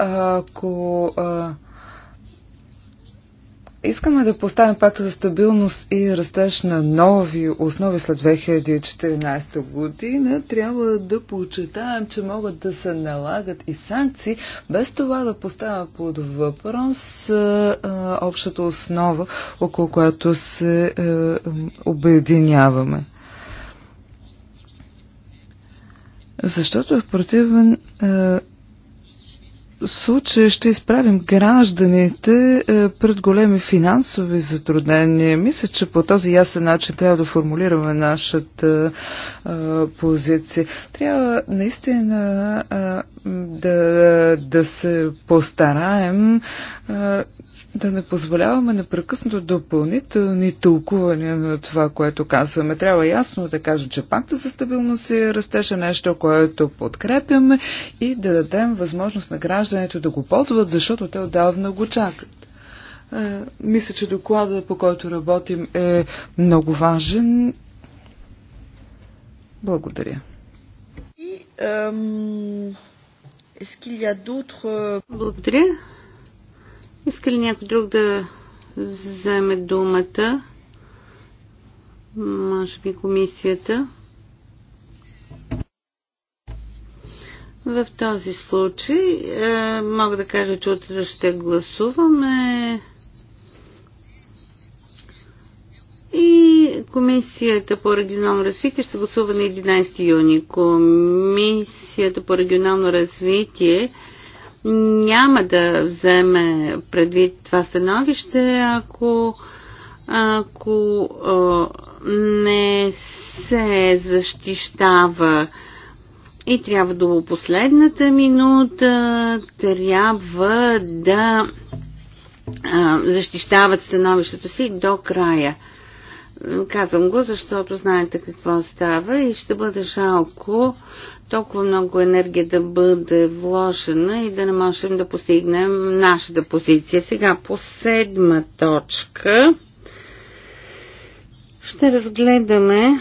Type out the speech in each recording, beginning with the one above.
Ако а, искаме да поставим пакта за стабилност и растеж на нови основи след 2014 година, трябва да почитаем, че могат да се налагат и санкции, без това да поставя под въпрос а, а, общата основа, около която се а, е, обединяваме. Защото в противен а, е, случай ще изправим гражданите е, пред големи финансови затруднения. Мисля, че по този ясен начин трябва да формулираме нашата е, позиция. Трябва наистина е, да, да се постараем да не позволяваме непрекъснато допълнителни тълкувания на това, което казваме. Трябва ясно да кажем, че пакта за стабилност и растеше нещо, което подкрепяме и да дадем възможност на гражданите да го ползват, защото те отдавна го чакат. Е, мисля, че докладът, по който работим, е много важен. Благодаря. Благодаря. Иска ли някой друг да вземе думата? Може би комисията. В този случай е, мога да кажа, че утре ще гласуваме и Комисията по регионално развитие ще гласува на 11 юни. Комисията по регионално развитие няма да вземе предвид това становище, ако, ако не се защищава и трябва до последната минута, трябва да защищават становището си до края. Казвам го, защото знаете какво става и ще бъде жалко толкова много енергия да бъде вложена и да не можем да постигнем нашата позиция. Сега по седма точка ще разгледаме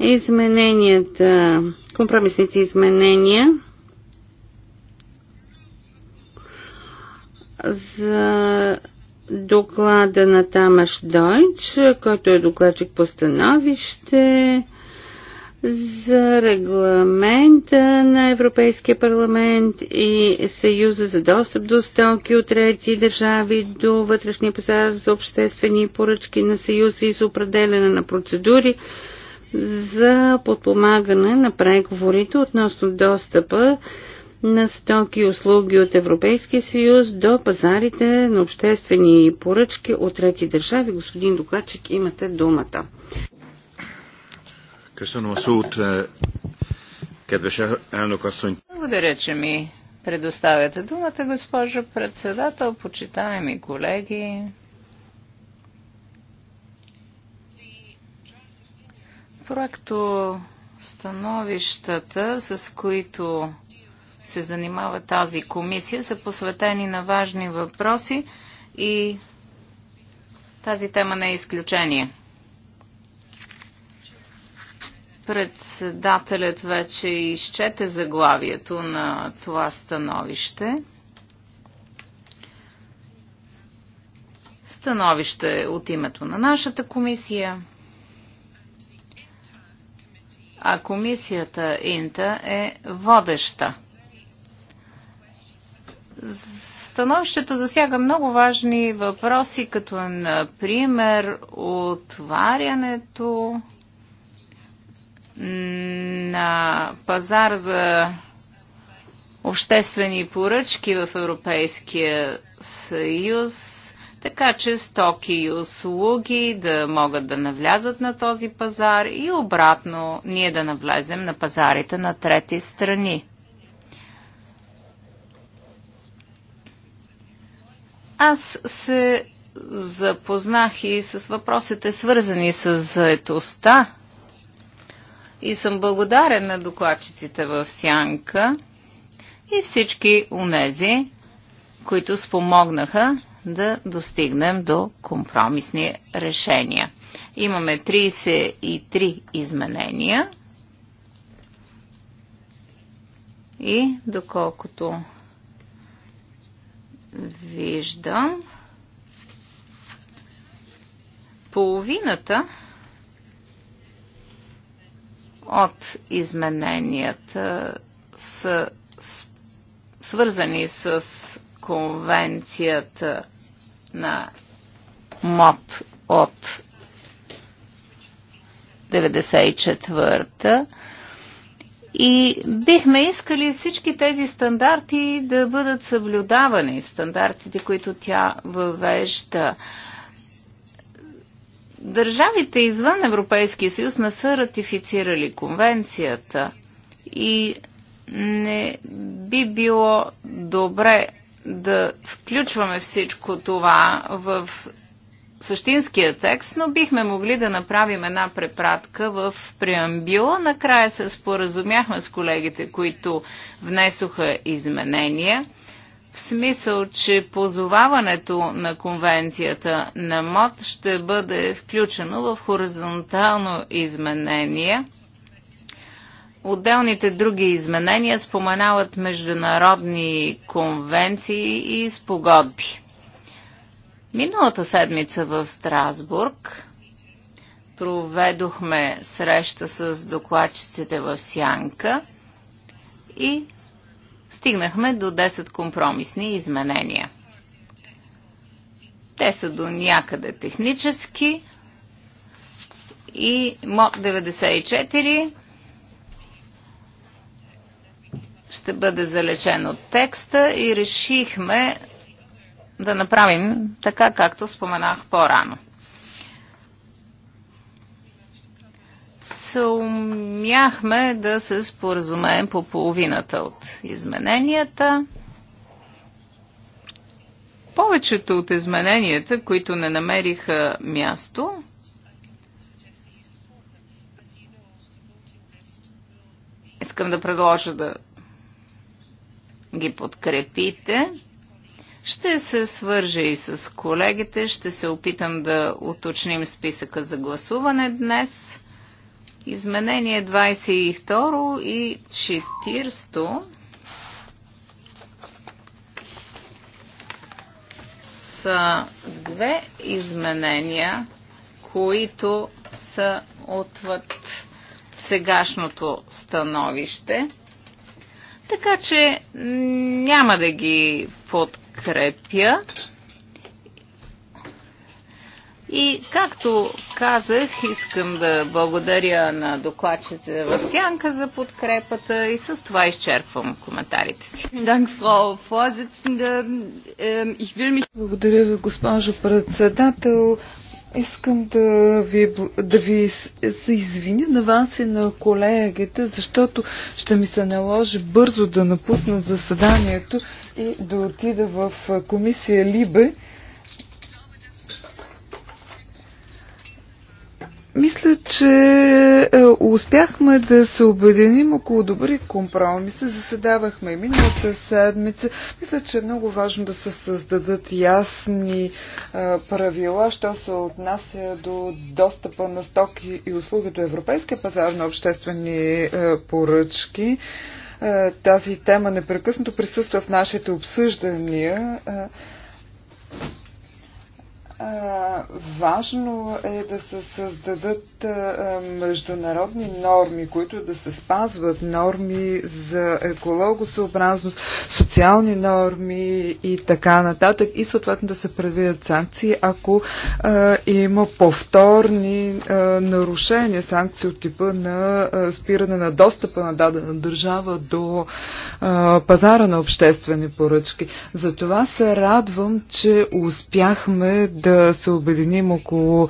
измененията, компромисните изменения за доклада на Тамаш Дойч, който е докладчик по становище за регламента на Европейския парламент и Съюза за достъп до стоки от трети държави до вътрешния пазар за обществени поръчки на Съюза и за определене на процедури за подпомагане на преговорите относно достъпа на стоки и услуги от Европейския съюз до пазарите на обществени поръчки от трети държави. Господин докладчик, имате думата. Eh, Благодаря, че ми предоставяте думата, госпожо председател, почитаеми колеги. Проекто становищата, с които се занимава тази комисия, са посветени на важни въпроси и тази тема не е изключение. Председателят вече изчете заглавието на това становище. Становище от името на нашата комисия. А комисията Инта е водеща Становището засяга много важни въпроси, като например отварянето на пазар за обществени поръчки в Европейския съюз, така че стоки и услуги да могат да навлязат на този пазар и обратно ние да навлезем на пазарите на трети страни. Аз се запознах и с въпросите свързани с заетостта и съм благодарен на докладчиците в Сянка и всички унези, които спомогнаха да достигнем до компромисни решения. Имаме 33 изменения и доколкото виждам половината от измененията са свързани с конвенцията на МОД от 94-та и бихме искали всички тези стандарти да бъдат съблюдавани, стандартите, които тя въвежда. Държавите извън Европейския съюз не са ратифицирали конвенцията и не би било добре да включваме всичко това в същинския текст, но бихме могли да направим една препратка в преамбюла. Накрая се споразумяхме с колегите, които внесоха изменения, в смисъл, че позоваването на конвенцията на МОД ще бъде включено в хоризонтално изменение. Отделните други изменения споменават международни конвенции и спогодби. Миналата седмица в Страсбург проведохме среща с докладчиците в Сянка и стигнахме до 10 компромисни изменения. Те са до някъде технически и МОД 94 ще бъде залечен от текста и решихме да направим така, както споменах по-рано. Съумяхме да се споразумеем по половината от измененията. Повечето от измененията, които не намериха място, искам да предложа да ги подкрепите. Ще се свържа и с колегите, ще се опитам да уточним списъка за гласуване днес. Изменение 22 и 40 са две изменения, които са отвъд сегашното становище. Така че няма да ги подкрепя подкрепя. И както казах, искам да благодаря на докладчите в Сянка за подкрепата и с това изчерпвам коментарите си. Благодаря ви, госпожо председател. Искам да ви, да ви се извиня на вас и на колегите, защото ще ми се наложи бързо да напусна заседанието, и да отида в комисия Либе. Мисля, че е, успяхме да се обединим около добри компромиси. Заседавахме миналата седмица. Мисля, че е много важно да се създадат ясни е, правила, що се отнася до достъпа на стоки и услуги до европейския пазар на обществени е, поръчки. Е, тази тема непрекъснато присъства в нашите обсъждания. Е, важно е да се създадат международни норми, които да се спазват норми за екологосъобразност, социални норми и така нататък и съответно да се предвидят санкции, ако има повторни нарушения, санкции от типа на спиране на достъпа на дадена държава до пазара на обществени поръчки. За това се радвам, че успяхме да да се обединим около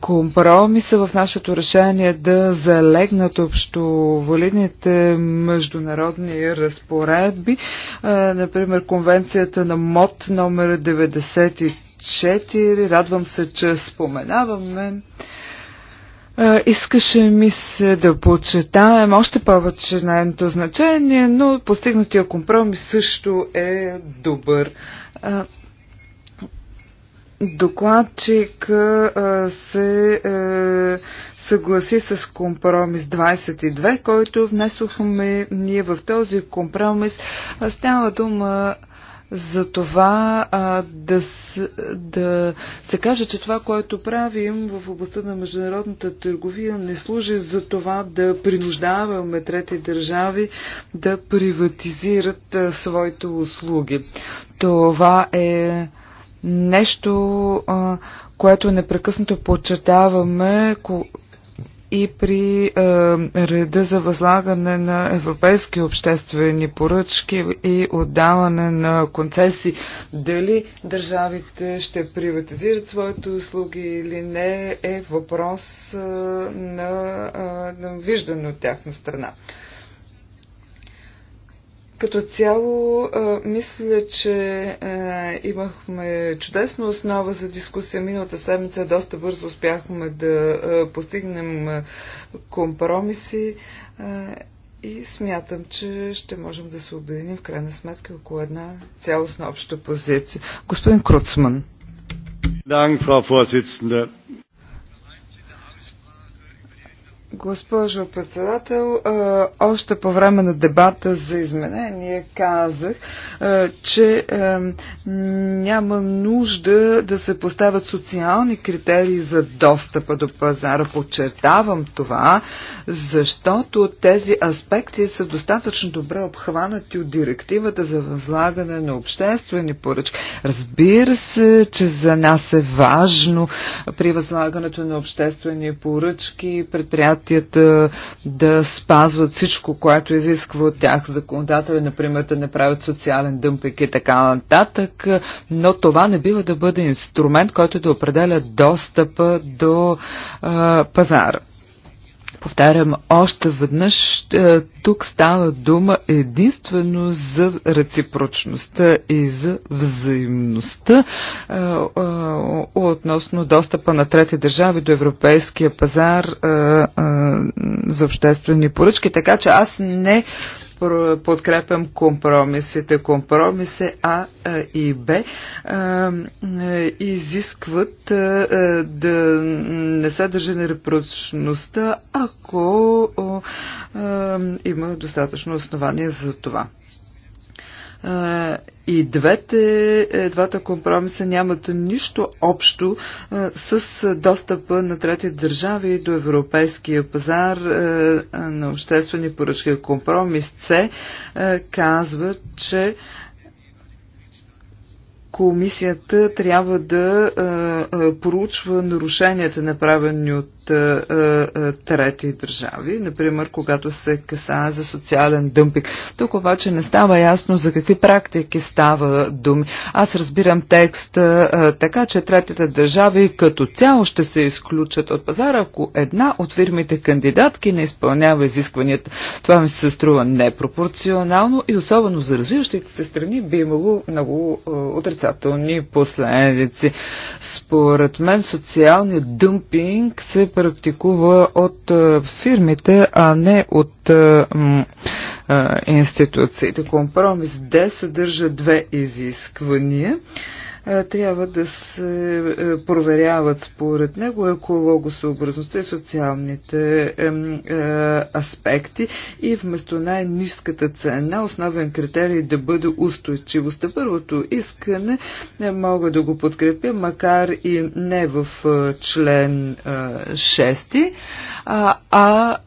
компромиса в нашето решение да залегнат общо валидните международни разпоредби, например конвенцията на МОД номер 94. Радвам се, че споменаваме. Искаше ми се да почетаем още повече нейното значение, но постигнатия компромис също е добър. Докладчик се съгласи с компромис 22, който внесохме ние в този компромис. Става дума за това а, да, с, да се каже, че това, което правим в областта на международната търговия не служи за това да принуждаваме трети държави да приватизират а, своите услуги. Това е Нещо, а, което непрекъснато подчертаваме и при а, реда за възлагане на европейски обществени поръчки и отдаване на концесии. Дали държавите ще приватизират своите услуги или не е въпрос а, на, а, на виждане от тяхна страна. Като цяло, мисля, че имахме чудесна основа за дискусия. Миналата седмица доста бързо успяхме да постигнем компромиси и смятам, че ще можем да се обединим в крайна сметка около една цялостна обща позиция. Господин Круцман. Госпожо председател, още по време на дебата за изменение казах, че няма нужда да се поставят социални критерии за достъпа до пазара. Подчертавам това, защото тези аспекти са достатъчно добре обхванати от директивата за възлагане на обществени поръчки. Разбира се, че за нас е важно при възлагането на обществени поръчки предприятия партията да спазват всичко, което изисква от тях законодателя, например да не правят социален дъмпик и така нататък, но това не бива да бъде инструмент, който да определя достъпа до а, пазара. Повтарям още веднъж, е, тук става дума единствено за реципрочността и за взаимността е, е, относно достъпа на трети държави до европейския пазар за обществени поръчки. Така че аз не подкрепям компромисите. Компромиси А и Б е, изискват е, да не се държи на ако е, има достатъчно основания за това. И двете, е, двата компромиса нямат нищо общо с достъпа на трети държави до европейския пазар е, на обществени поръчки. Компромис С е, казва, че комисията трябва да проучва нарушенията, направени от а, а, е, е, трети държави, например, когато се касае за социален дъмпик. Тук обаче не става ясно за какви практики става думи. Аз разбирам текста а, е, така, че третите държави като цяло ще се изключат от пазара, ако една от фирмите кандидатки не изпълнява изискванията. Това ми се струва непропорционално и особено за развиващите се страни би имало много а, отрицателни последици. Според мен социалният дъмпинг се практикува от е, фирмите, а не от е, е, институциите. Компромис Д съдържа две изисквания. Е, трябва да се е, проверяват според него екологосъобразността и социалните е, аспекти и вместо най-низката цена основен критерий да бъде устойчивостта. Първото искане не мога да го подкрепя, макар и не в член 6, а, а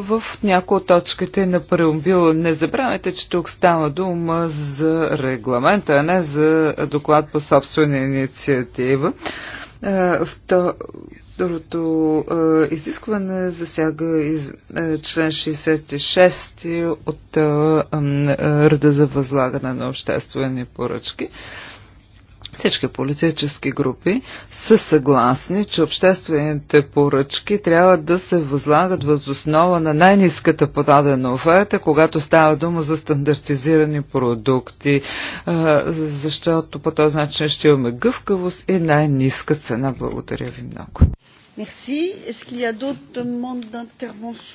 в някои от точките на преумбила. Не забравяйте, че тук става дума за регламента, а не за доклад по собствен собствена инициатива. Второто изискване засяга из, член 66 от Ръда за възлагане на обществени поръчки. Всички политически групи са съгласни, че обществените поръчки трябва да се възлагат възоснова на най-низката подадена оферта, когато става дума за стандартизирани продукти, защото по този начин ще имаме гъвкавост и най-низка цена. Благодаря ви много.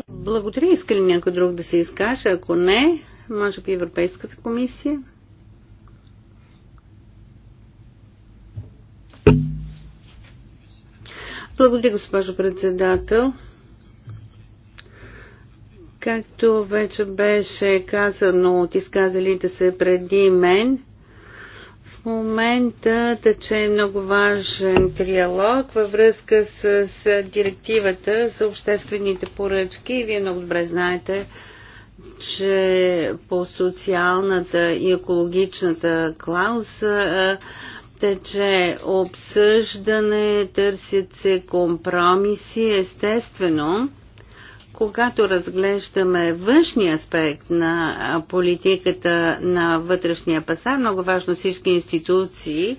Благодаря. Иска ли някой друг да се изкаже? Ако не, може би Европейската комисия. Благодаря, госпожо председател. Както вече беше казано от изказалите се преди мен, в момента тече много важен триалог във връзка с, директивата за обществените поръчки. вие много добре знаете, че по социалната и екологичната клауза тече обсъждане, търсят се компромиси. Естествено, когато разглеждаме външния аспект на политиката на вътрешния пазар, много важно всички институции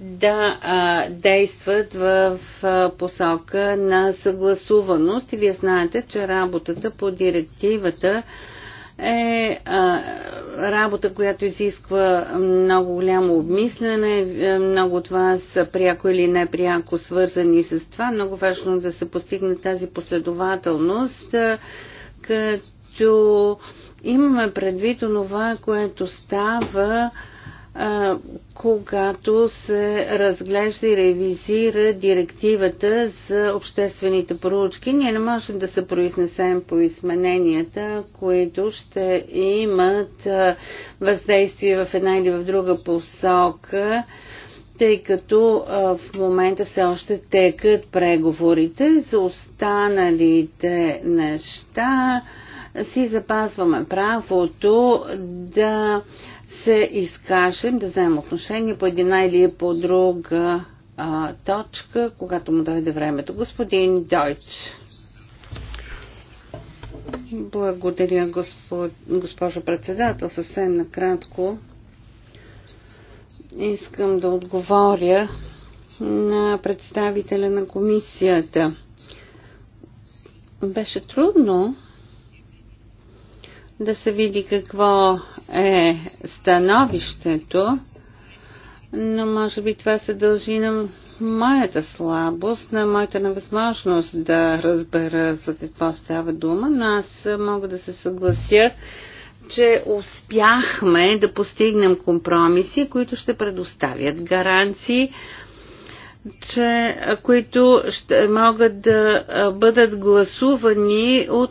да а, действат в а, посока на съгласуваност. И вие знаете, че работата по директивата е а, работа, която изисква много голямо обмислене. Е, много от вас пряко или непряко свързани с това. Много важно да се постигне тази последователност, е, като имаме предвид онова, което става а, когато се разглежда и ревизира директивата за обществените поручки. Ние не можем да се произнесем по измененията, които ще имат въздействие в една или в друга посока тъй като а, в момента все още текат преговорите за останалите неща, си запазваме правото да а, се изкажем, да вземем отношение по една или по друга а, точка, когато му дойде времето. Господин Дойч. Благодаря, госпо... госпожо председател. Съвсем накратко искам да отговоря на представителя на комисията. Беше трудно да се види какво е становището, но може би това се дължи на моята слабост, на моята невъзможност да разбера за какво става дума, но аз мога да се съглася, че успяхме да постигнем компромиси, които ще предоставят гаранции че, които ще могат да бъдат гласувани от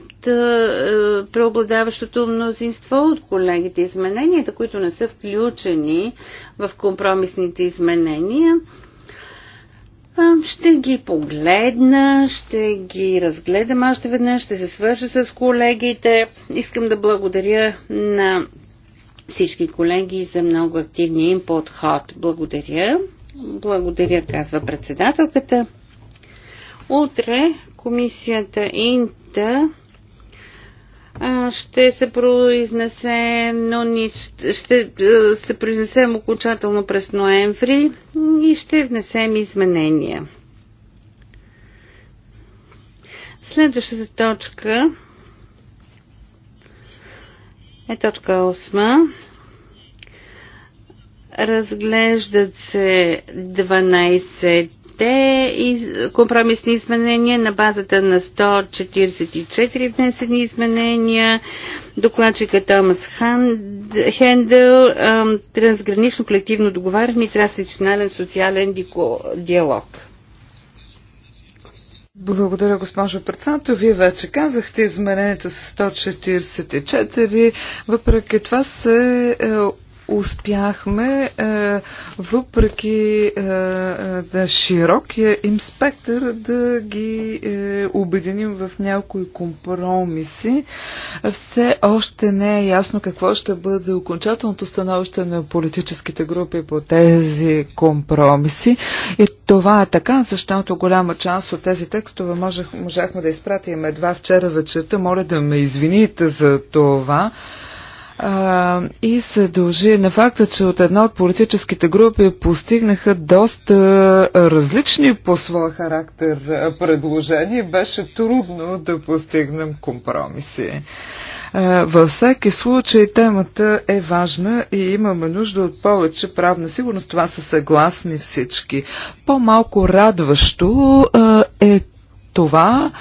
преобладаващото мнозинство от колегите. Измененията, които не са включени в компромисните изменения, ще ги погледна, ще ги разгледам още веднъж, ще се свържа с колегите. Искам да благодаря на всички колеги за много активния им подход. Благодаря. Благодаря, казва председателката. Утре комисията Инта ще се произнесе, но ни, ще се произнесем окончателно през ноември и ще внесем изменения. Следващата точка е точка 8. Разглеждат се 12 те компромисни изменения на базата на 144 внесени изменения, докладчика Томас Хендел, трансгранично колективно договаряне и транснационален социален диалог. Благодаря, госпожо председател. Вие вече казахте изменението с 144. Въпреки това се е, успяхме, е, въпреки е, е, да широкия им спектър, да ги е, обединим в някои компромиси. Все още не е ясно какво ще бъде окончателното становище на политическите групи по тези компромиси. И това е така, защото голяма част от тези текстове можех, можахме да изпратим едва вчера вечерта. Моля да ме извините за това а, и се дължи на факта, че от една от политическите групи постигнаха доста различни по своя характер предложения. Беше трудно да постигнем компромиси. Във всеки случай темата е важна и имаме нужда от повече правна сигурност. Това са съгласни всички. По-малко радващо е това,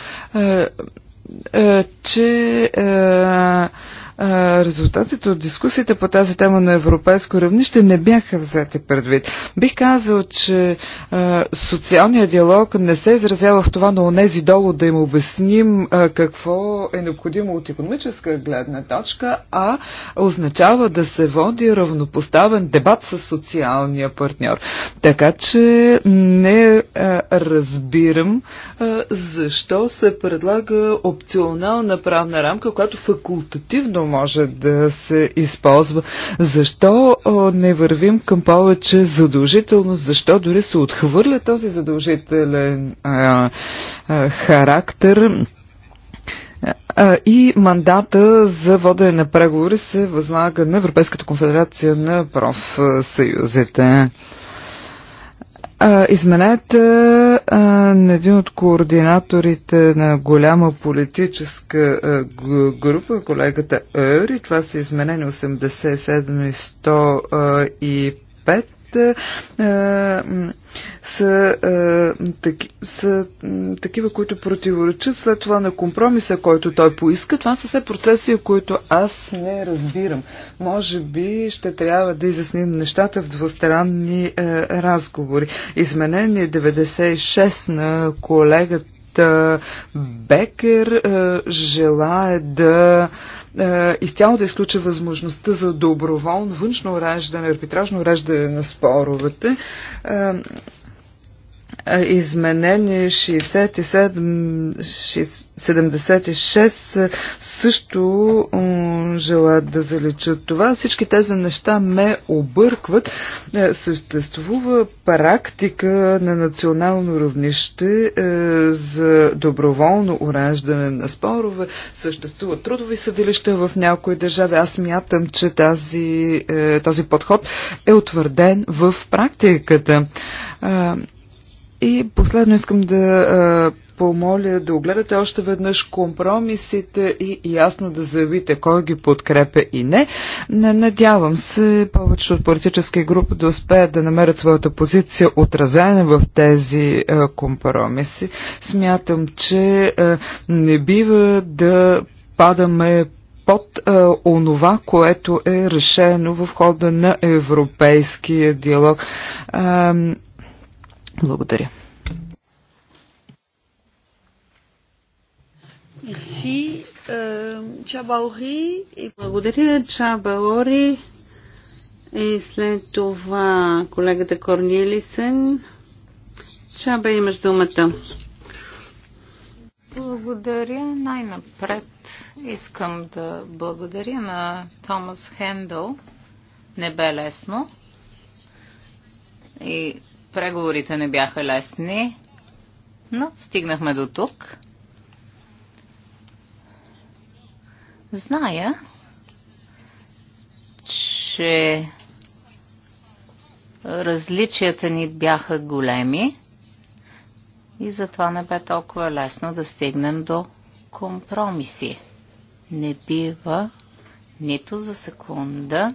че резултатите от дискусията по тази тема на европейско равнище не бяха взети предвид. Бих казал, че социалният диалог не се изразява в това на онези долу да им обясним какво е необходимо от економическа гледна точка, а означава да се води равнопоставен дебат с социалния партньор. Така че не разбирам защо се предлага опционална правна рамка, която факултативно може да се използва. Защо не вървим към повече задължителност? Защо дори се отхвърля този задължителен а, а, характер? И мандата за водене на преговори се възлага на Европейската конфедерация на профсъюзите. Изменете на един от координаторите на голяма политическа група, колегата Ери. Това са изменени 87 и 105 са, е, таки, са такива, които противоречат след това на компромиса, който той поиска. Това са все процеси, които аз не разбирам. Може би ще трябва да изясним нещата в двустранни е, разговори. Изменение 96 на колегата Бекер е, желая да е, изцяло да изключи възможността за доброволно външно уреждане, арбитражно уреждане на споровете. Е, Изменение 67, 76 също желаят да заличат това. Всички тези неща ме объркват. Е, съществува практика на национално равнище е, за доброволно уреждане на спорове. Съществуват трудови съдилища в някои държави. Аз мятам, че тази, е, този подход е утвърден в практиката. И последно искам да помоля да огледате още веднъж компромисите и ясно да заявите кой ги подкрепя и не. не надявам се повечето от политически групи да успеят да намерят своята позиция отразена в тези а, компромиси. Смятам, че а, не бива да падаме под а, онова, което е решено в хода на европейския диалог. А, благодаря. Мерси. Чабаори. Euh, благодаря, Чабаори. И след това колегата Корнилисен. Чаба, имаш думата. Благодаря. Най-напред искам да благодаря на Томас Хендъл. Не бе лесно. И Преговорите не бяха лесни, но стигнахме до тук. Зная, че различията ни бяха големи и затова не бе толкова лесно да стигнем до компромиси. Не бива нито за секунда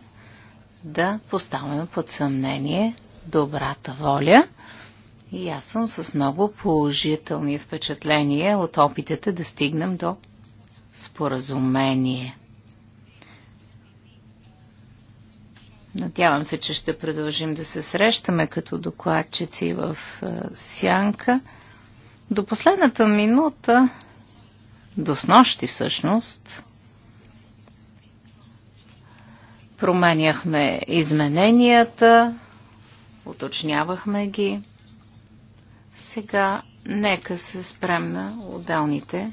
да поставяме под съмнение добрата воля. И аз съм с много положителни впечатления от опитите да стигнем до споразумение. Надявам се, че ще продължим да се срещаме като докладчици в е, Сянка. До последната минута, до снощи всъщност, променяхме измененията, уточнявахме ги. Сега нека се спрем на отделните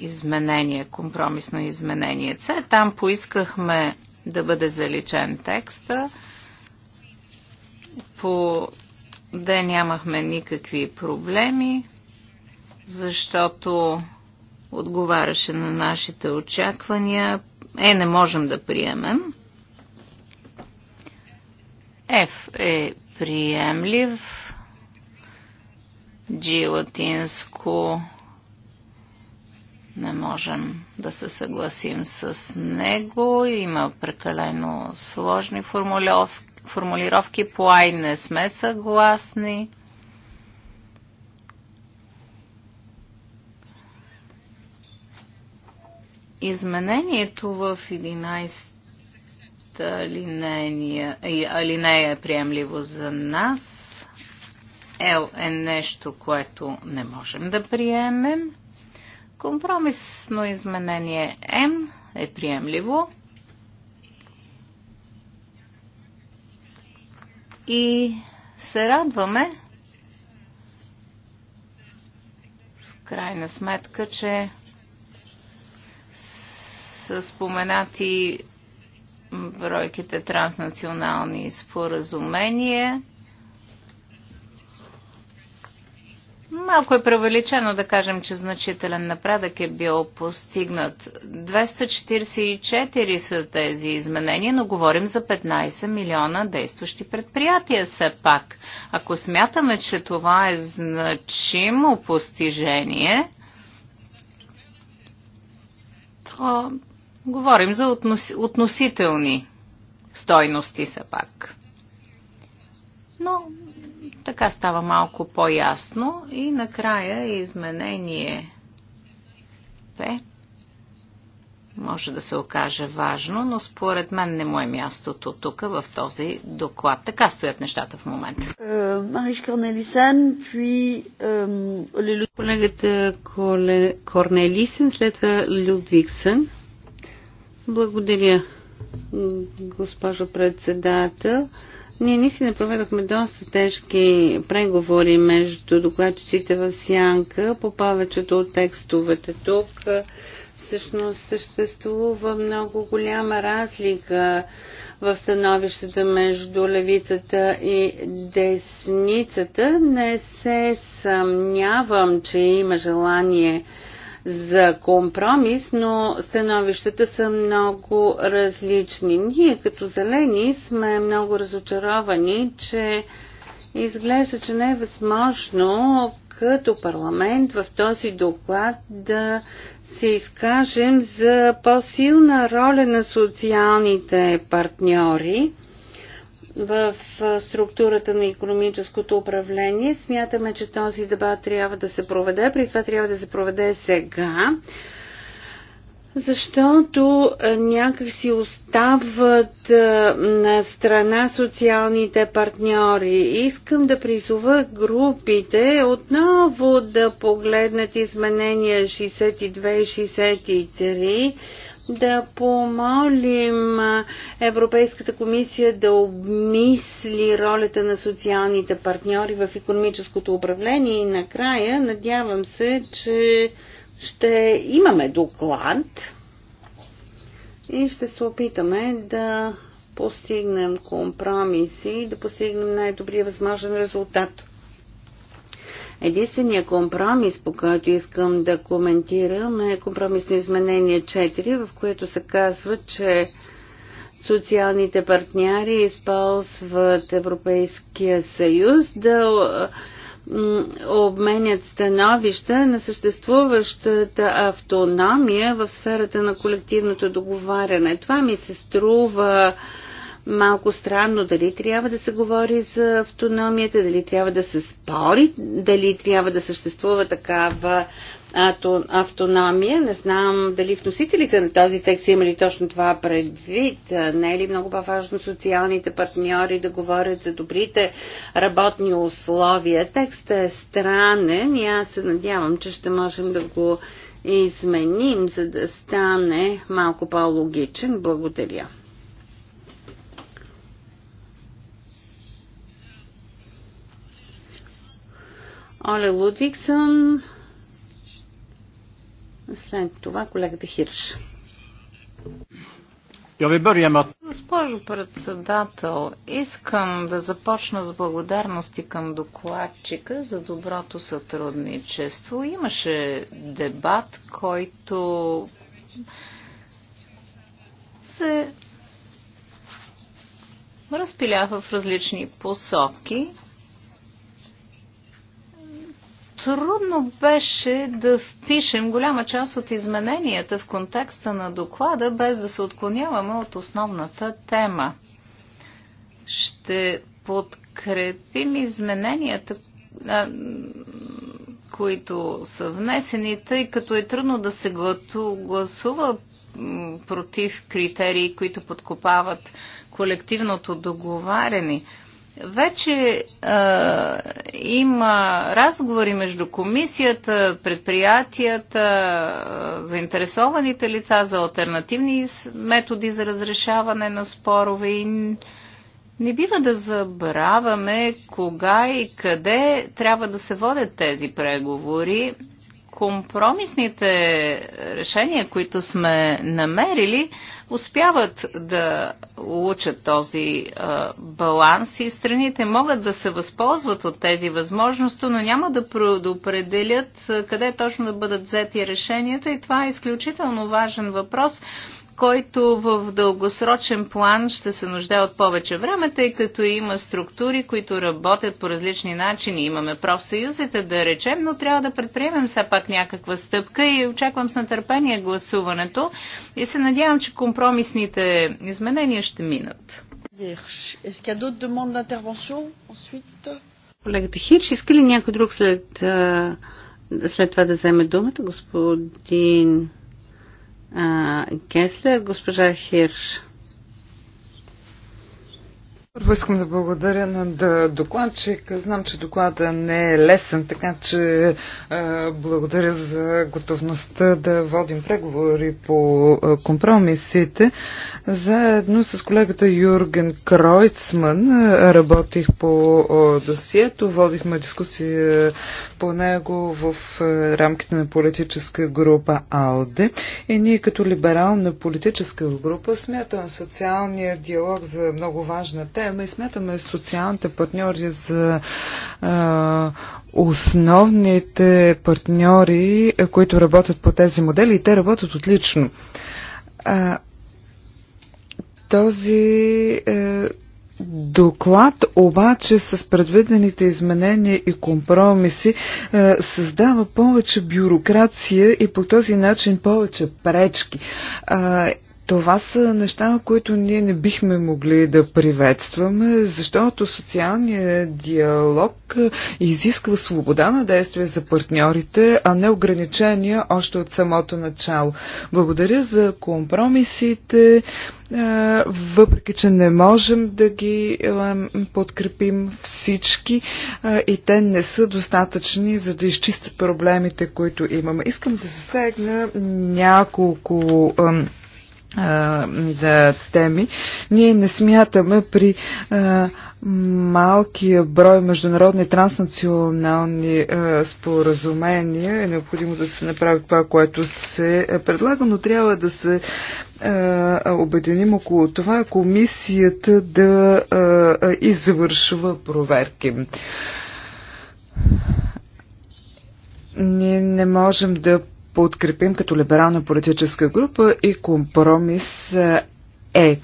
изменения, компромисно изменение С. Там поискахме да бъде заличен текста. По Д нямахме никакви проблеми, защото отговаряше на нашите очаквания. Е, не можем да приемем. F е приемлив. джилатинско. не можем да се съгласим с него. Има прекалено сложни формулировки. По Ай не сме съгласни. Изменението в 11 алинея, алинея е приемливо за нас. Ел е нещо, което не можем да приемем. Компромисно изменение М е приемливо. И се радваме в крайна сметка, че са споменати бройките транснационални споразумения. Малко е превеличено да кажем, че значителен напредък е бил постигнат. 244 са тези изменения, но говорим за 15 милиона действащи предприятия все пак. Ако смятаме, че това е значимо постижение, то Говорим за относителни стойности са пак. Но така става малко по-ясно и накрая изменение П може да се окаже важно, но според мен не му е мястото тук в този доклад. Така стоят нещата в момента. Е, Мариш Корнелисен, Колегата Корнелисен, след това Людвигсън. Благодаря, госпожо председател. Ние наистина проведохме доста тежки преговори между докладчиците в Сянка по повечето от текстовете тук. Всъщност съществува много голяма разлика в становищата между левицата и десницата. Не се съмнявам, че има желание за компромис, но становищата са много различни. Ние като зелени сме много разочаровани, че изглежда, че не е възможно като парламент в този доклад да се изкажем за по-силна роля на социалните партньори в структурата на економическото управление. Смятаме, че този дебат трябва да се проведе, при това трябва да се проведе сега, защото някак си остават на страна социалните партньори. Искам да призова групите отново да погледнат изменения 62 и 63 да помолим Европейската комисия да обмисли ролята на социалните партньори в економическото управление и накрая надявам се, че ще имаме доклад и ще се опитаме да постигнем компромиси и да постигнем най-добрия възможен резултат. Единствения компромис, по който искам да коментирам е компромисно изменение 4, в което се казва, че социалните партньори използват Европейския съюз да обменят становища на съществуващата автономия в сферата на колективното договаряне. Това ми се струва малко странно дали трябва да се говори за автономията, дали трябва да се спори, дали трябва да съществува такава автономия. Не знам дали вносителите на този текст имали точно това предвид. Не е ли много по-важно социалните партньори да говорят за добрите работни условия? Текстът е странен и аз се надявам, че ще можем да го изменим, за да стане малко по-логичен. Благодаря. Оле Лудвиксън. След това колегата Хирш. Госпожо председател, искам да започна с благодарности към докладчика за доброто сътрудничество. Имаше дебат, който се разпилява в различни посоки трудно беше да впишем голяма част от измененията в контекста на доклада, без да се отклоняваме от основната тема. Ще подкрепим измененията, които са внесени, тъй като е трудно да се гласува против критерии, които подкопават колективното договаряне. Вече а, има разговори между комисията, предприятията, заинтересованите лица за альтернативни методи за разрешаване на спорове и не бива да забравяме кога и къде трябва да се водят тези преговори компромисните решения, които сме намерили, успяват да улучат този а, баланс и страните могат да се възползват от тези възможности, но няма да предопределят къде точно да бъдат взети решенията и това е изключително важен въпрос който в дългосрочен план ще се нуждае от повече време, тъй като има структури, които работят по различни начини. Имаме профсъюзите, да речем, но трябва да предприемем все пак някаква стъпка и очаквам с нетърпение гласуването и се надявам, че компромисните изменения ще минат. Колегата Хирш, иска ли някой друг след, след това да вземе думата? Господин Кеслер, госпожа Хирш. Първо искам да благодаря на докладчик. Знам, че докладът не е лесен, така че е, благодаря за готовността да водим преговори по компромисите. Заедно с колегата Юрген Кройцман работих по досието, водихме дискусия по него в рамките на политическа група АЛДЕ и ние като либерална политическа група смятам социалния диалог за много важна тема система смятаме социалните партньори за а, основните партньори, които работят по тези модели и те работят отлично. А, този е, Доклад обаче с предвидените изменения и компромиси е, създава повече бюрокрация и по този начин повече пречки. Е, това са неща, които ние не бихме могли да приветстваме, защото социалният диалог е, изисква свобода на действие за партньорите, а не ограничения още от самото начало. Благодаря за компромисите, е, въпреки че не можем да ги е, подкрепим всички и те не са достатъчни, за да изчистят проблемите, които имаме. Искам да засегна няколко за теми. Ние не смятаме при малкия брой международни транснационални споразумения е необходимо да се направи това, което се предлага, но трябва да се обединим около това комисията да извършва проверки. Ние не можем да подкрепим като либерална политическа група и компромис е, е,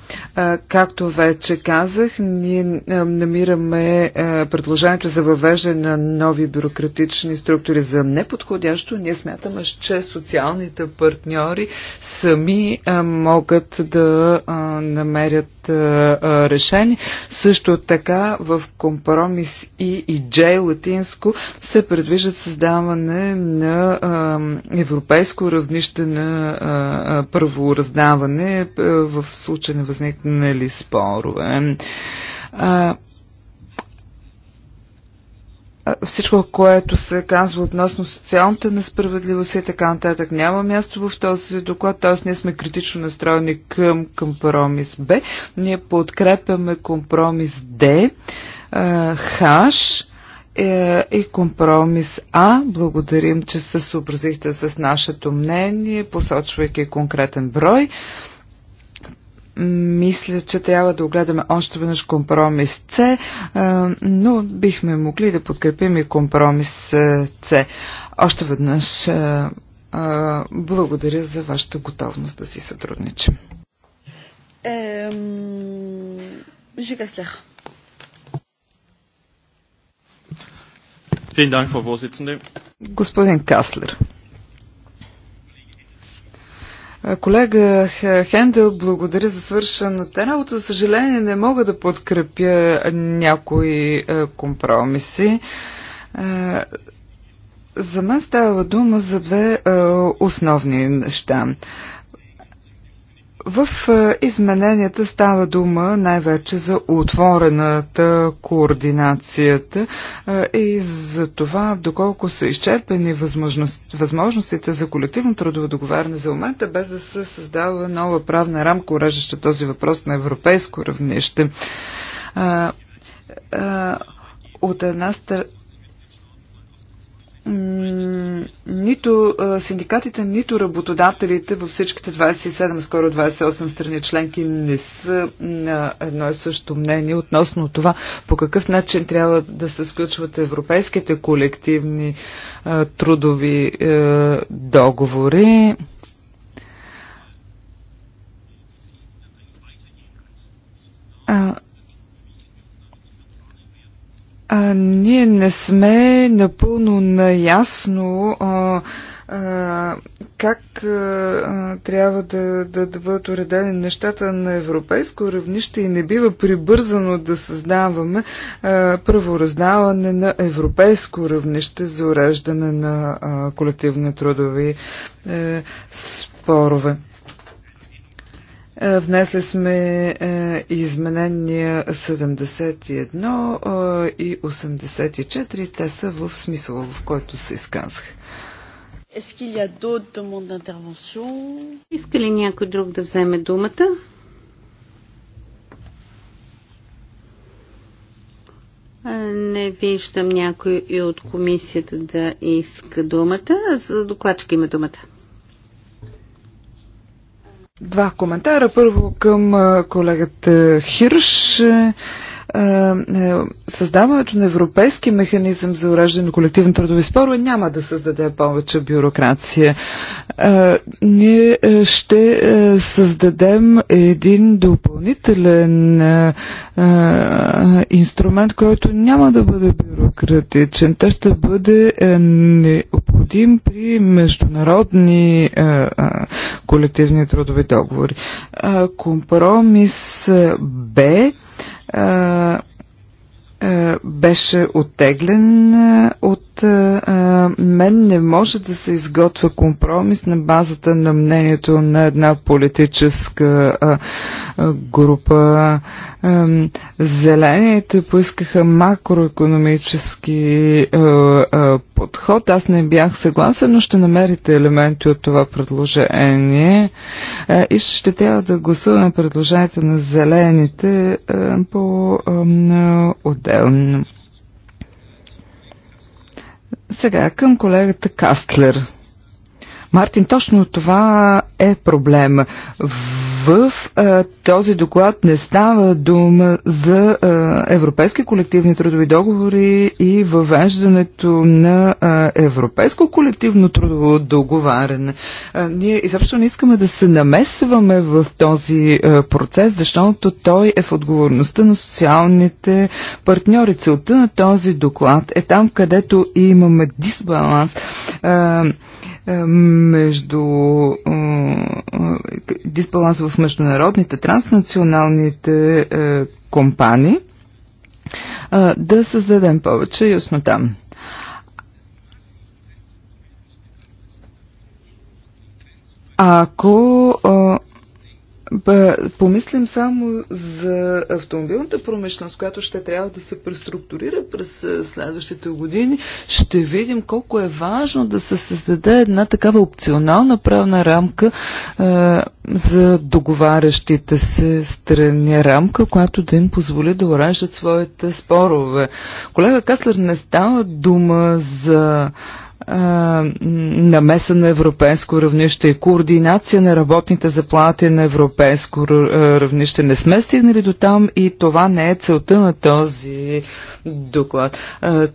както вече казах, ние намираме предложението за въвеждане на нови бюрократични структури за неподходящо. Ние смятаме, че социалните партньори сами могат да намерят решение. Също така в компромис и, и Джей латинско се предвижда създаване на европейско равнище на а, в случай случай на възникнали спорове. А, всичко, което се казва относно социалната несправедливост и така нататък, няма място в този доклад, т.е. ние сме критично настроени към компромис Б. Ние подкрепяме компромис Д, Хаш е, и компромис А. Благодарим, че се съобразихте с нашето мнение, посочвайки конкретен брой мисля, че трябва да огледаме още веднъж компромис С, е, но бихме могли да подкрепим и компромис е, С. Още веднъж е, благодаря за вашата готовност да си сътрудничим. Господин Каслер. Колега Хендел, благодаря за свършената работа. За съжаление не мога да подкрепя някои компромиси. За мен става дума за две основни неща. В е, измененията става дума най-вече за отворената координацията е, и за това, доколко са изчерпени възможност, възможностите за колективно трудово договаряне за момента, без да се създава нова правна рамка, уреждаща този въпрос на европейско равнище. От една страна нито синдикатите, нито работодателите във всичките 27, скоро 28 страни членки не са на едно и също мнение относно това по какъв начин трябва да се сключват европейските колективни трудови договори. А, а, ние не сме напълно наясно а, а, как а, трябва да, да, да бъдат уредени нещата на европейско равнище и не бива прибързано да създаваме а, правораздаване на европейско равнище за уреждане на а, колективни трудови а, е, спорове. Е, внесли сме е, изменения 71 и 84. Е, Те са в смисъла, в който се изказах. Иска ли някой друг да вземе думата? Не виждам някой и от комисията да иска думата. За докладчик има думата. Два коментара. Първо към колегата Хирш. Е, е, създаването на европейски механизъм за уреждане на колективни трудови спорове няма да създаде повече бюрокрация. Е, ние ще създадем един допълнителен инструмент, който няма да бъде бюрократичен. Той ще бъде необходим при международни колективни трудови договори. Компромис Б а, е, беше оттеглен е, от е, мен. Не може да се изготвя компромис на базата на мнението на една политическа група. Зелените поискаха макроекономически подход. Аз не бях съгласен, но ще намерите елементи от това предложение и ще трябва да гласуваме предложението на зелените по отдел по Сега към колегата Кастлер. Мартин, точно това е проблема. В а, е, този доклад не става дума за а, е, европейски колективни трудови договори и въвеждането на а, е, европейско колективно трудово договаряне. А, ние изобщо не искаме да се намесваме в този а, процес, защото той е в отговорността на социалните партньори. Целта на този доклад е там, където имаме дисбаланс. А, е, между е, дисбаланс в международните, транснационалните е, компании, да създадем повече яснота. Ако Ба, помислим само за автомобилната промишленост, която ще трябва да се преструктурира през е, следващите години. Ще видим колко е важно да се създаде една такава опционална правна рамка а, е, за договарящите се страни рамка, която да им позволи да уреждат своите спорове. Колега Каслер, не става дума за намеса на европейско равнище и координация на работните заплати на европейско равнище. Не сме стигнали до там и това не е целта на този доклад.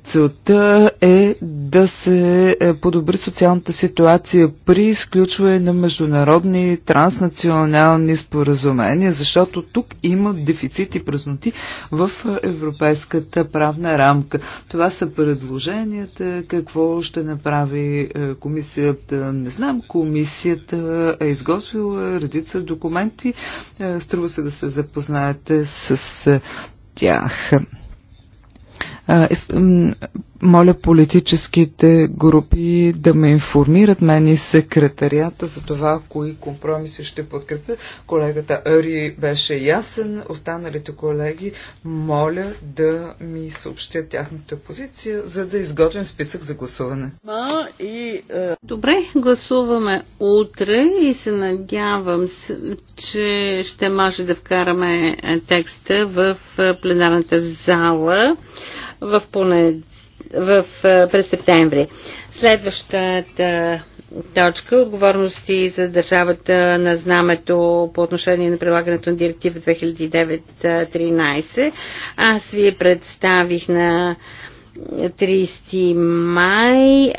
Целта е да се е, подобри социалната ситуация при изключване на международни транснационални споразумения, защото тук има дефицит и празноти в европейската правна рамка. Това са предложенията, какво ще направи е, комисията. Не знам, комисията е изготвила редица документи. Е, струва се да се запознаете с е, тях. Моля политическите групи да ме информират, мен и секретарията, за това кои компромиси ще подкрепят. Колегата Ари беше ясен, останалите колеги моля да ми съобщят тяхната позиция, за да изготвим списък за гласуване. Е, Добре, гласуваме утре и се надявам, че ще може да вкараме е, текста в е, пленарната зала в, понед... в през септември. Следващата точка отговорности за държавата на знамето по отношение на прилагането на директива 2009-13. Аз ви представих на 30 май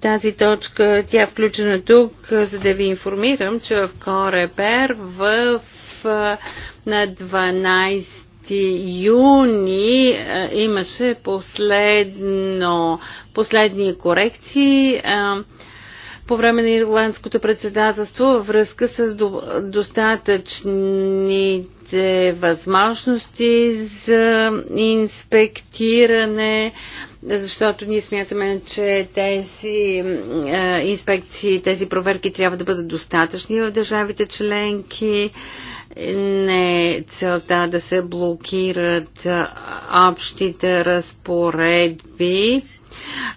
тази точка. Тя е включена тук, за да ви информирам, че в Корепер в на 12 15 юни е, имаше последно, последни корекции. Е, по време на ирландското председателство във връзка с достатъчните възможности за инспектиране, защото ние смятаме, че тези е, инспекции, тези проверки трябва да бъдат достатъчни в държавите членки не е целта да се блокират общите разпоредби,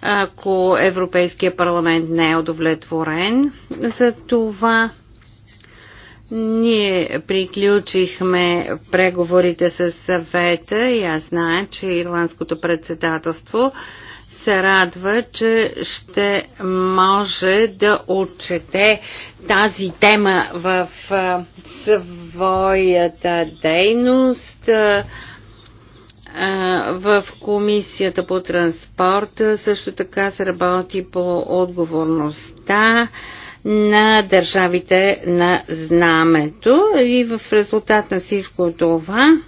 ако Европейския парламент не е удовлетворен. За това ние приключихме преговорите с съвета и аз знае, че Ирландското председателство се радва, че ще може да отчете тази тема в своята дейност в комисията по транспорта също така се работи по отговорността на държавите на знамето и в резултат на всичко това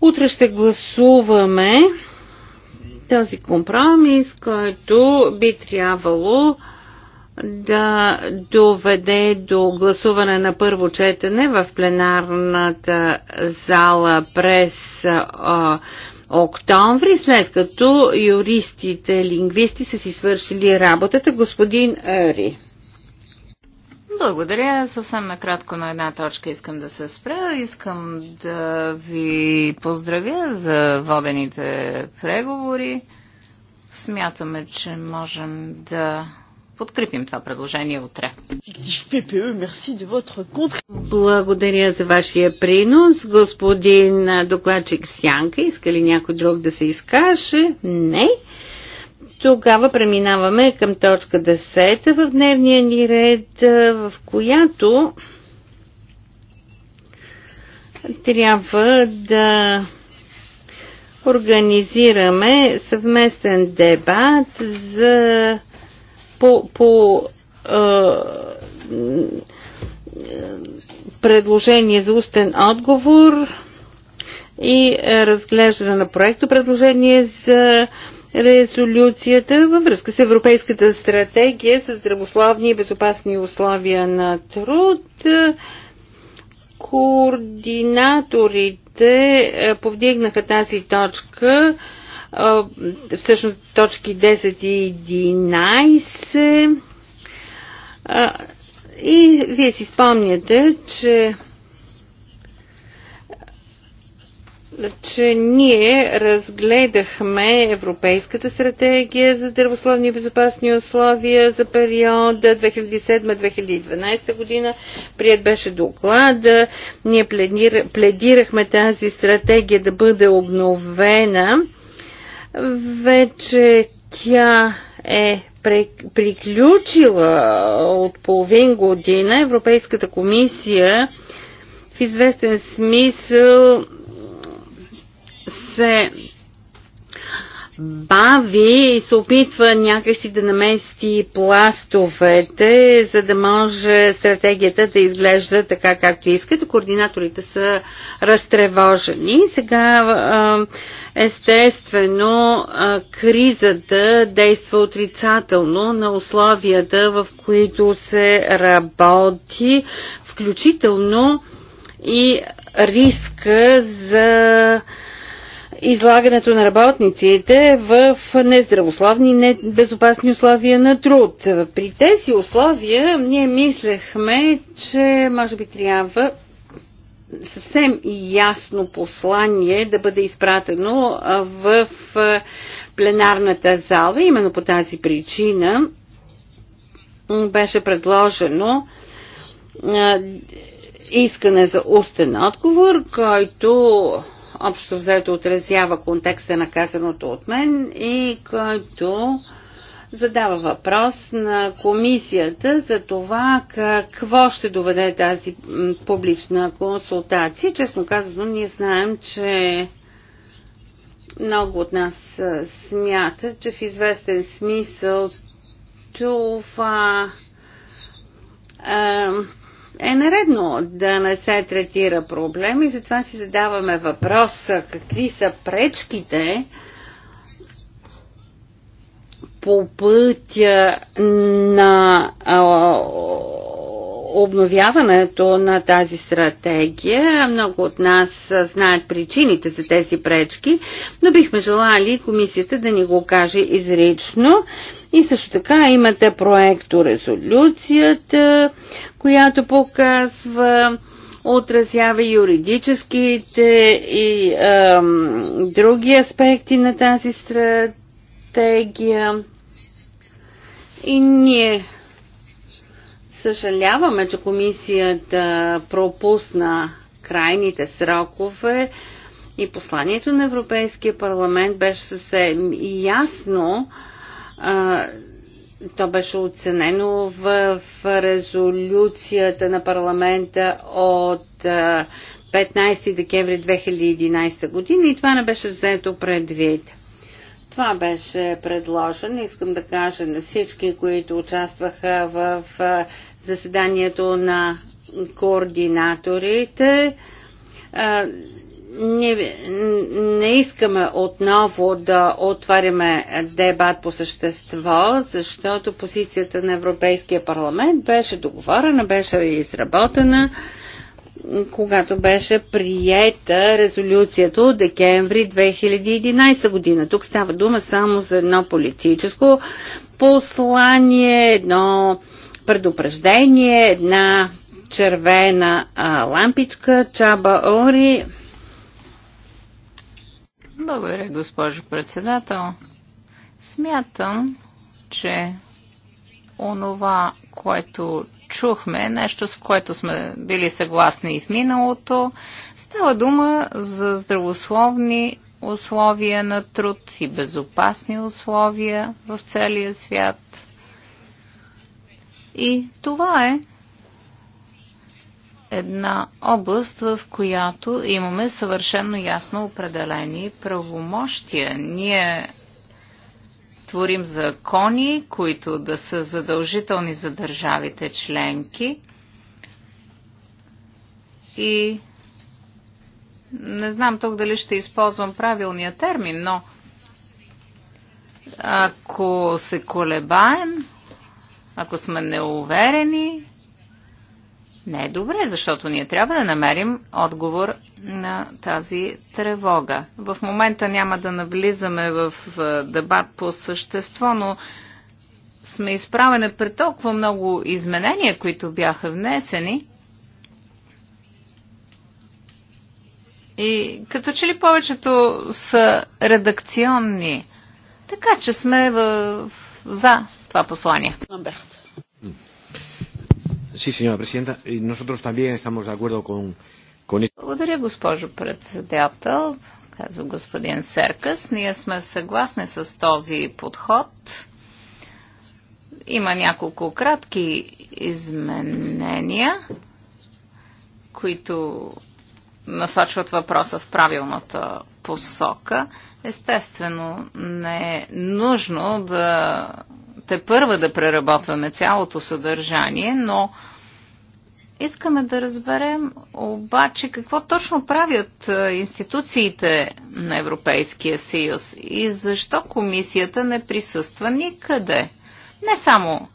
утре ще гласуваме този компромис, който би трябвало да доведе до гласуване на първо четене в пленарната зала през а, октомври, след като юристите, лингвисти са си свършили работата. Господин Ери. Благодаря. Съвсем накратко на една точка искам да се спра. Искам да ви поздравя за водените преговори. Смятаме, че можем да подкрепим това предложение утре. Благодаря за вашия принос. Господин докладчик Сянка, иска ли някой друг да се изкаже? Не. Тогава преминаваме към точка 10 в дневния ни ред, в която трябва да организираме съвместен дебат за по, по е, предложение за устен отговор и разглеждане на проекто предложение за е, резолюцията във връзка с Европейската стратегия с здравословни и безопасни условия на труд. Координаторите е, повдигнаха тази точка, е, всъщност точки 10 и 11. Е, и вие си спомняте, че че ние разгледахме Европейската стратегия за здравословни и безопасни условия за периода 2007-2012 година. Прият беше доклада. Ние пледирахме тази стратегия да бъде обновена. Вече тя е приключила от половин година. Европейската комисия в известен смисъл се бави и се опитва някакси да намести пластовете, за да може стратегията да изглежда така както искат. Координаторите са разтревожени. Сега естествено кризата действа отрицателно на условията, в които се работи, включително и риска за излагането на работниците в нездравословни, небезопасни условия на труд. При тези условия ние мислехме, че може би трябва съвсем ясно послание да бъде изпратено в пленарната зала. Именно по тази причина беше предложено искане за устен отговор, който общо взето отразява контекста на казаното от мен и който задава въпрос на комисията за това какво ще доведе тази публична консултация. Честно казано, ние знаем, че много от нас смятат, че в известен смисъл това е наредно да не се третира проблем и затова си задаваме въпроса какви са пречките по пътя на обновяването на тази стратегия. Много от нас знаят причините за тези пречки, но бихме желали комисията да ни го каже изрично и също така имате проекто резолюцията, която показва отразява юридическите и ам, други аспекти на тази стратегия. И ние съжаляваме, че комисията пропусна крайните срокове и посланието на Европейския парламент беше съвсем ясно, а, то беше оценено в, в резолюцията на парламента от а, 15 декември 2011 година и това не беше взето предвид. Това беше предложено. Искам да кажа на всички, които участваха в, заседанието на координаторите не, не искаме отново да отваряме дебат по същество, защото позицията на Европейския парламент беше договорена, беше изработена, когато беше приета резолюцията от декември 2011 година. Тук става дума само за едно политическо послание, едно предупреждение, една червена а, лампичка, чаба ори благодаря, госпожо председател. Смятам, че онова, което чухме, е нещо с което сме били съгласни и в миналото, става дума за здравословни условия на труд и безопасни условия в целия свят. И това е една област, в която имаме съвършенно ясно определени правомощия. Ние творим закони, които да са задължителни за държавите членки и не знам тук дали ще използвам правилния термин, но ако се колебаем, ако сме неуверени, не е добре, защото ние трябва да намерим отговор на тази тревога. В момента няма да навлизаме в дебат по същество, но сме изправени пред толкова много изменения, които бяха внесени. И като че ли повечето са редакционни. Така че сме в... за това послание. Амберт señora presidenta, nosotros también estamos de acuerdo con... con... Благодаря, госпожо председател, казва господин Серкас. Ние сме съгласни с този подход. Има няколко кратки изменения, които насочват въпроса в правилната посока. Естествено, не е нужно да те първа да преработваме цялото съдържание, но искаме да разберем обаче какво точно правят институциите на Европейския съюз и защо комисията не присъства никъде. Не само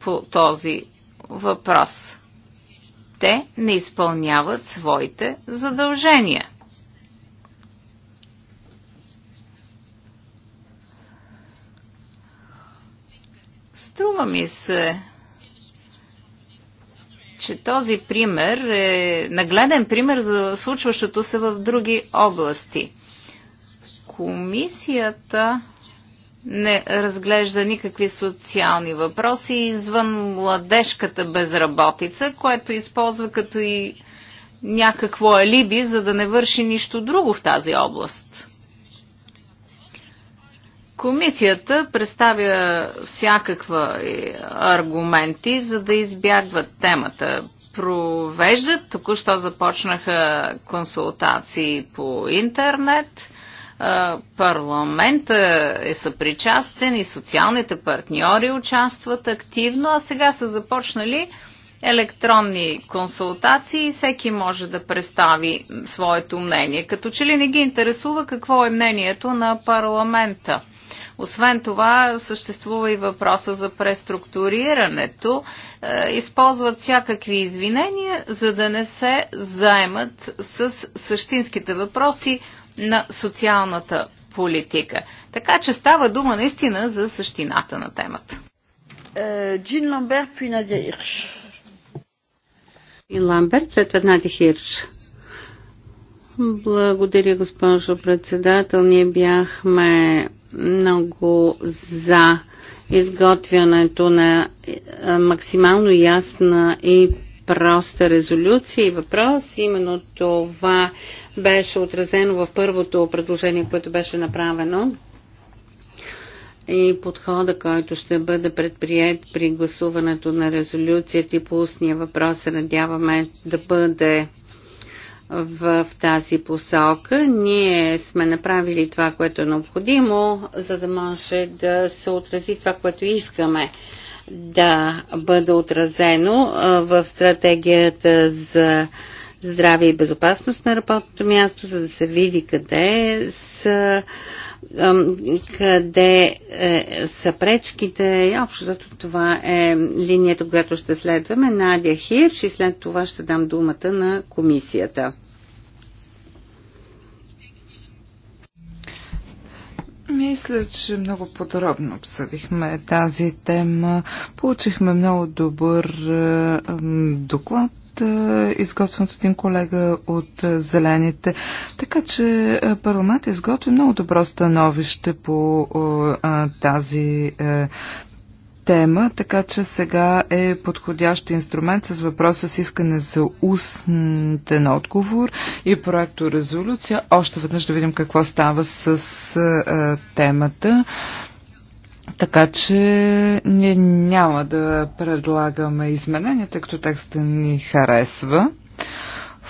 по този въпрос те не изпълняват своите задължения. Струва ми се, че този пример е нагледен пример за случващото се в други области. Комисията не разглежда никакви социални въпроси извън младежката безработица, което използва като и някакво алиби, за да не върши нищо друго в тази област. Комисията представя всякаква аргументи, за да избягват темата. Провеждат, току-що започнаха консултации по интернет – парламента е съпричастен и социалните партньори участват активно, а сега са започнали електронни консултации и всеки може да представи своето мнение. Като че ли не ги интересува какво е мнението на парламента. Освен това, съществува и въпроса за преструктурирането. Е, използват всякакви извинения, за да не се заемат с същинските въпроси, на социалната политика. Така че става дума наистина за същината на темата. Е, Джин Ламберт, puis Надя Ирш. Джин Ламберт, след това Надя Хирш. Благодаря, госпожо председател. Ние бяхме много за изготвянето на е, максимално ясна и проста резолюция и въпрос. Именно това беше отразено в първото предложение, което беше направено и подхода, който ще бъде предприят при гласуването на резолюцията и по устния въпрос се надяваме да бъде в тази посока. Ние сме направили това, което е необходимо, за да може да се отрази това, което искаме да бъде отразено в стратегията за здраве и безопасност на работното място, за да се види къде са къде е, са пречките и общо зато това е линията, която ще следваме. Надя Хирш и след това ще дам думата на комисията. Мисля, че много подробно обсъдихме тази тема. Получихме много добър доклад е, изготвен от един колега от е, Зелените. Така че е, парламент изготви много добро становище по тази тема, така че сега е подходящ инструмент с въпроса с искане за устен отговор и проекто резолюция. Още веднъж да видим какво става с темата. Така че ние няма да предлагаме изменения, тъй като текстът ни харесва.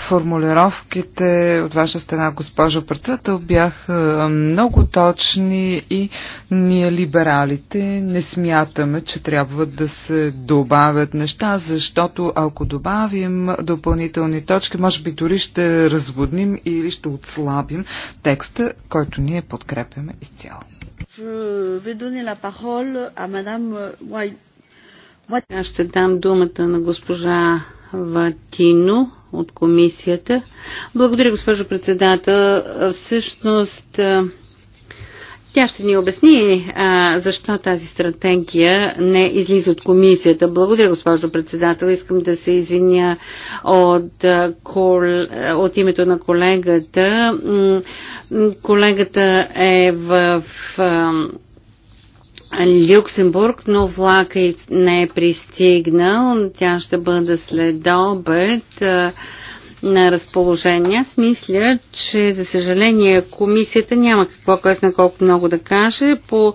Формулировките от ваша страна, госпожо председател, бяха много точни и ние либералите не смятаме, че трябва да се добавят неща, защото ако добавим допълнителни точки, може би дори ще разводним или ще отслабим текста, който ние подкрепяме изцяло. Аз ще дам думата на госпожа Ватино от комисията. Благодаря, госпожо председател. Всъщност, тя ще ни обясни а, защо тази стратегия не излиза от комисията. Благодаря, госпожо председател. Искам да се извиня от, от името на колегата. Колегата е в. в Люксембург, но влака не е пристигнал. Тя ще бъде след обед на разположение. Аз мисля, че за съжаление комисията няма какво, кой на колко много да каже. По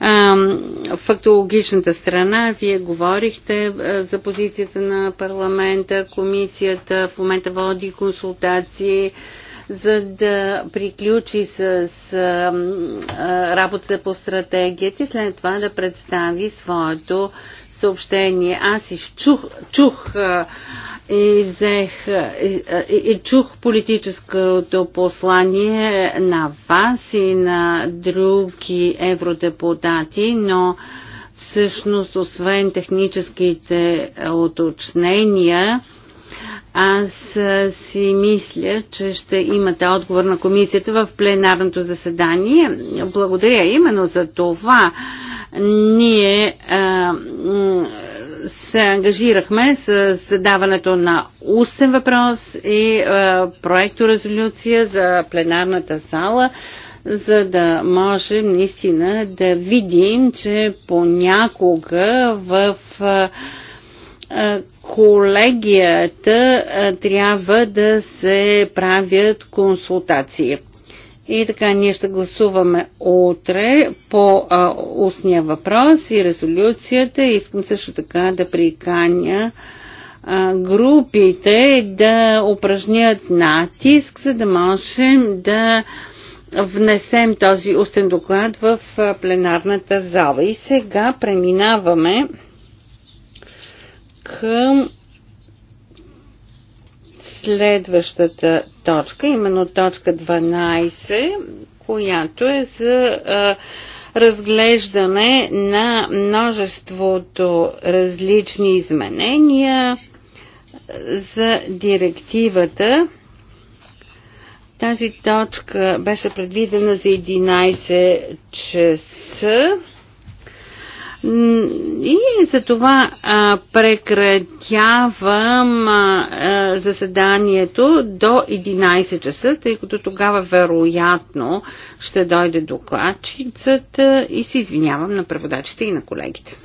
а, фактологичната страна вие говорихте а, за позицията на парламента, комисията в момента води консултации. А, за да приключи с работата по стратегията и след това да представи своето съобщение. Аз изчух, чух и взех и чух политическото послание на вас и на други евродепутати, но всъщност освен техническите уточнения, аз си мисля, че ще имате отговор на комисията в пленарното заседание. Благодаря именно за това. Ние а, се ангажирахме с задаването на устен въпрос и а, проекто резолюция за пленарната сала, за да можем наистина да видим, че понякога в а, колегията трябва да се правят консултации. И така, ние ще гласуваме утре по а, устния въпрос и резолюцията. Искам също така да приканя а, групите да упражнят натиск, за да можем да внесем този устен доклад в пленарната зала. И сега преминаваме към следващата точка, именно точка 12, която е за а, разглеждане на множеството различни изменения за директивата. Тази точка беше предвидена за 11 часа. И за това а, прекратявам а, заседанието до 11 часа, тъй като тогава вероятно ще дойде докладчицата и се извинявам на преводачите и на колегите.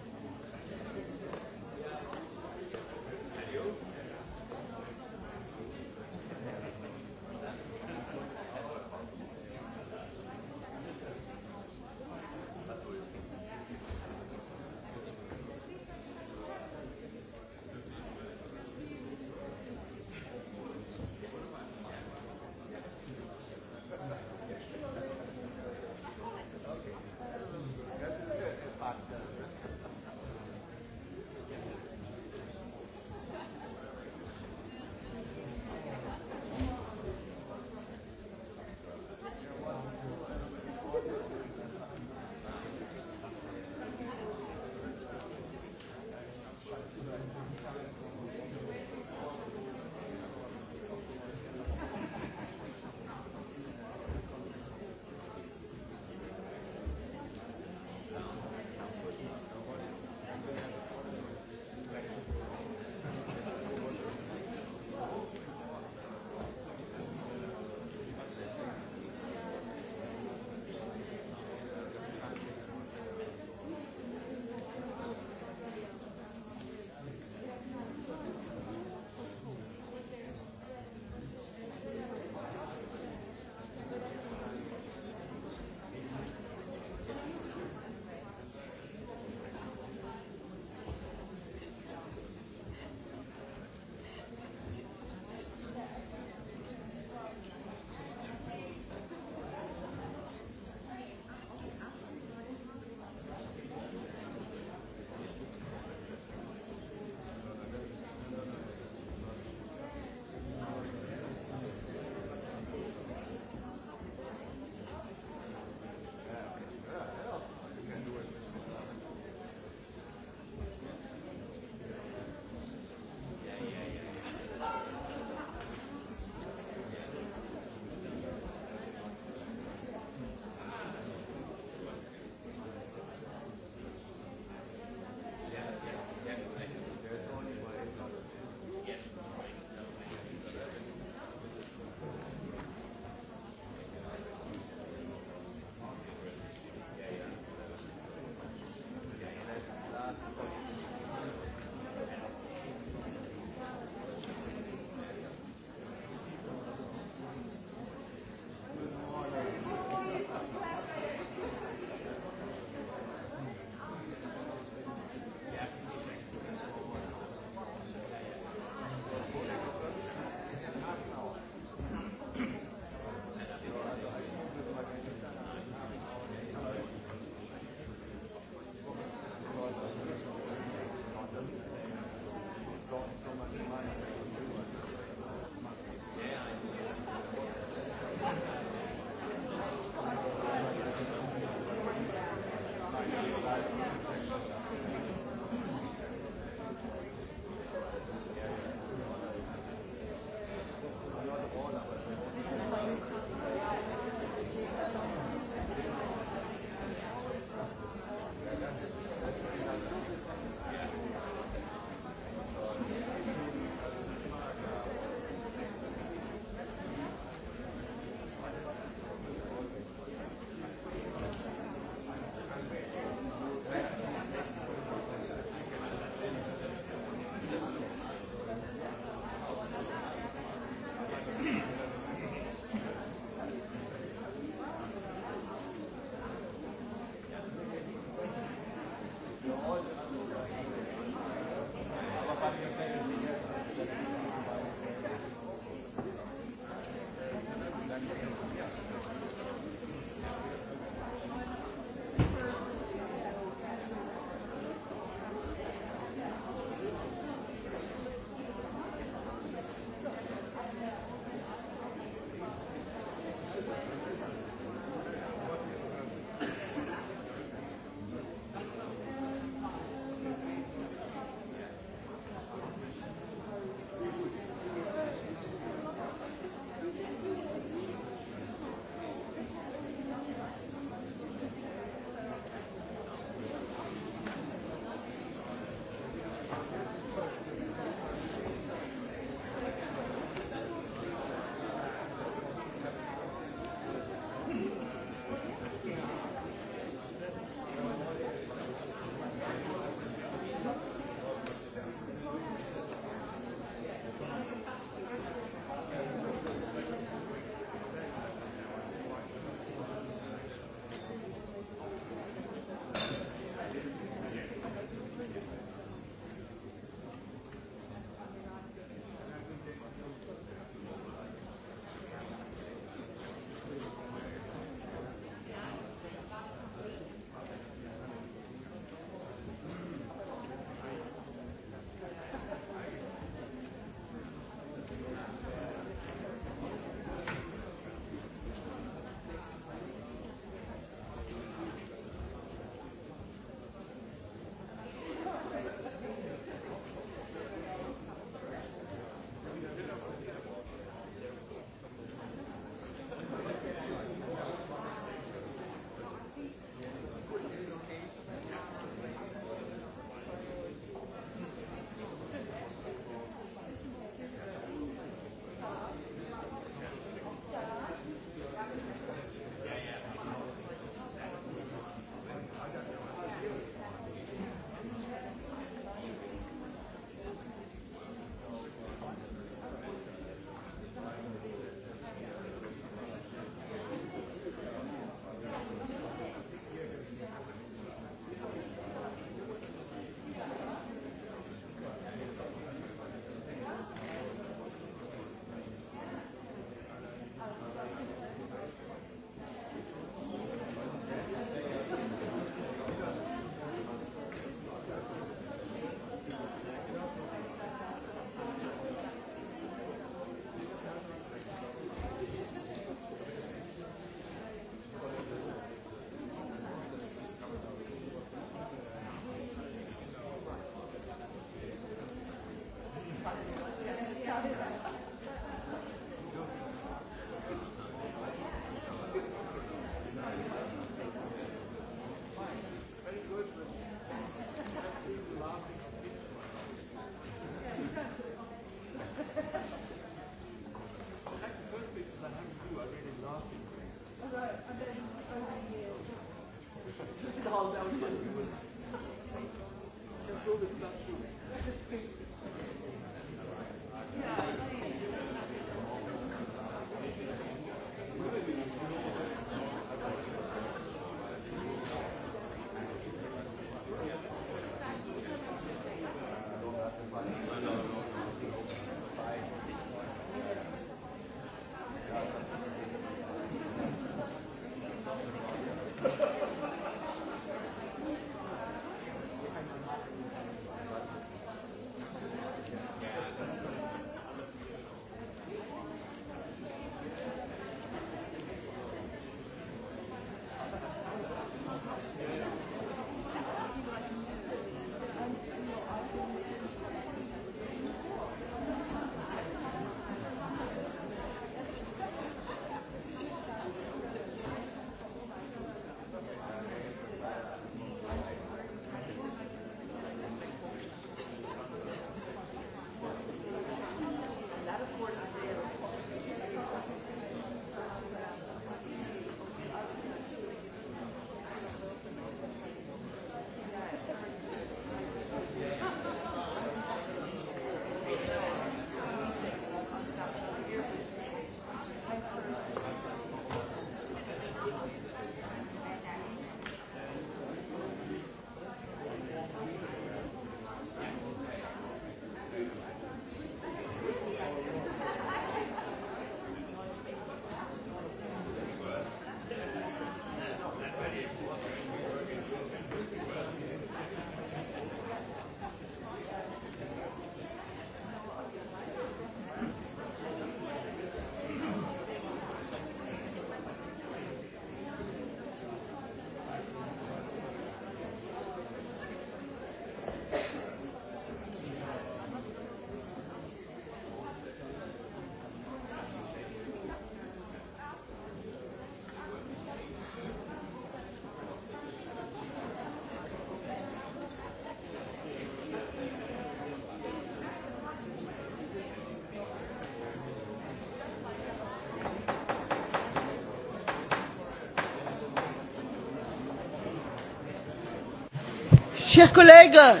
колега!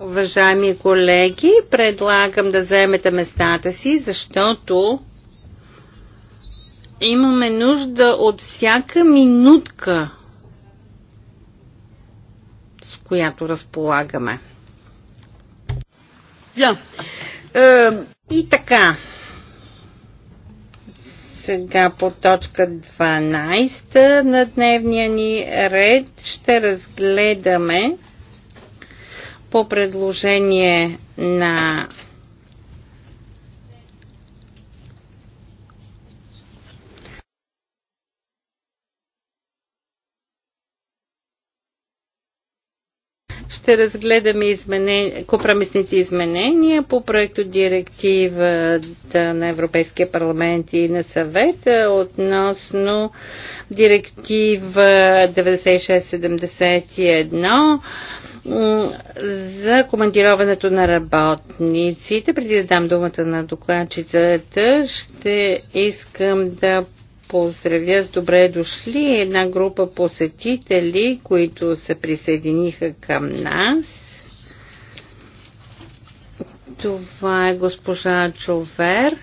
Уважаеми колеги, предлагам да вземете местата си, защото имаме нужда от всяка минутка, с която разполагаме. И така. Сега по точка 12 на дневния ни ред ще разгледаме по предложение на ще разгледаме изменен... компромисните изменения по проекто директивата на Европейския парламент и на съвета относно директива 9671 за командироването на работниците. Преди да дам думата на докладчицата, ще искам да поздравя с добре дошли една група посетители, които се присъединиха към нас. Това е госпожа Човер,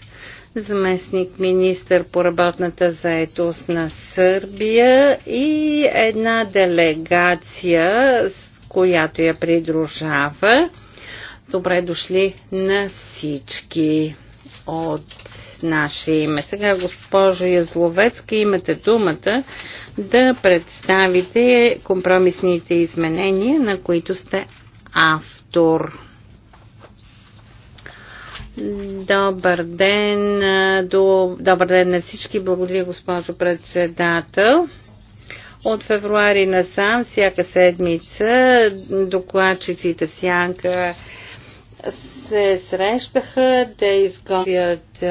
заместник министър по работната заетост на Сърбия и една делегация, която я придружава. Добре дошли на всички от наше име. Сега, госпожо Язловецка, имате думата да представите компромисните изменения, на които сте автор. Добър ден, до, добър ден на всички. Благодаря, госпожо председател. От февруари насам, всяка седмица, докладчиците в Сянка се срещаха да изготвят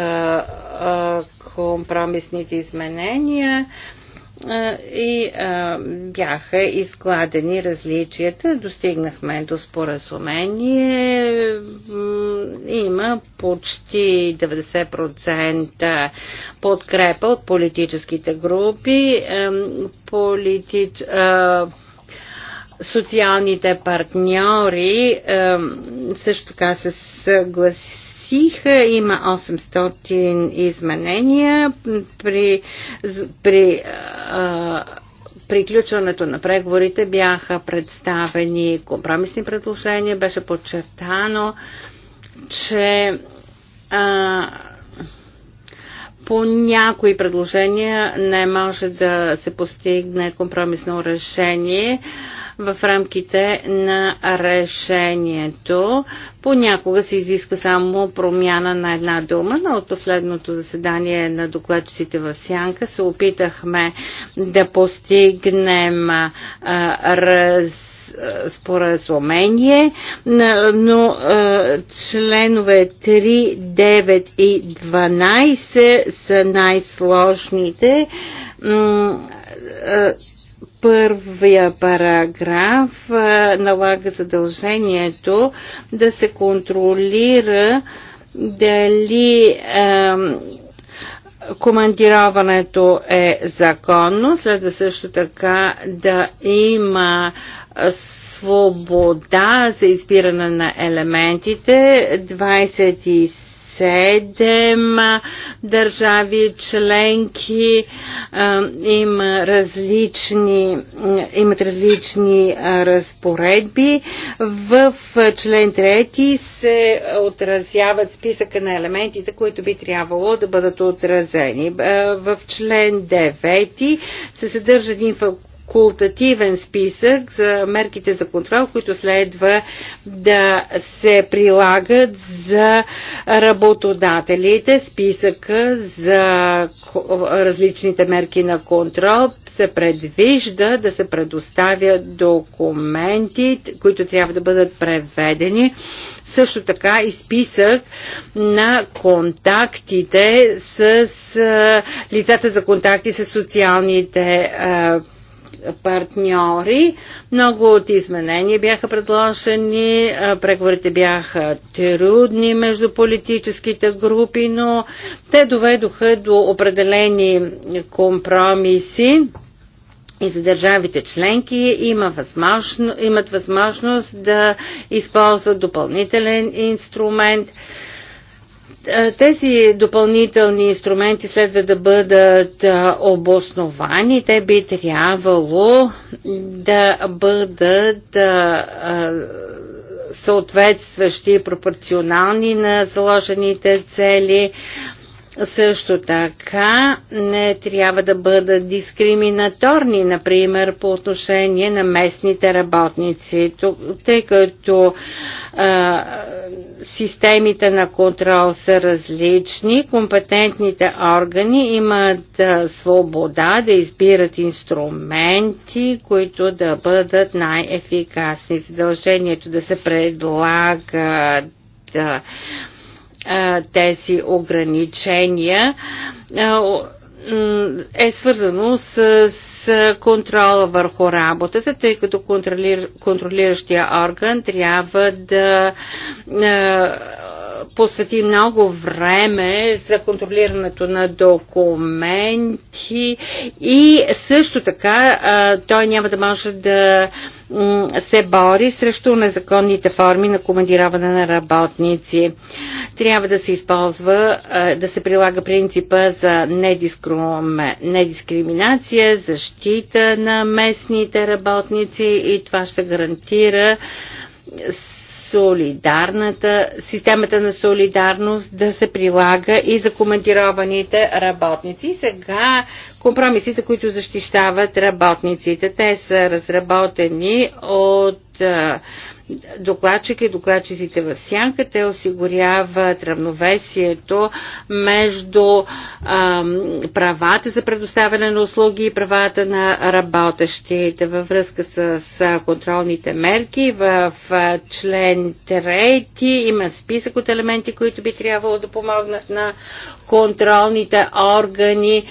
компромисните изменения и бяха изкладени различията. Достигнахме до споразумение. Има почти 90% подкрепа от политическите групи. политич, социалните партньори също така се съгласи има 800 изменения при, при а, приключването на преговорите бяха представени компромисни предложения, беше подчертано, че а, по някои предложения не може да се постигне компромисно решение. А, в рамките на решението. Понякога се изисква само промяна на една дума, но от последното заседание на докладчиците в Сянка се опитахме да постигнем раз споразумение, но членове 3, 9 и 12 са най-сложните първия параграф налага задължението да се контролира дали е, командироването е законно, следва също така да има свобода за избиране на елементите. 27 седем държави членки има различни, имат различни разпоредби. В член 3 се отразяват списъка на елементите, които би трябвало да бъдат отразени. В член 9 се съдържа един факт факултативен списък за мерките за контрол, които следва да се прилагат за работодателите. Списъка за различните мерки на контрол се предвижда да се предоставят документи, които трябва да бъдат преведени. Също така и списък на контактите с лицата за контакти с социалните а, партньори. Много от изменения бяха предложени, преговорите бяха трудни между политическите групи, но те доведоха до определени компромиси и за държавите членки има възможно, имат възможност да използват допълнителен инструмент е, тези допълнителни инструменти следва да бъдат е, обосновани. Те би трябвало да бъдат е, съответстващи и пропорционални на заложените цели. Също така не трябва да бъдат дискриминаторни, например, по отношение на местните работници, тъй като а, системите на контрол са различни, компетентните органи имат свобода да избират инструменти, които да бъдат най-ефикасни. Задължението да се предлагат тези ограничения е свързано с, с контрола върху работата, тъй като контролиращия орган трябва да е, посвети много време за контролирането на документи и също така той няма да може да се бори срещу незаконните форми на командираване на работници. Трябва да се използва, да се прилага принципа за недискриминация, защита на местните работници и това ще гарантира солидарната, системата на солидарност да се прилага и за командированите работници. И сега компромисите, които защищават работниците, те са разработени от докладчика и докладчиците в сянка. Те осигуряват равновесието между ам, правата за предоставяне на услуги и правата на работещите във връзка с, с контролните мерки. В член 3 има списък от елементи, които би трябвало да помогнат на контролните органи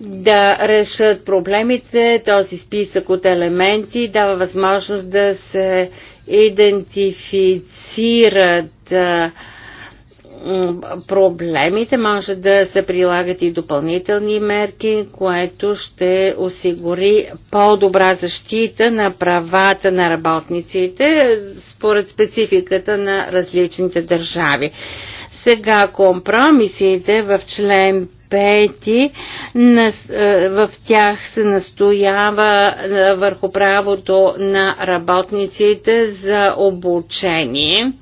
да решат проблемите. Този списък от елементи дава възможност да се идентифицират проблемите, може да се прилагат и допълнителни мерки, което ще осигури по-добра защита на правата на работниците според спецификата на различните държави. Сега компромисите в член пети е, в тях се настоява е, върху правото на работниците за обучение.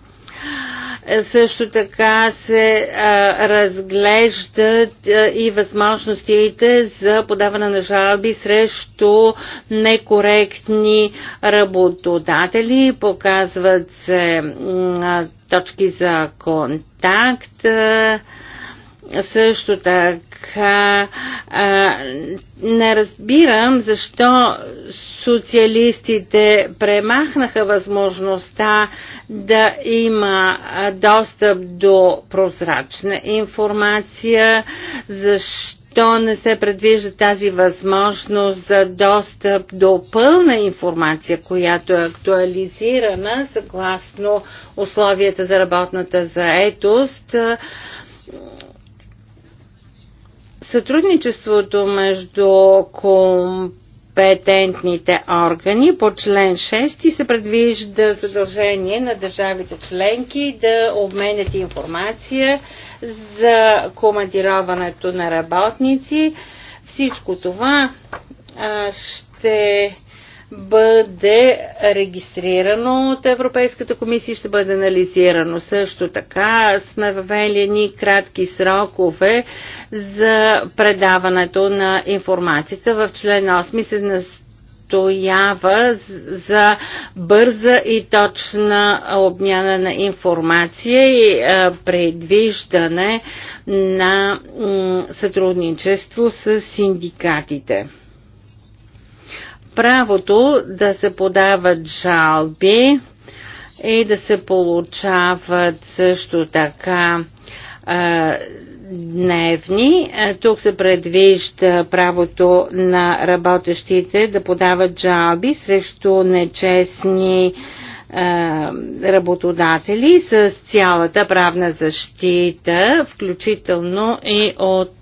Е, също така се а, разглеждат а, и възможностите за подаване на жалби срещу некоректни работодатели. Показват се а, точки за контакт. А, също така а, не разбирам защо социалистите премахнаха възможността да има достъп до прозрачна информация, защо то не се предвижда тази възможност за достъп до пълна информация, която е актуализирана съгласно условията за работната заетост Сътрудничеството между компетентните органи по член 6 се предвижда задължение на държавите членки да обменят информация за командироването на работници. Всичко това ще бъде регистрирано от Европейската комисия и ще бъде анализирано. Също така сме въвели ни кратки срокове за предаването на информацията. В член 8 се настоява за бърза и точна обмяна на информация и е, предвиждане на сътрудничество с синдикатите правото да се подават жалби и да се получават също така а, дневни. Тук се предвижда правото на работещите да подават жалби срещу нечестни работодатели с цялата правна защита, включително и от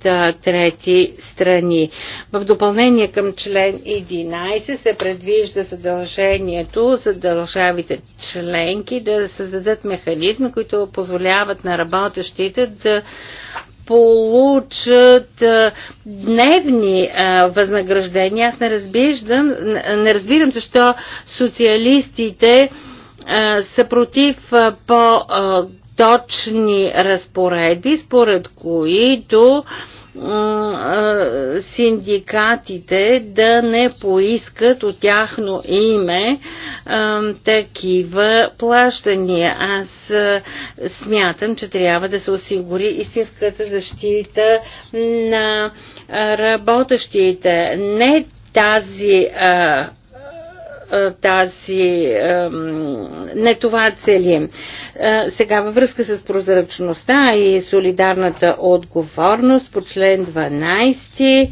трети страни. В допълнение към член 11 се предвижда задължението за държавите членки да създадат механизми, които позволяват на работещите да получат дневни възнаграждения. Аз не разбирам, не разбирам защо социалистите е, са против е, по-точни разпоредби, според които е, синдикатите да не поискат от тяхно име а, такива плащания. Аз а, смятам, че трябва да се осигури истинската защита на работещите. Не тази а, тази, не това целим. Сега във връзка с прозрачността и солидарната отговорност по член 12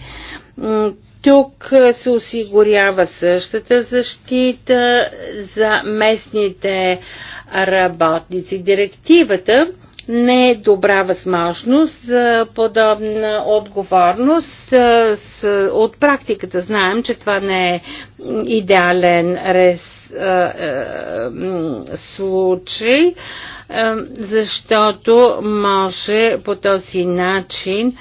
тук се осигурява същата защита за местните работници. Директивата не е добра възможност за подобна отговорност. Е, от практиката знаем, че това не е идеален рез, е, е, случай, защото може по този начин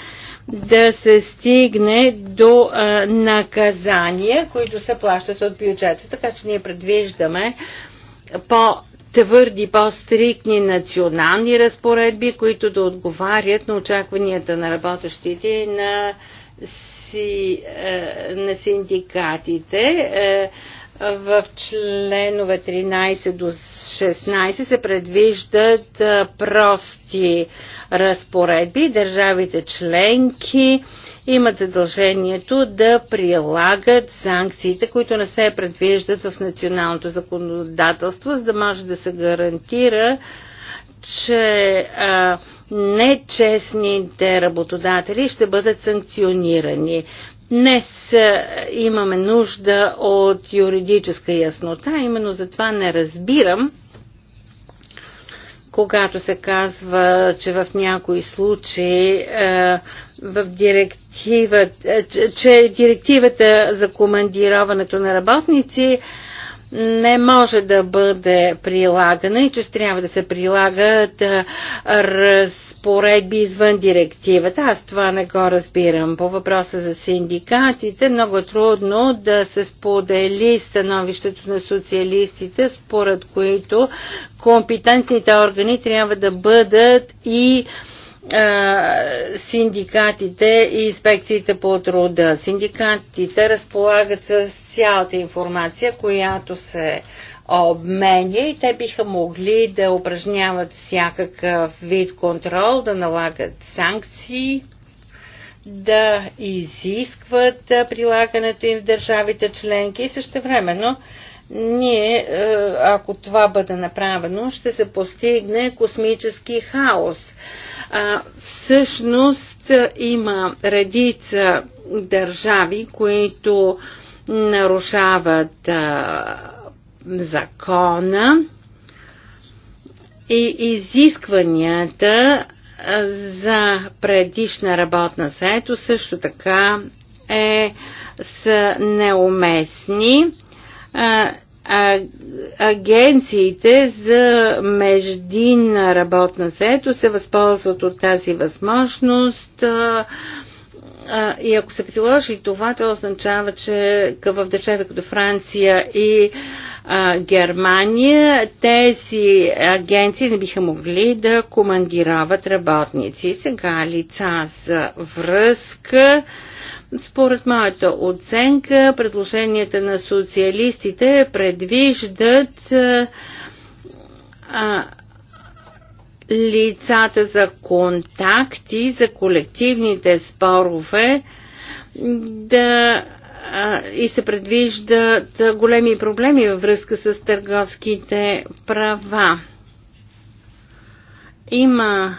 да се стигне до а, наказания, които се плащат от бюджета. Така че ние предвиждаме по твърди, по-стрикни национални разпоредби, които да отговарят на очакванията на работещите и на, си, е, на синдикатите. Е, в членове 13 до 16 се предвиждат е, прости разпоредби. Държавите членки имат задължението да прилагат санкциите, които не се предвиждат в националното законодателство, за да може да се гарантира, че а, нечестните работодатели ще бъдат санкционирани. Днес имаме нужда от юридическа яснота, именно затова не разбирам, когато се казва, че в някои случаи в директивата, е, че директивата за командироването на работници не може да бъде прилагана и че трябва да се прилагат е, разпоредби извън директивата. Аз това не го разбирам. По въпроса за синдикатите много е трудно да се сподели становището на социалистите, според които компетентните органи трябва да бъдат и а, синдикатите и инспекциите по труда. Синдикатите разполагат с цялата информация, която се обменя и те биха могли да упражняват всякакъв вид контрол, да налагат санкции, да изискват прилагането им в държавите членки и също времено ние, е, ако това бъде направено, ще се постигне космически хаос. А, всъщност има редица държави, които нарушават а, закона и изискванията за предишна работна сето също така е, са неуместни агенциите за междинна работна заето се възползват от тази възможност. И ако се приложи това, то означава, че в държави като Франция и а, Германия тези агенции не биха могли да командироват работници. Сега лица за връзка според моята оценка, предложенията на социалистите предвиждат а, лицата за контакти, за колективните спорове да а, и се предвиждат големи проблеми във връзка с търговските права. Има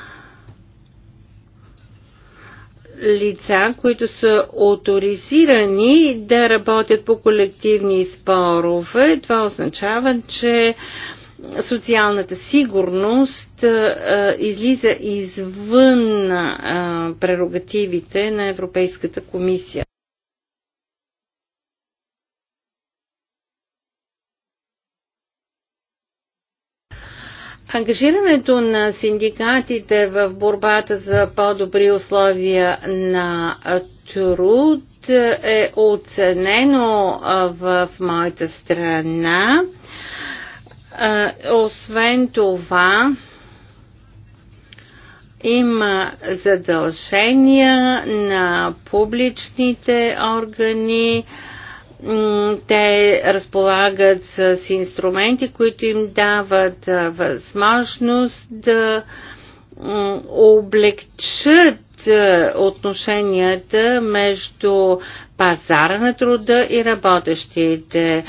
лица, които са авторизирани да работят по колективни спорове. Това означава, че социалната сигурност а, излиза извън а, прерогативите на Европейската комисия. Ангажирането на синдикатите в борбата за по-добри условия на труд е оценено в моята страна. Освен това, има задължения на публичните органи, те разполагат с инструменти, които им дават възможност да облегчат е, отношенията между пазара на труда и работещите.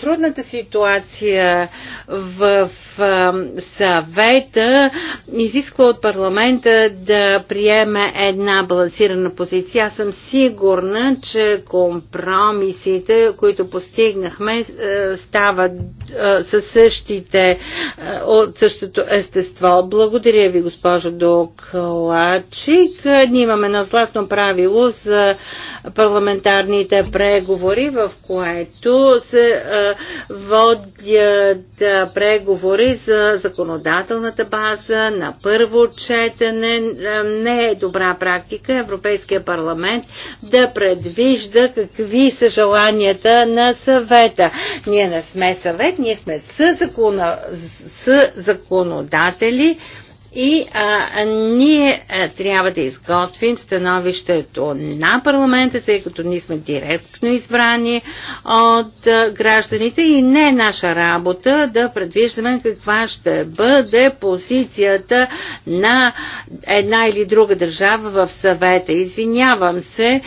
Трудната ситуация в е, съвета изисква от парламента да приеме една балансирана позиция. Аз съм сигурна, че компромисите, които постигнахме, е, стават със същите, от същото естество. Благодаря ви, госпожо Доклад Чик. Ние имаме едно златно правило за парламентарните преговори, в което се водят преговори за законодателната база на първо четене. Не е добра практика Европейския парламент да предвижда какви са желанията на съвета. Ние не сме съвет, ние сме съзаконодатели. Съ и а, ние а, трябва да изготвим становището на парламента, тъй като ние сме директно избрани от а, гражданите и не е наша работа да предвиждаме каква ще бъде позицията на една или друга държава в съвета. Извинявам се,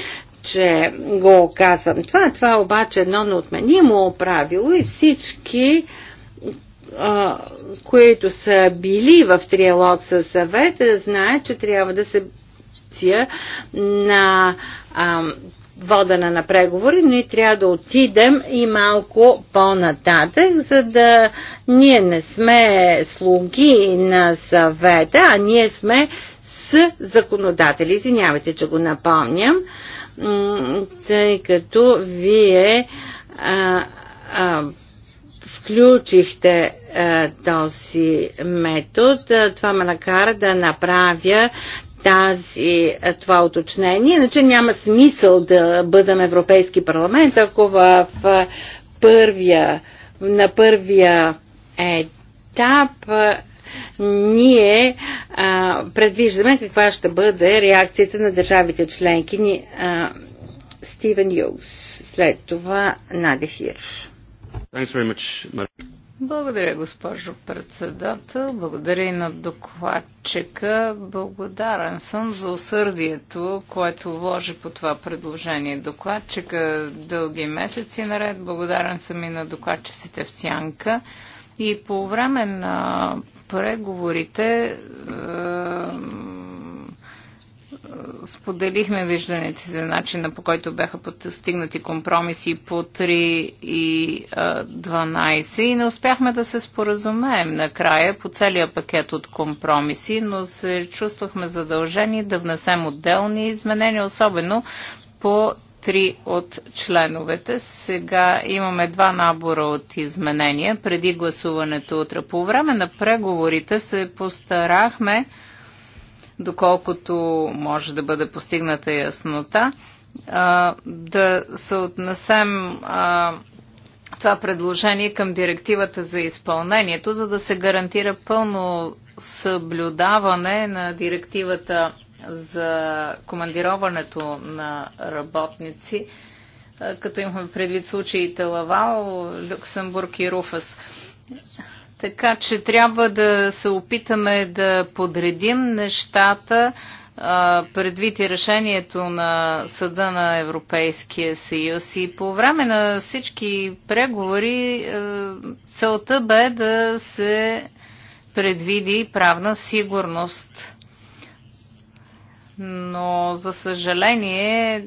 че го казвам това. Това обаче е едно неотменимо правило и всички а, които са били в триалог със съвета, знаят, че трябва да се на а, водена на преговори, но и трябва да отидем и малко по-нататък, за да ние не сме слуги на съвета, а ние сме с законодатели. Извинявайте, че го напомням, тъй като вие а, а, включихте а, е, този метод. Е, това ме накара да направя тази, е, това уточнение. Иначе няма смисъл да бъдем Европейски парламент, ако в, в първия, на първия етап ние а, предвиждаме каква ще бъде реакцията на държавите членки. Ни, а, Стивен Юкс, след това Надя Хирш. Благодаря, госпожо председател. Благодаря и на докладчика. Благодарен съм за усърдието, което вложи по това предложение докладчика дълги месеци наред. Благодарен съм и на докладчиците в Сянка. И по време на преговорите е, споделихме вижданите за начина по който бяха постигнати компромиси по 3 и 12 и не успяхме да се споразумеем накрая по целия пакет от компромиси, но се чувствахме задължени да внесем отделни изменения, особено по три от членовете. Сега имаме два набора от изменения преди гласуването утре. По време на преговорите се постарахме доколкото може да бъде постигната яснота, а, да се отнесем а, това предложение към директивата за изпълнението, за да се гарантира пълно съблюдаване на директивата за командироването на работници, като имаме предвид случаите Лавал, Люксембург и Руфас. Така че трябва да се опитаме да подредим нещата предвид и решението на Съда на Европейския съюз. И по време на всички преговори целта бе да се предвиди правна сигурност. Но, за съжаление,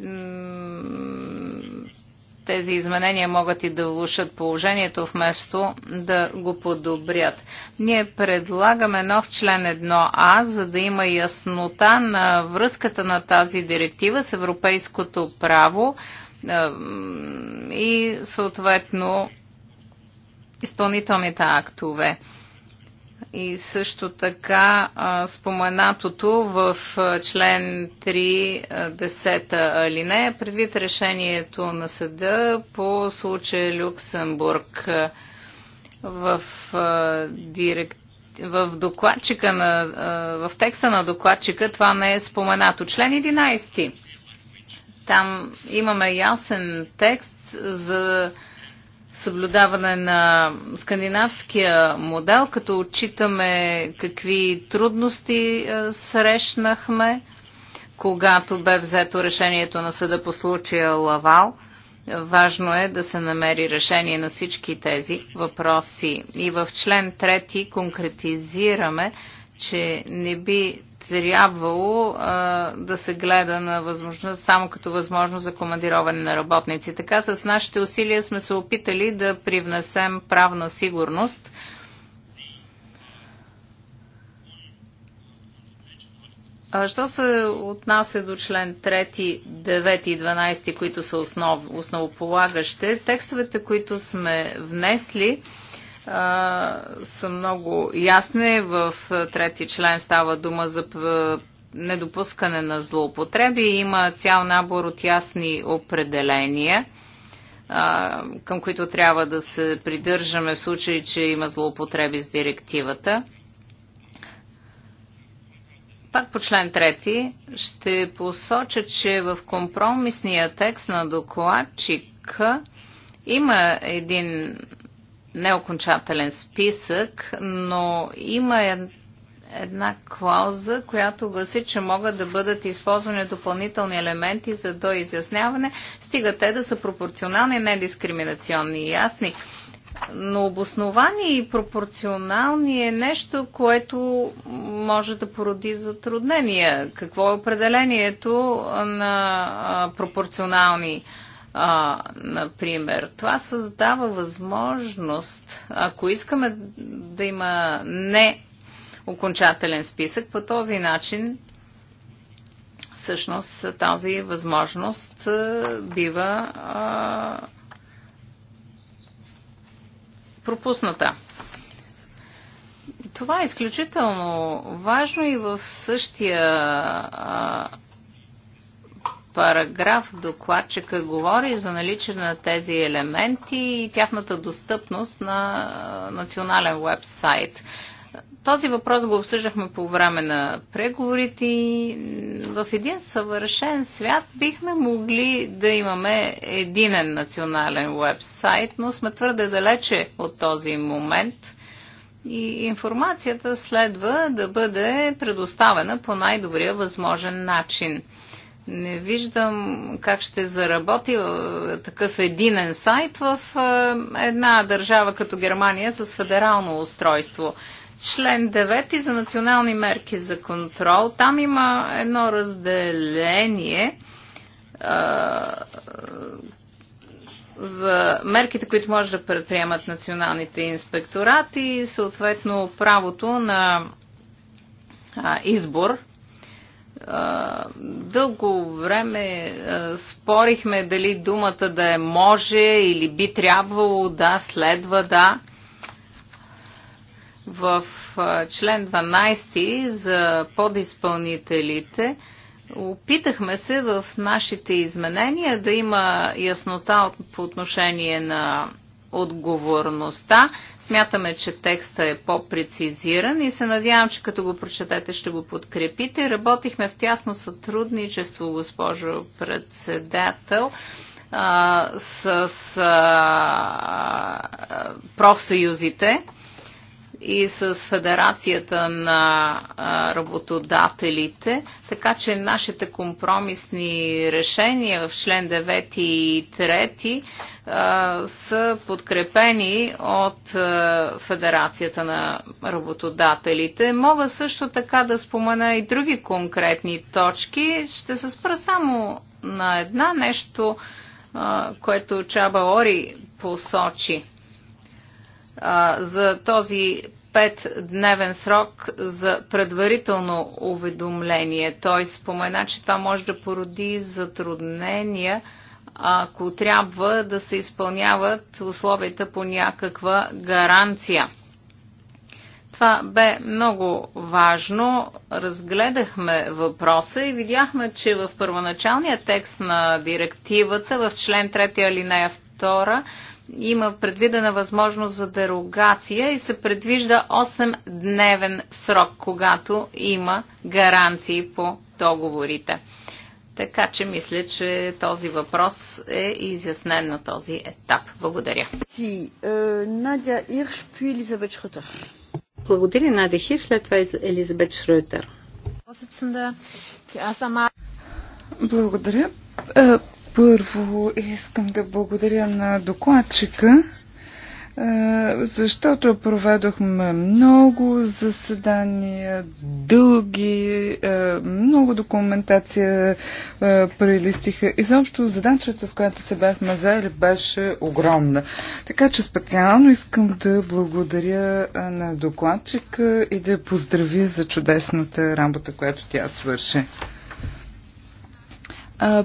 тези изменения могат и да влушат положението, вместо да го подобрят. Ние предлагаме нов член 1А, за да има яснота на връзката на тази директива с европейското право и съответно изпълнителните актове и също така а, споменатото в а, член 3, десета алинея, предвид решението на съда по случая Люксембург а, в, директ... в, докладчика на, в текста на докладчика това не е споменато. Член 11. Там имаме ясен текст за съблюдаване на скандинавския модел, като отчитаме какви трудности е, срещнахме, когато бе взето решението на съда по случая Лавал. Важно е да се намери решение на всички тези въпроси. И в член 3 конкретизираме, че не би трябвало а, да се гледа на възможност само като възможност за командироване на работници. Така с нашите усилия сме се опитали да привнесем правна сигурност. А що се отнася до член 3, 9 и 12, които са основ, основополагащи, текстовете, които сме внесли, са много ясни. В трети член става дума за недопускане на злоупотреби. Има цял набор от ясни определения, към които трябва да се придържаме в случай, че има злоупотреби с директивата. Пак по член 3 ще посоча, че в компромисния текст на докладчик има един неокончателен списък, но има е, една клауза, която гласи, че могат да бъдат използвани допълнителни елементи за доизясняване, стига те да са пропорционални, недискриминационни и ясни. Но обосновани и пропорционални е нещо, което може да породи затруднения. Какво е определението на пропорционални елементи? а, например. Това създава възможност, ако искаме да има не окончателен списък, по този начин всъщност тази възможност бива а, пропусната. Това е изключително важно и в същия а, параграф докладчика говори за наличие на тези елементи и тяхната достъпност на национален вебсайт. Този въпрос го обсъждахме по време на преговорите и в един съвършен свят бихме могли да имаме единен национален вебсайт, но сме твърде далече от този момент и информацията следва да бъде предоставена по най-добрия възможен начин. Не виждам как ще заработи е, такъв единен сайт в е, една държава като Германия с федерално устройство. Член 9 за национални мерки за контрол. Там има едно разделение е, за мерките, които може да предприемат националните инспекторати и съответно правото на избор дълго време спорихме дали думата да е може или би трябвало да следва да. В член 12 за подизпълнителите опитахме се в нашите изменения да има яснота по отношение на отговорността. Смятаме, че текста е по-прецизиран и се надявам, че като го прочетете ще го подкрепите. Работихме в тясно сътрудничество, госпожо председател, а, с а, профсъюзите и с Федерацията на работодателите, така че нашите компромисни решения в член 9 и 3 са подкрепени от Федерацията на работодателите. Мога също така да спомена и други конкретни точки. Ще се спра само на една нещо, което Чаба Ори посочи – за този петдневен срок за предварително уведомление. Той спомена, че това може да породи затруднения, ако трябва да се изпълняват условията по някаква гаранция. Това бе много важно. Разгледахме въпроса и видяхме, че в първоначалния текст на директивата, в член 3 алинея 2, има предвидена възможност за дерогация и се предвижда 8-дневен срок, когато има гаранции по договорите. Така че мисля, че този въпрос е изяснен на този етап. Благодаря. Е, Надя Ирш, пи Елизабет Шрутер. Благодаря, Надя Хир, след това е Елизабет Шрутер. Е, е, Благодаря. Първо искам да благодаря на докладчика, защото проведохме много заседания, дълги, много документация прелистиха. Изобщо задачата, с която се бяхме заели, беше огромна. Така че специално искам да благодаря на докладчика и да я поздравя за чудесната работа, която тя свърши.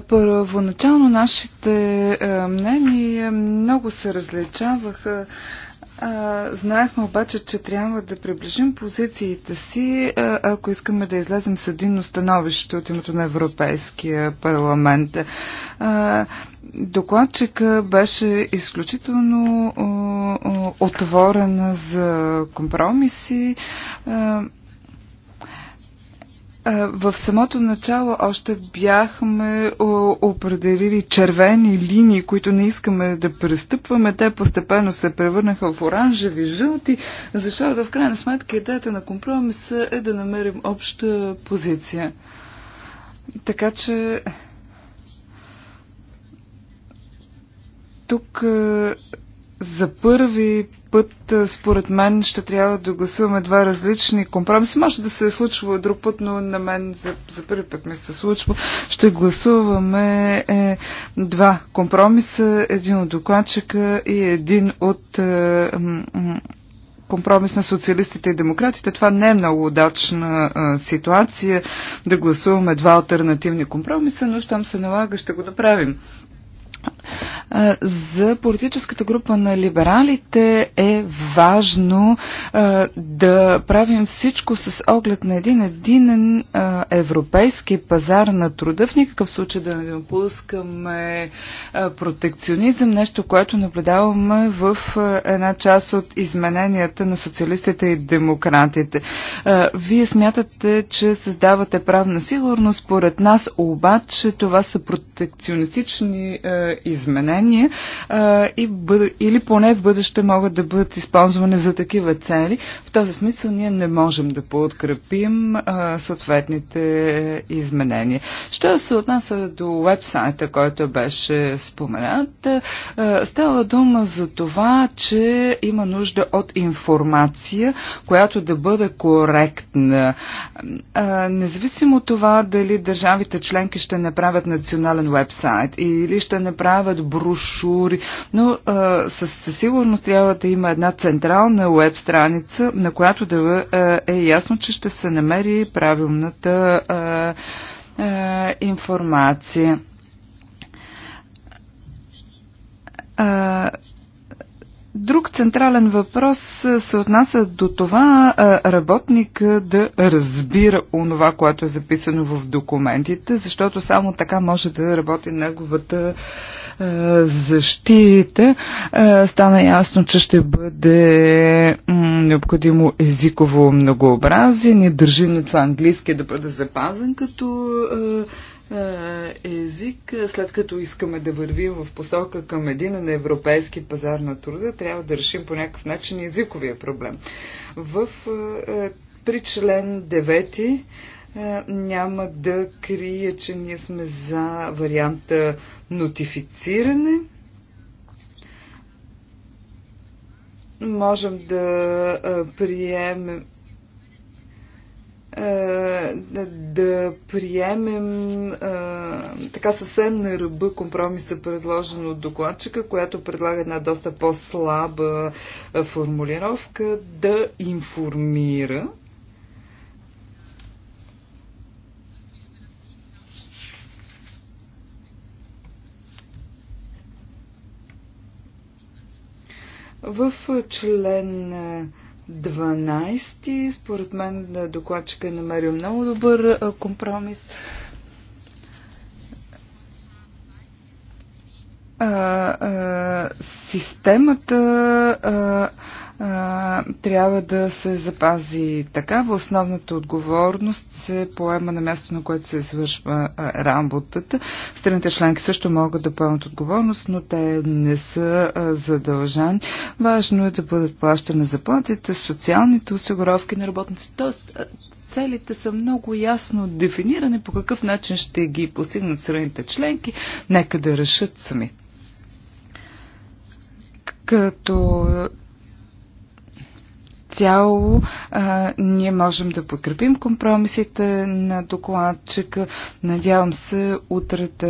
Първоначално нашите мнения много се различаваха. Знаехме обаче, че трябва да приближим позициите си, ако искаме да излезем с единно становище от името на Европейския парламент. Докладчика беше изключително отворена за компромиси. В самото начало още бяхме определили червени линии, които не искаме да престъпваме. Те постепенно се превърнаха в оранжеви, жълти, защото в крайна сметка идеята на компромиса е да намерим обща позиция. Така че тук е, за първи път, според мен, ще трябва да гласуваме два различни компромиси. Може да се е случвало друг път, но на мен за, за първи път ми се е случва. Ще гласуваме е, два компромиса, един от докладчика и един от е, компромис на социалистите и демократите. Това не е много удачна а, е, ситуация да гласуваме два альтернативни компромиса, но щом се налага, ще го направим. За политическата група на либералите е важно да правим всичко с оглед на един единен европейски пазар на труда. В никакъв случай да не допускаме протекционизъм, нещо, което наблюдаваме в една част от измененията на социалистите и демократите. Вие смятате, че създавате правна сигурност. Според нас обаче това са протекционистични изменения и, или поне в бъдеще могат да бъдат използвани за такива цели. В този смисъл ние не можем да подкрепим съответните изменения. Що се отнася до вебсайта, който беше споменат, става дума за това, че има нужда от информация, която да бъде коректна. Независимо от това дали държавите членки ще направят национален вебсайт или ще направят правят брошури, но а, със, със сигурност трябва да има една централна веб страница, на която да е ясно, че ще се намери правилната а, а, информация. А, Друг централен въпрос се отнася до това работник да разбира онова, което е записано в документите, защото само така може да работи неговата защита. Стана ясно, че ще бъде необходимо езиково многообразие. Ние държим на това английски да бъде запазен като е, език, след като искаме да вървим в посока към един на европейски пазар на труда, трябва да решим по някакъв начин езиковия проблем. В, е, при член 9 е, няма да крия, че ние сме за варианта нотифициране. Можем да приемем да, е, да приемем а, е, така съвсем на ръба компромиса, предложен от докладчика, която предлага една доста по-слаба е, формулировка да информира. В член 12. Според мен е, докладчика е намерил много добър е, компромис. А, а, системата а, а, трябва да се запази такава. Основната отговорност се поема на място, на което се извършва а, работата. Страните членки също могат да поемат отговорност, но те не са а, задължани. Важно е да бъдат плащани заплатите, социалните осигуровки на работниците. Тоест, целите са много ясно дефинирани, по какъв начин ще ги постигнат страните членки, нека да решат сами. Като цяло а, ние можем да подкрепим компромисите на докладчика. Надявам се утре да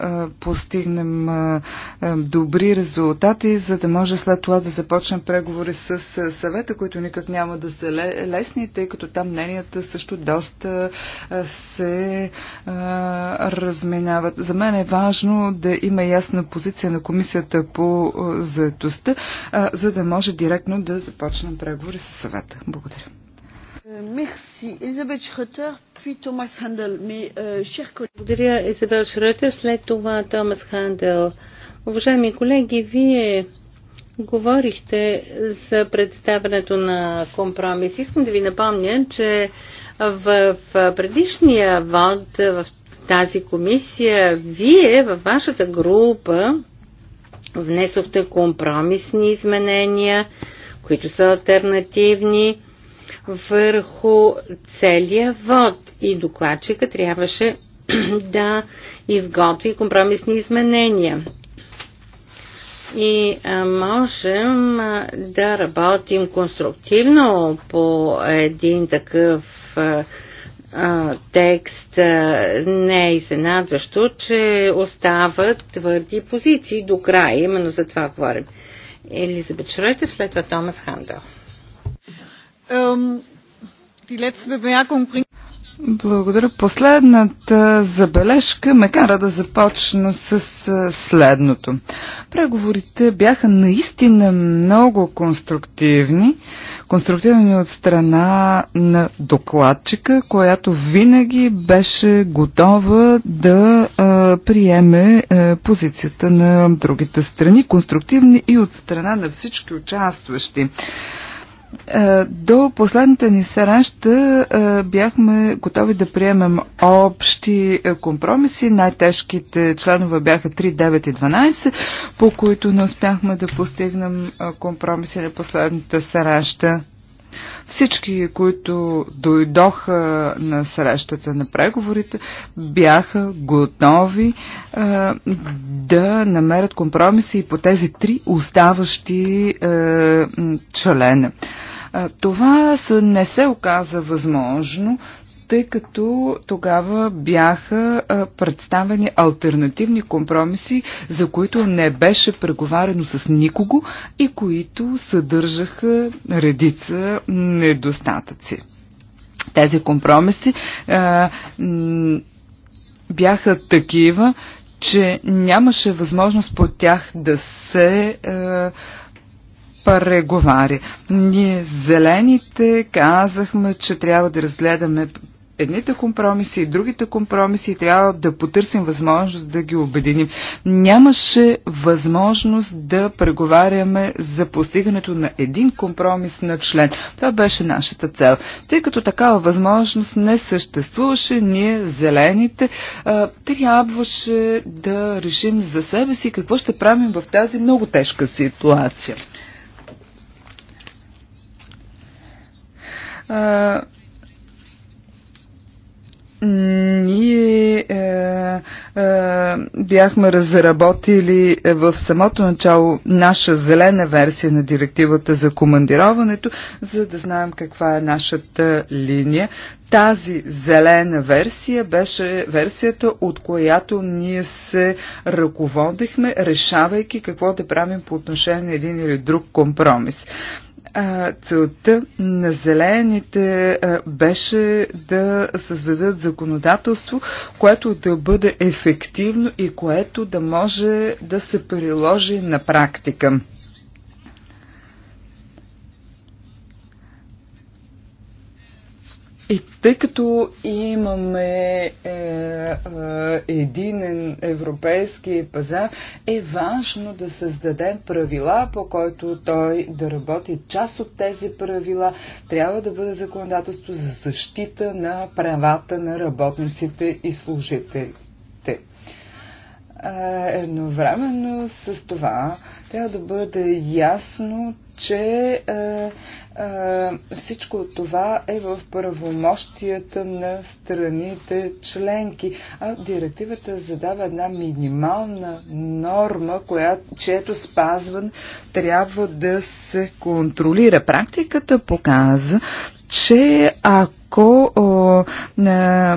а, постигнем а, а, добри резултати, за да може след това да започнем преговори с а, съвета, които никак няма да са лесни, тъй като там мненията също доста а, се а, разминават. За мен е важно да има ясна позиция на комисията по заедостта, за да може директно да започнем преговори със съвета. Благодаря. Мерси, Елизабет Шрътър, пи Томас Хандел. Благодаря, Елизабет Шрътър, след това Томас Хандел. Уважаеми колеги, вие говорихте за представянето на компромис. Искам да ви напомня, че в предишния вод в тази комисия, вие във вашата група внесохте компромисни изменения, които са альтернативни върху целия вод. И докладчика трябваше да изготви компромисни изменения. И можем да работим конструктивно по един такъв текст не е изненадващо, че остават твърди позиции до края. Именно за това говорим. Елизабет Шройтер, след това Томас Хандел. Благодаря. Последната забележка ме кара да започна с следното. Преговорите бяха наистина много конструктивни конструктирани от страна на докладчика, която винаги беше готова да а, приеме а, позицията на другите страни, конструктивни и от страна на всички участващи. Е, до последната ни среща е, бяхме готови да приемем общи е, компромиси. Най-тежките членове бяха 3, 9 и 12, по които не успяхме да постигнем компромиси на последната среща. Всички, които дойдоха на срещата на преговорите, бяха готови а, е, да намерят компромиси и по тези три оставащи а, е, члена. Е, това не се оказа възможно, тъй като тогава бяха представени альтернативни компромиси, за които не беше преговарено с никого и които съдържаха редица недостатъци. Тези компромиси а, бяха такива, че нямаше възможност по тях да се а, преговаря. Ние зелените казахме, че трябва да разгледаме едните компромиси и другите компромиси и трябва да потърсим възможност да ги обединим. Нямаше възможност да преговаряме за постигането на един компромис на член. Това беше нашата цел. Тъй като такава възможност не съществуваше, ние, зелените, трябваше да решим за себе си какво ще правим в тази много тежка ситуация. Ние е, е, бяхме разработили е, в самото начало наша зелена версия на директивата за командироването, за да знаем каква е нашата линия. Тази зелена версия беше версията, от която ние се ръководихме, решавайки какво да правим по отношение на един или друг компромис. А, целта на зелените беше да създадат законодателство, което да бъде ефективно и което да може да се приложи на практика. И тъй като имаме е, е, единен европейски пазар, е важно да създадем правила, по който той да работи. Част от тези правила трябва да бъде законодателство за защита на правата на работниците и служителите. Едновременно с това трябва да бъде ясно, че е, всичко това е в правомощията на страните членки. А директивата задава една минимална норма, която, чието спазван трябва да се контролира. Практиката показа, че ако о, на,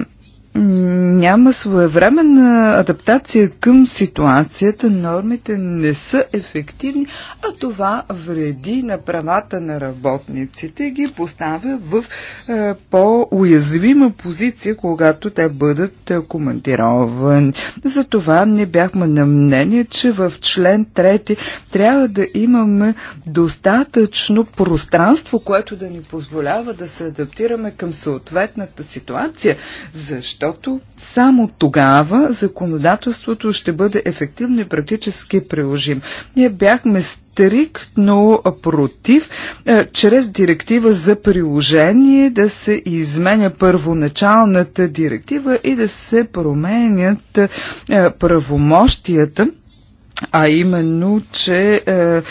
няма своевременна адаптация към ситуацията, нормите не са ефективни, а това вреди на правата на работниците и ги поставя в е, по-уязвима позиция, когато те бъдат е, командировани. Затова не бяхме на мнение, че в член 3 трябва да имаме достатъчно пространство, което да ни позволява да се адаптираме към съответната ситуация, защото само тогава законодателството ще бъде ефективно и практически приложим. Ние бяхме стриктно против е, чрез директива за приложение да се изменя първоначалната директива и да се променят е, правомощията а именно, че е, е,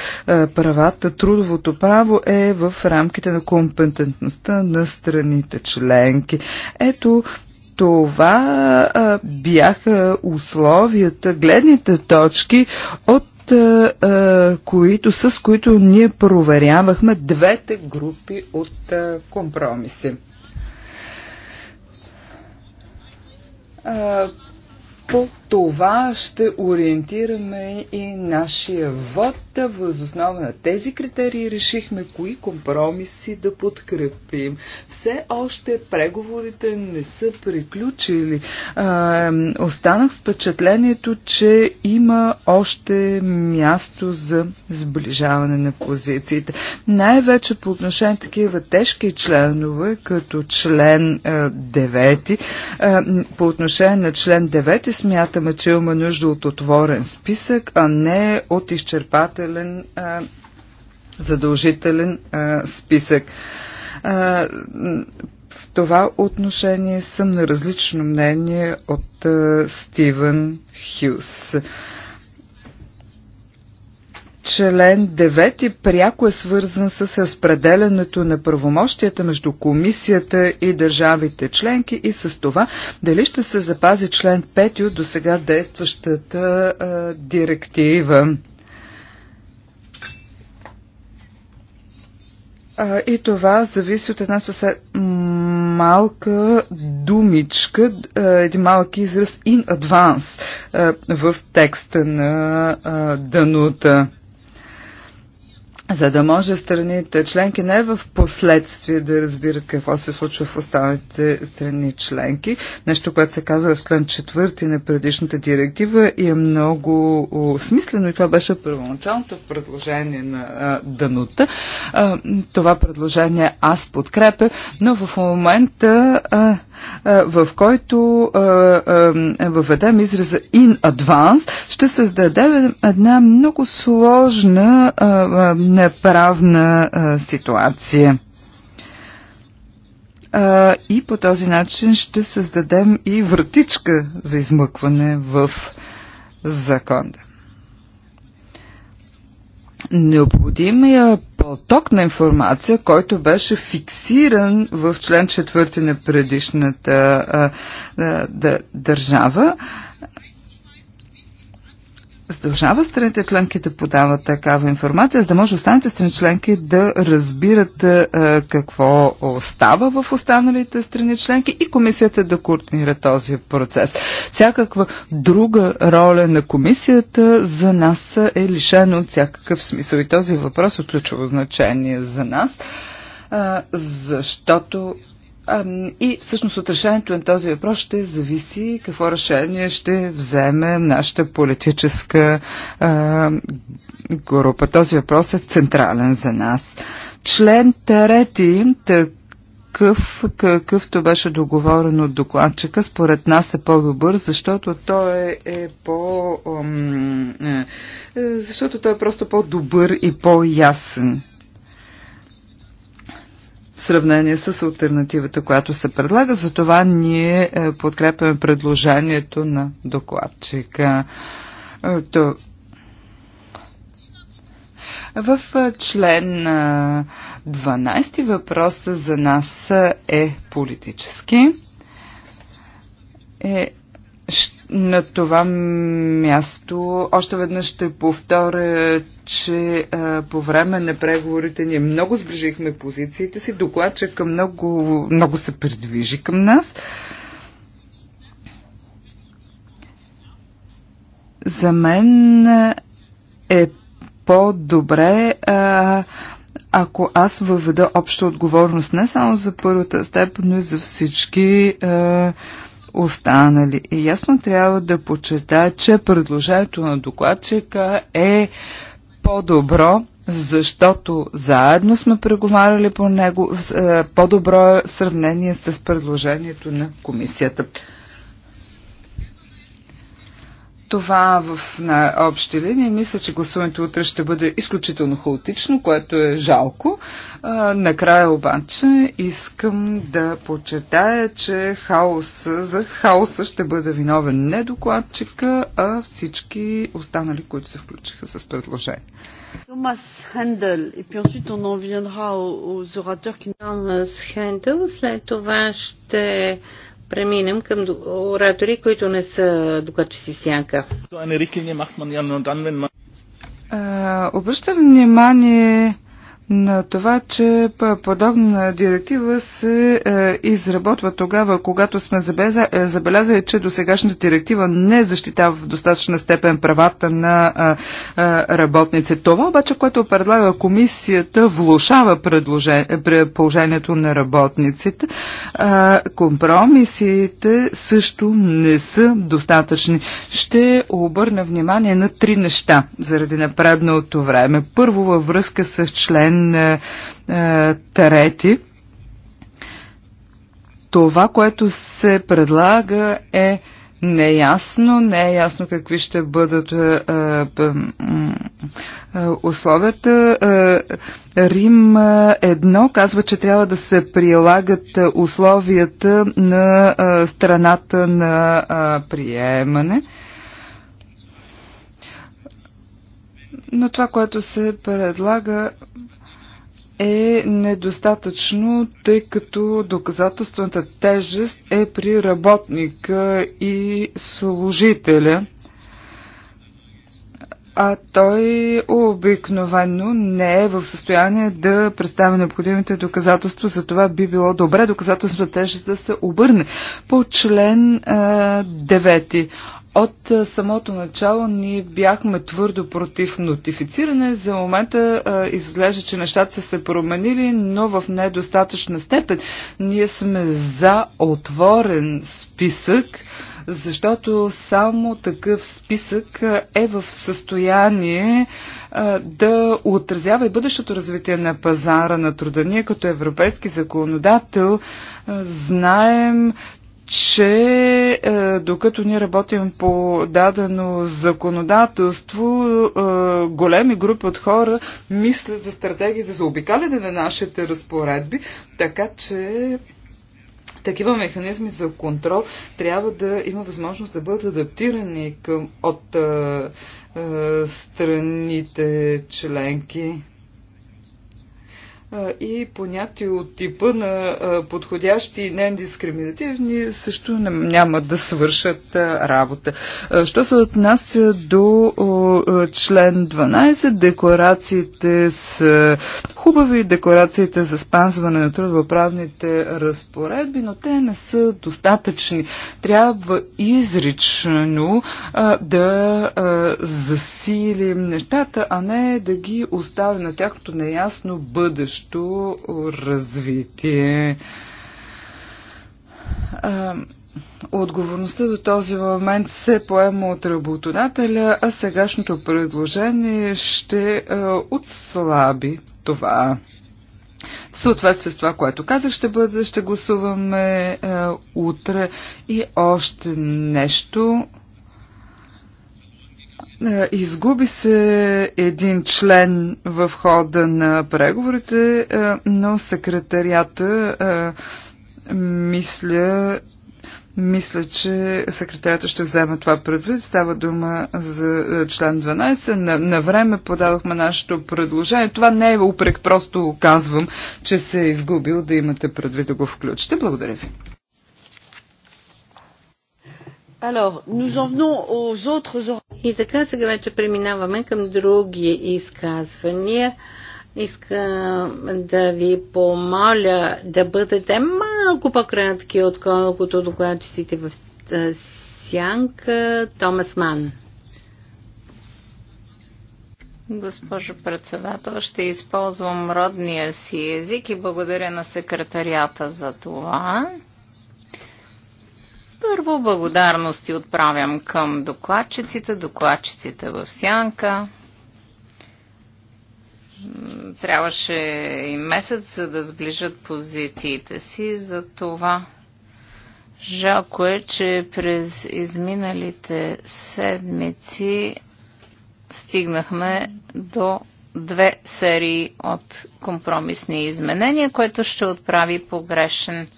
правата, трудовото право е в рамките на компетентността на страните членки. Ето това а, бяха условията, гледните точки, от а, които, с които ние проверявахме двете групи от а, компромиси. А, по това ще ориентираме и нашия вод. Възоснова на тези критерии решихме кои компромиси да подкрепим. Все още преговорите не са приключили. А, останах с впечатлението, че има още място за сближаване на позициите. Най-вече по отношение на такива тежки членове, като член а, 9. А, по отношение на член 9 смятам, смятаме, че има нужда от отворен списък, а не от изчерпателен а, задължителен а, списък. А, в това отношение съм на различно мнение от а, Стивен Хюс член 9 е пряко е свързан с разпределянето на правомощията между комисията и държавите членки и с това дали ще се запази член 5 от досега действащата а, директива. А, и това зависи от една съвсем малка думичка, един малък израз in advance в текста на Данута за да може страните членки не в последствие да разбират какво се случва в останалите страни членки, нещо, което се казва в член 4 на предишната директива и е много смислено и това беше първоначалното предложение на Данута. Това предложение аз подкрепя, но в момента в който въведем израза in advance, ще създадем една много сложна неправна ситуация и по този начин ще създадем и вратичка за измъкване в закона необходимия е поток на информация, който беше фиксиран в член 4 на предишната а, а, да, държава, задължава страните членки да подават такава информация, за да може останалите страни членки да разбират а, е, какво става в останалите страни членки и комисията да координира този процес. Всякаква друга роля на комисията за нас е лишена от всякакъв смисъл и този въпрос е от ключово значение за нас, а, е, защото и всъщност от решението на този въпрос ще зависи какво решение ще вземе нашата политическа а, група. Този въпрос е централен за нас. Член трети, такъв, какъвто беше договорен от докладчика, според нас е по-добър, защото той е, е по... Ам, е, е защото той е просто по-добър и по-ясен в сравнение с альтернативата, която се предлага. Затова ние е, подкрепяме предложението на докладчика. Е, в е, член 12 въпросът за нас е политически. Е, на това място още веднъж ще повторя, че а, по време на преговорите ние много сближихме позициите си, докладчика много, много се придвижи към нас. За мен е по-добре ако аз въведа обща отговорност не само за първата степен, но и за всички а, останали. И ясно трябва да почета, че предложението на докладчика е по-добро, защото заедно сме преговаряли по него е, по-добро е в сравнение с предложението на комисията. Това в на общи линии мисля, че гласуването утре ще бъде изключително хаотично, което е жалко. А, накрая обаче искам да почетая, че хаоса, за хаоса ще бъде виновен не докладчика, а всички останали, които се включиха с предложение. Томас Хендел и puis на Овиен Хао, Томас Хендел, след това ще преминем към оратори, които не са докато си сянка. Обръщам внимание на това, че подобна директива се е, изработва тогава, когато сме е, забелязали, че досегашната директива не защитава в достатъчна степен правата на е, е, работници. Това обаче, което предлага комисията, влушава положението на работниците. компромисите също не са достатъчни. Ще обърна внимание на три неща заради напредналото време. Първо във връзка с член член е, е, трети. Това, което се предлага е неясно, не е ясно какви ще бъдат е, условията. Рим едно казва, че трябва да се прилагат условията на страната на приемане. Но това, което се предлага е недостатъчно, тъй като доказателствената тежест е при работника и служителя, а той обикновено не е в състояние да представи необходимите доказателства, за това би било добре доказателствата тежест да се обърне по член 9. От е, самото начало ние бяхме твърдо против нотифициране. За момента а, е, изглежда, че нещата са се променили, но в недостатъчна степен. Ние сме за отворен списък, защото само такъв списък е, е в състояние а, да отразява и бъдещото развитие на пазара на труда. Ние като европейски законодател а, знаем, че е, докато ние работим по дадено законодателство, е, големи групи от хора мислят за стратегии за заобикаляне на нашите разпоредби, така че такива механизми за контрол трябва да има възможност да бъдат адаптирани към, от е, е страните членки и понятие от типа на подходящи и недискриминативни също няма да свършат работа. Що се отнася до член 12, декларациите са хубави, декларациите за спазване на трудоправните разпоредби, но те не са достатъчни. Трябва изрично да засилим нещата, а не да ги оставим на тяхното неясно бъдеще бъдещо развитие. Отговорността до този момент се поема от работодателя, а сегашното предложение ще отслаби това. В съответствие с това, което казах, ще, бъде, ще гласуваме а, утре и още нещо. Е, изгуби се един член в хода на преговорите, е, но секретарията е, мисля, мисля, че секретарята ще вземе това предвид. Става дума за член 12. На, на време подадохме нашето предложение. Това не е упрек, просто казвам, че се е изгубил да имате предвид да го включите. Благодаря ви. И така сега вече преминаваме към други изказвания. Искам да ви помоля да бъдете малко по-кратки, отколкото докладчиците в Сянка Томас Ман. Госпожо председател, ще използвам родния си език и благодаря на секретарията за това. Първо благодарности отправям към докладчиците, докладчиците в сянка. Трябваше и месец за да сближат позициите си, за това жалко е, че през изминалите седмици стигнахме до две серии от компромисни изменения, което ще отправи погрешен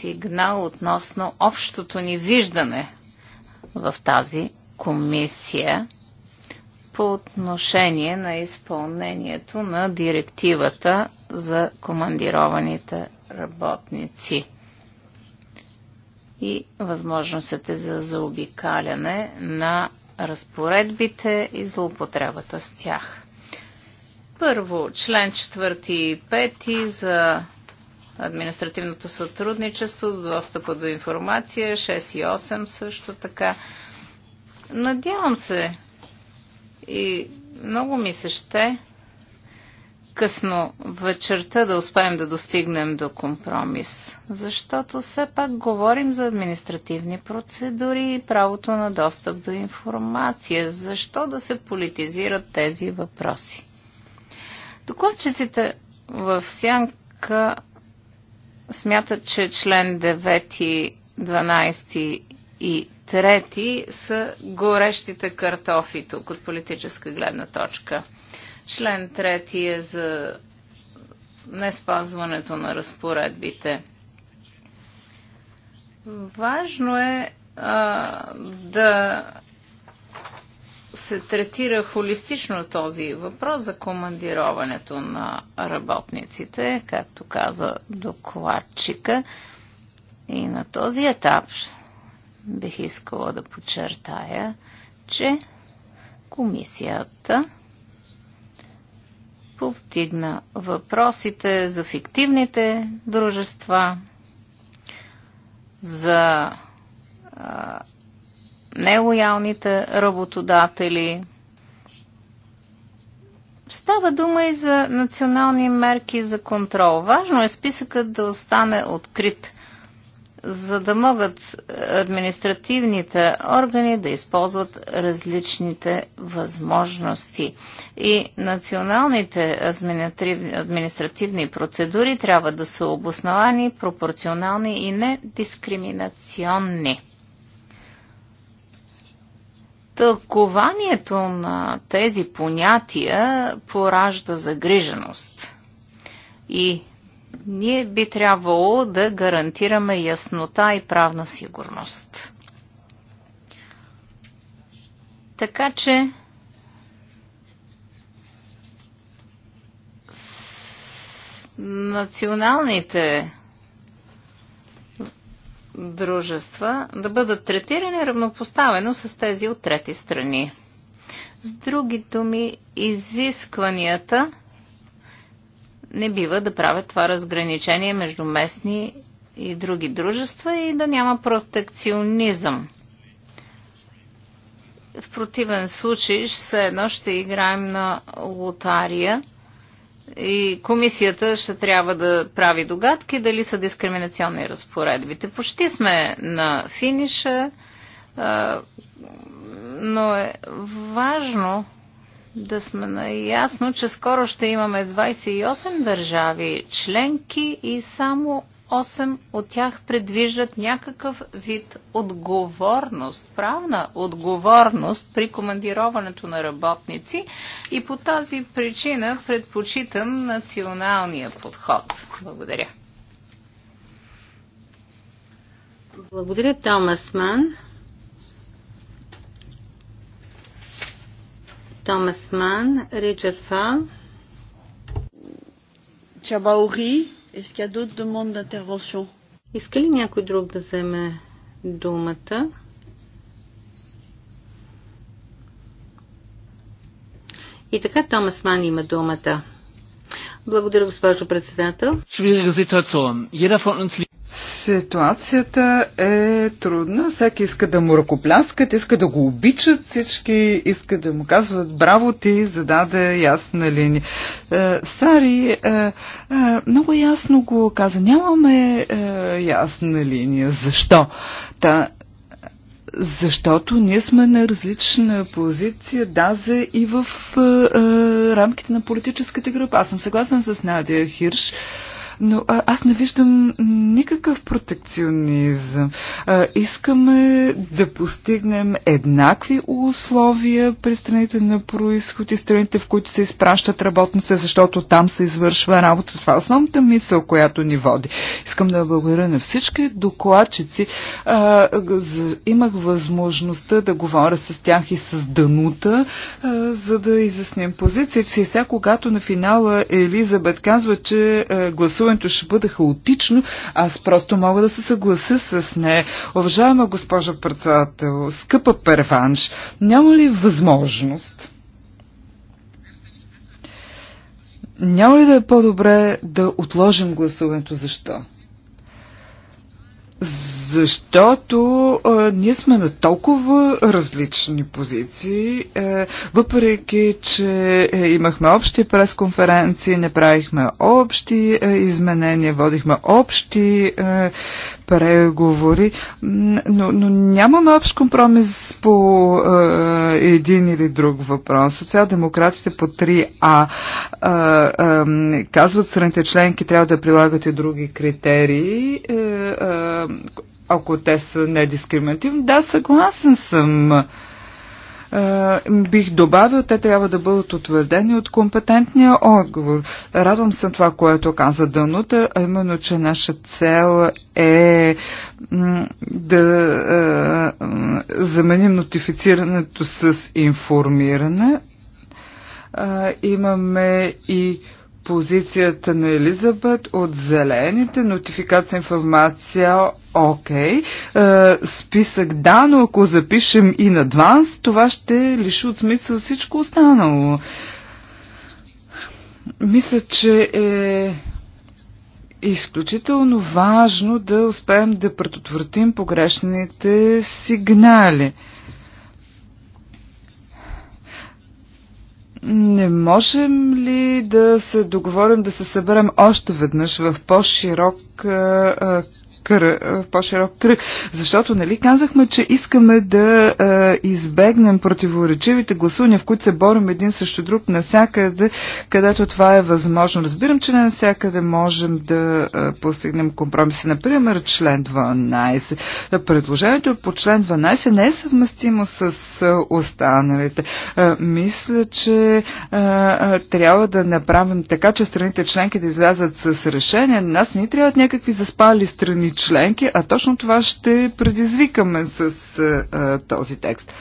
сигнал относно общото ни виждане в тази комисия по отношение на изпълнението на директивата за командированите работници и възможностите за заобикаляне на разпоредбите и злоупотребата с тях. Първо, член 4 и 5 за административното сътрудничество, достъпа до информация, 6 и 8 също така. Надявам се и много ми се ще късно вечерта да успеем да достигнем до компромис, защото все пак говорим за административни процедури и правото на достъп до информация. Защо да се политизират тези въпроси? Докладчиците в сянка смятат, че член 9, 12 и 3 са горещите картофи тук от политическа гледна точка. Член 3 е за не спазването на разпоредбите. Важно е а, да се третира холистично този въпрос за командироването на работниците, както каза докладчика. И на този етап бих искала да подчертая, че комисията повдигна въпросите за фиктивните дружества, за нелоялните работодатели. Става дума и за национални мерки за контрол. Важно е списъкът да остане открит, за да могат административните органи да използват различните възможности. И националните административни процедури трябва да са обосновани, пропорционални и недискриминационни. Тълкованието на тези понятия поражда загриженост. И ние би трябвало да гарантираме яснота и правна сигурност. Така че националните дружества да бъдат третирани равнопоставено с тези от трети страни. С други думи, изискванията не бива да правят това разграничение между местни и други дружества и да няма протекционизъм. В противен случай, все едно ще играем на лотария – и комисията ще трябва да прави догадки дали са дискриминационни разпоредбите. Почти сме на финиша, но е важно да сме наясно, че скоро ще имаме 28 държави членки и само 8 от тях предвиждат някакъв вид отговорност, правна отговорност при командироването на работници и по тази причина предпочитам националния подход. Благодаря. Благодаря, Томас Ман. Томас Ман, Ричард Фал. Чабаури. Est-ce qu'il y a d'autres demandes d'intervention Иска ли някой друг да вземе думата? И така Томас Ман има думата. Благодаря, госпожо председател. Ситуацията е трудна. Всеки иска да му ръкопляскат, иска да го обичат, всички иска да му казват браво ти, зададе ясна линия. Е, Сари е, е, много ясно го каза. Нямаме ясна линия. Защо? Та, защото ние сме на различна позиция, даже и в рамките на политическата група. Аз съм съгласен с Надя Хирш. Но а, аз не виждам никакъв протекционизъм. А, искаме да постигнем еднакви условия при страните на происход и страните, в които се изпращат работници, защото там се извършва работа. Това е основната мисъл, която ни води. Искам да благодаря на всички докладчици. А, за, имах възможността да говоря с тях и с Данута, а, за да изясним позиция. Сега, когато на финала Елизабет казва, че а, гласува гласуването ще бъде хаотично, аз просто мога да се съглася с нея. Уважаема госпожа председател, скъпа перванш, няма ли възможност? Няма ли да е по-добре да отложим гласуването? Защо? защото а, ние сме на толкова различни позиции, е, въпреки, че е, имахме общи пресконференции, не правихме общи е, изменения, водихме общи е, преговори, но, но нямаме общ компромис по е, един или друг въпрос. Социал-демократите по 3А е, е, казват страните членки трябва да прилагат и други критерии. Е, е, ако те са недискриминативни, да, съгласен съм. Е, бих добавил, те трябва да бъдат утвърдени от компетентния отговор. Радвам се това, което каза Данута, а именно, че наша цел е да заменим нотифицирането с информиране. Имаме и позицията на Елизабет от зелените, нотификация, информация, окей, okay. списък да, но ако запишем и на адванс, това ще лиши от смисъл всичко останало. Мисля, че е изключително важно да успеем да предотвратим погрешните сигнали. Не можем ли да се договорим да се съберем още веднъж в по-широк в е, по-широк кръг. Защото, нали, казахме, че искаме да а, е, избегнем противоречивите гласувания, в които се борим един срещу друг насякъде, където това е възможно. Разбирам, че не насякъде можем да а, е, постигнем компромиси. Например, член 12. Предложението по член 12 не е съвместимо с а, останалите. А, мисля, че а, а, трябва да направим така, че страните членки да излязат с решение. Нас ни трябват някакви заспали страни членки, а точно това ще предизвикаме с а, е, е, този текст.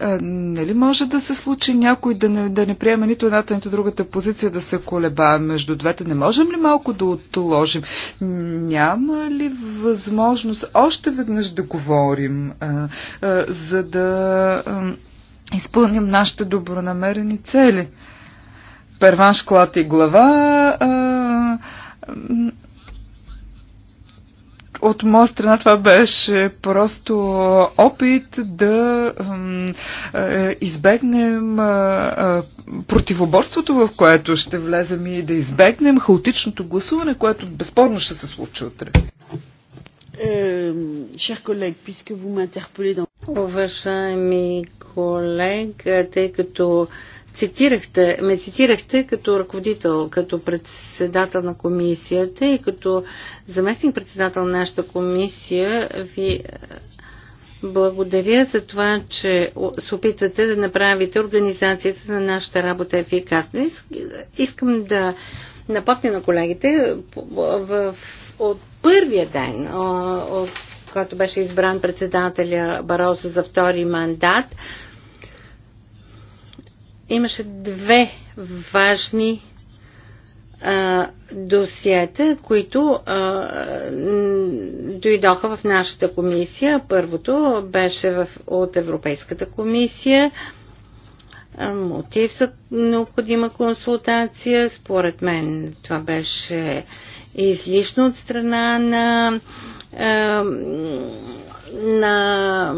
Е, нали може да се случи някой да не, да не приеме нито едната, нито другата позиция, да се колебае между двете? Не можем ли малко да отложим? Няма ли възможност още веднъж да говорим, а, а, за да а, изпълним нашите добронамерени цели? А, Перванш клати глава. от моя страна това беше просто опит да е, избегнем противоборството, в което ще влезем и да избегнем хаотичното гласуване, което безспорно ще се случи утре. Е, Уважаеми колега, тъй като цитирахте, ме цитирахте като ръководител, като председател на комисията и като заместник председател на нашата комисия ви е, благодаря за това, че се опитвате да направите организацията на нашата работа ефикасна. Искам да напомня на колегите в, от първия ден, от който беше избран председателя Барозо за втори мандат, Имаше две важни досиета, които а, дойдоха в нашата комисия. Първото беше в, от Европейската комисия. Мотив за необходима консултация. Според мен това беше излишно от страна на, а, на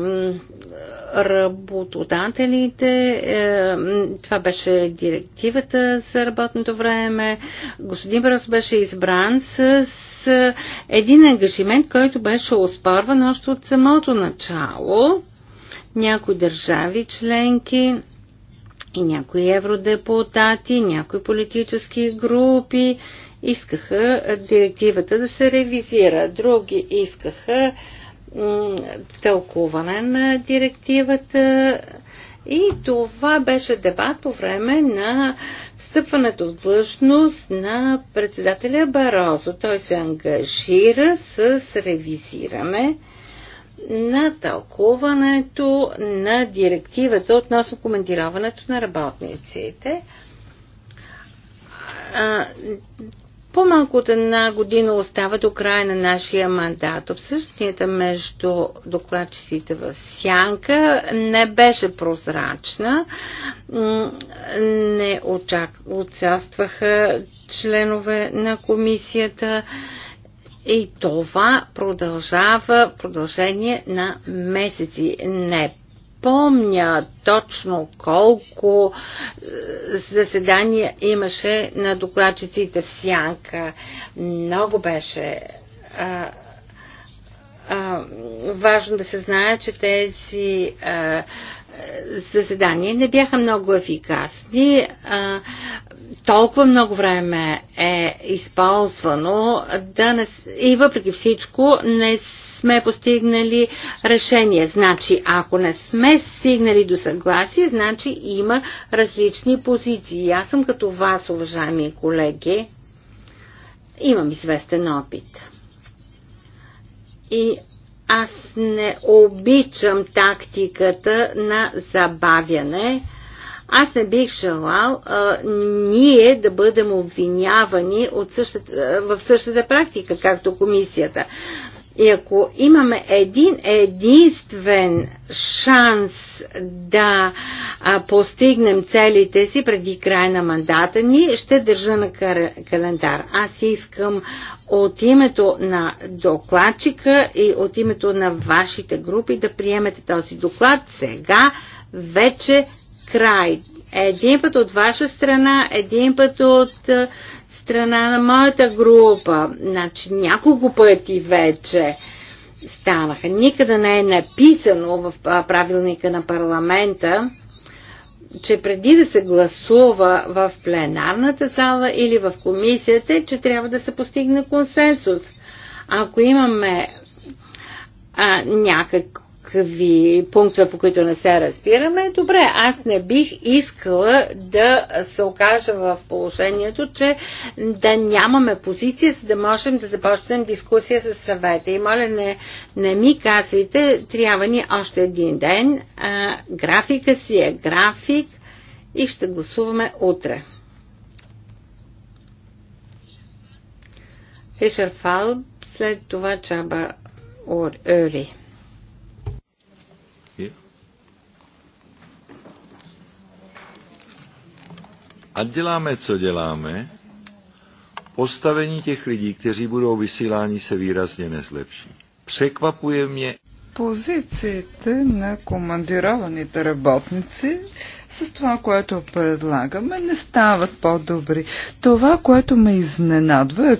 работодателите. Е, това беше директивата за работното време. Господин Брос беше избран с един ангажимент, който беше оспорван още от самото начало. Някои държави членки и някои евродепутати, някои политически групи искаха директивата да се ревизира. Други искаха тълкуване на директивата и това беше дебат по време на встъпването в длъжност на председателя Барозо. Той се ангажира с ревизиране на тълкуването на директивата относно командироването на работниците. По-малко от една година остава до края на нашия мандат. Обсъжданията между докладчиците в Сянка не беше прозрачна. Не участваха членове на комисията. И това продължава продължение на месеци. Не помня точно колко е, заседания имаше на докладчиците в Сянка. Много беше а, а, важно да се знае, че тези а, заседания не бяха много ефикасни. А, толкова много време е използвано да не, и въпреки всичко не сме постигнали решение. Значи, ако не сме стигнали до съгласие, значи има различни позиции. Аз съм като вас, уважаеми колеги, имам известен опит. И аз не обичам тактиката на забавяне. Аз не бих желал а, ние да бъдем обвинявани от същата, в същата практика, както комисията. И ако имаме един единствен шанс да а, постигнем целите си преди края на мандата ни, ще държа на календар. Аз искам от името на докладчика и от името на вашите групи да приемете този доклад сега, вече край. Един път от ваша страна, един път от страна на моята група. Значи няколко пъти вече станаха. Никъде не е написано в правилника на парламента, че преди да се гласува в пленарната зала или в комисията, че трябва да се постигне консенсус. Ако имаме а, някак, някакви пунктове, по които не се разбираме, добре, аз не бих искала да се окажа в положението, че да нямаме позиция, за да можем да започнем дискусия с съвета. И моля, не, не ми казвайте, трябва ни още един ден. А, графика си е график и ще гласуваме утре. Фишер Фалб, след това Чаба Ори. a děláme, co děláme, postavení těch lidí, kteří budou vysíláni, se výrazně nezlepší. Překvapuje mě. Позициите на командированите работници с това, което предлагаме, не стават по-добри. Това, което ме изненадва е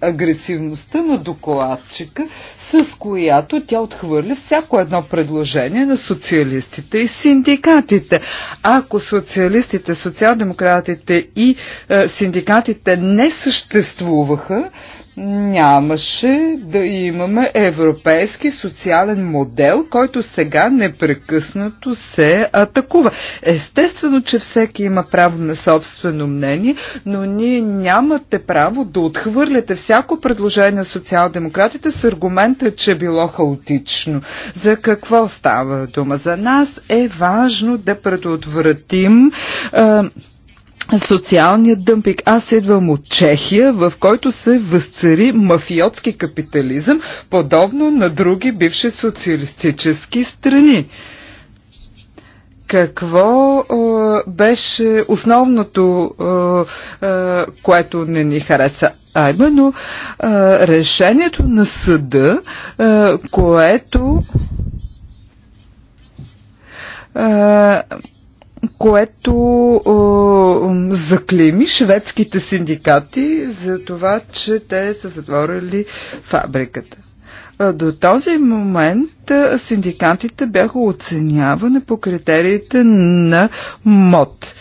агресивността на докладчика, с която тя отхвърля всяко едно предложение на социалистите и синдикатите. Ако социалистите, социал-демократите и е, синдикатите не съществуваха, нямаше да имаме европейски социален модел, който сега непрекъснато се атакува. Естествено, че всеки има право на собствено мнение, но ние нямате право да отхвърляте всяко предложение на социал-демократите с аргумента, че било хаотично. За какво става дума? За нас е важно да предотвратим. Е, социалният дъмпик. Аз идвам от Чехия, в който се възцари мафиотски капитализъм, подобно на други бивши социалистически страни. Какво е, беше основното, е, е, което не ни хареса? А именно е, решението на съда, е, което е, което е, заклеми шведските синдикати за това, че те са затворили фабриката. До този момент синдикатите бяха оценявани по критериите на МОД.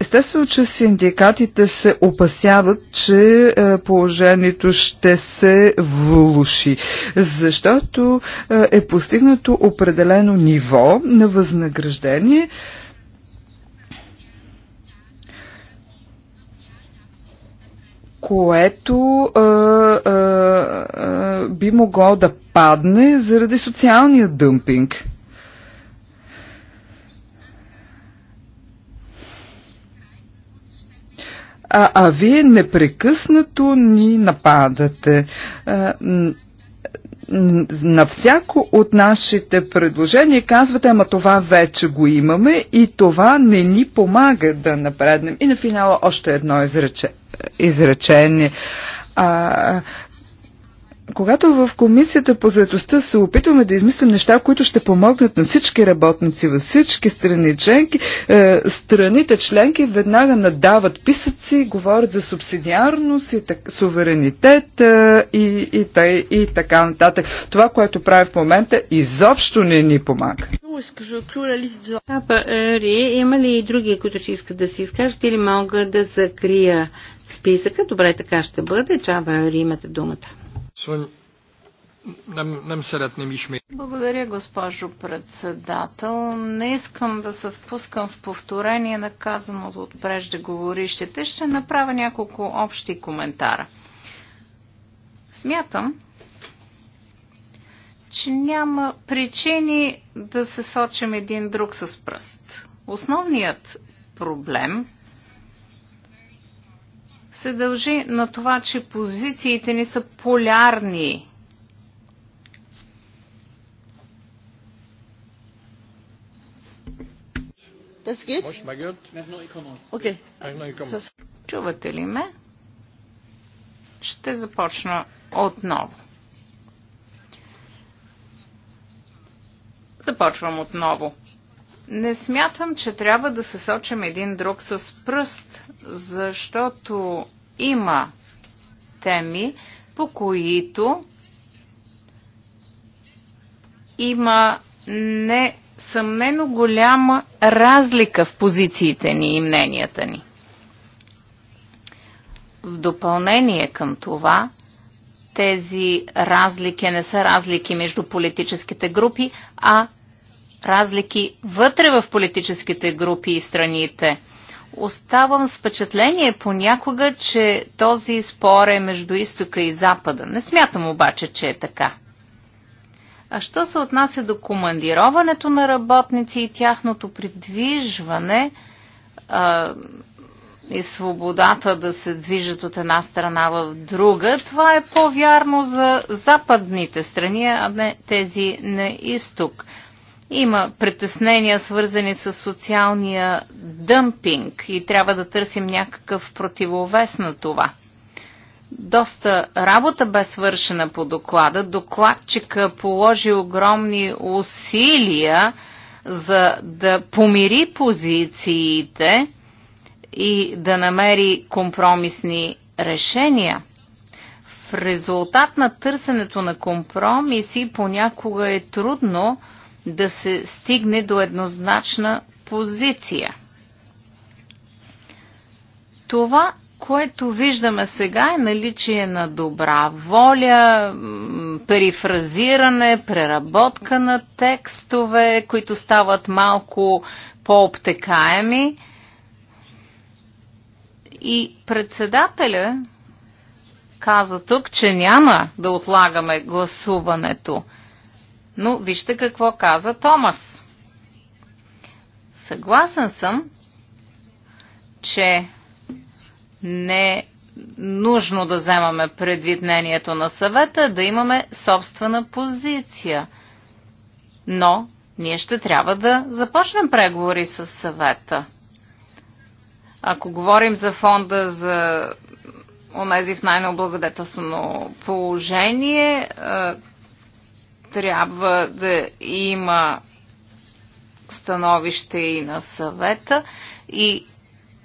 Естествено, че синдикатите се опасяват, че е, положението ще се влуши, защото е, е постигнато определено ниво на възнаграждение, което а, а, а, би могло да падне заради социалния дъмпинг. а, а вие непрекъснато ни нападате. А, на всяко от нашите предложения казвате, ама това вече го имаме и това не ни помага да напреднем. И на финала още едно изрече, изречение. А, когато в комисията по заедостта се опитваме да измислим неща, които ще помогнат на всички работници във всички страни членки, е, страните членки веднага надават писъци, говорят за субсидиарност и так, суверенитет е, и, и, и, и така нататък. Това, което прави в момента, изобщо не ни помага. Има ли и други, които ще искат да се изкажат или мога да закрия списъка? Добре, така ще бъде. Чава, имате думата. Благодаря, госпожо председател. Не искам да се впускам в повторение на казаното от преждеговорищите. Ще направя няколко общи коментара. Смятам, че няма причини да се сочим един друг с пръст. Основният проблем се дължи на това, че позициите ни са полярни. Чувате ли ме? Ще започна отново. Започвам отново. Не смятам, че трябва да се сочим един друг с пръст, защото има теми, по които има несъмнено голяма разлика в позициите ни и мненията ни. В допълнение към това, тези разлики не са разлики между политическите групи, а разлики вътре в политическите групи и страните. Оставам с впечатление понякога, че този спор е между изтока и запада. Не смятам обаче, че е така. А що се отнася до командироването на работници и тяхното придвижване а, и свободата да се движат от една страна в друга, това е по-вярно за западните страни, а не тези на изток. Има притеснения, свързани с социалния дъмпинг и трябва да търсим някакъв противовес на това. Доста работа бе свършена по доклада. Докладчика е положи огромни усилия за да помири позициите и да намери компромисни решения. В резултат на търсенето на компромиси понякога е трудно, да се стигне до еднозначна позиция. Това, което виждаме сега е наличие на добра воля, перифразиране, преработка на текстове, които стават малко по-обтекаеми. И председателя каза тук, че няма да отлагаме гласуването. Но вижте какво каза Томас. Съгласен съм, че не е нужно да вземаме предвид мнението на съвета, да имаме собствена позиция. Но ние ще трябва да започнем преговори с съвета. Ако говорим за фонда за онези в най-необлагодетелствено положение, трябва да има становище и на съвета и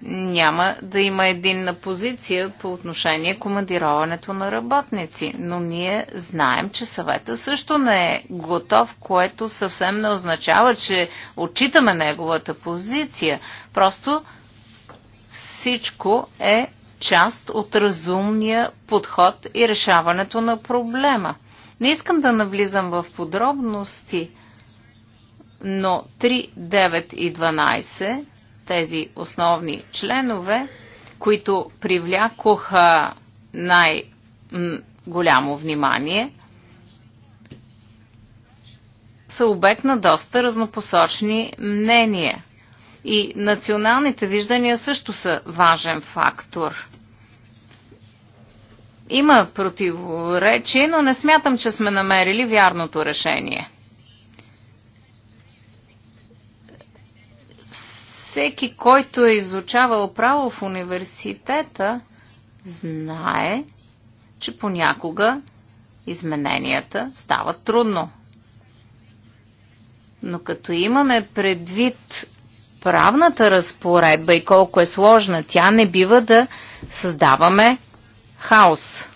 няма да има единна позиция по отношение командироването на работници. Но ние знаем, че съвета също не е готов, което съвсем не означава, че отчитаме неговата позиция. Просто всичко е част от разумния подход и решаването на проблема. Не искам да навлизам в подробности, но 3, 9 и 12, тези основни членове, които привлякоха най-голямо внимание, са обект на доста разнопосочни мнения. И националните виждания също са важен фактор. Има противоречие, но не смятам, че сме намерили вярното решение. Всеки, който е изучавал право в университета, знае, че понякога измененията стават трудно. Но като имаме предвид правната разпоредба и колко е сложна, тя не бива да създаваме хаос.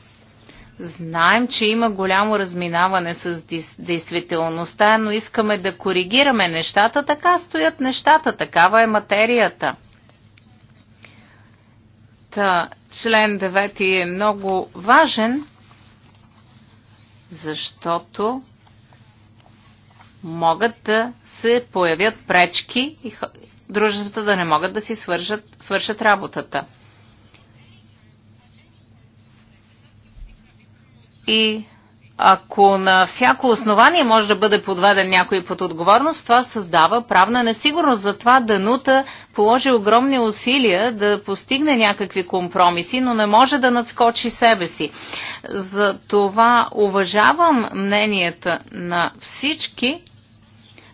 Знаем, че има голямо разминаване с действителността, но искаме да коригираме нещата. Така стоят нещата, такава е материята. Та, член 9 е много важен, защото могат да се появят пречки и дружествата да не могат да си свършат, свършат работата. И ако на всяко основание може да бъде подведен някой под отговорност, това създава правна несигурност. Затова Данута положи огромни усилия да постигне някакви компромиси, но не може да надскочи себе си. Затова уважавам мненията на всички,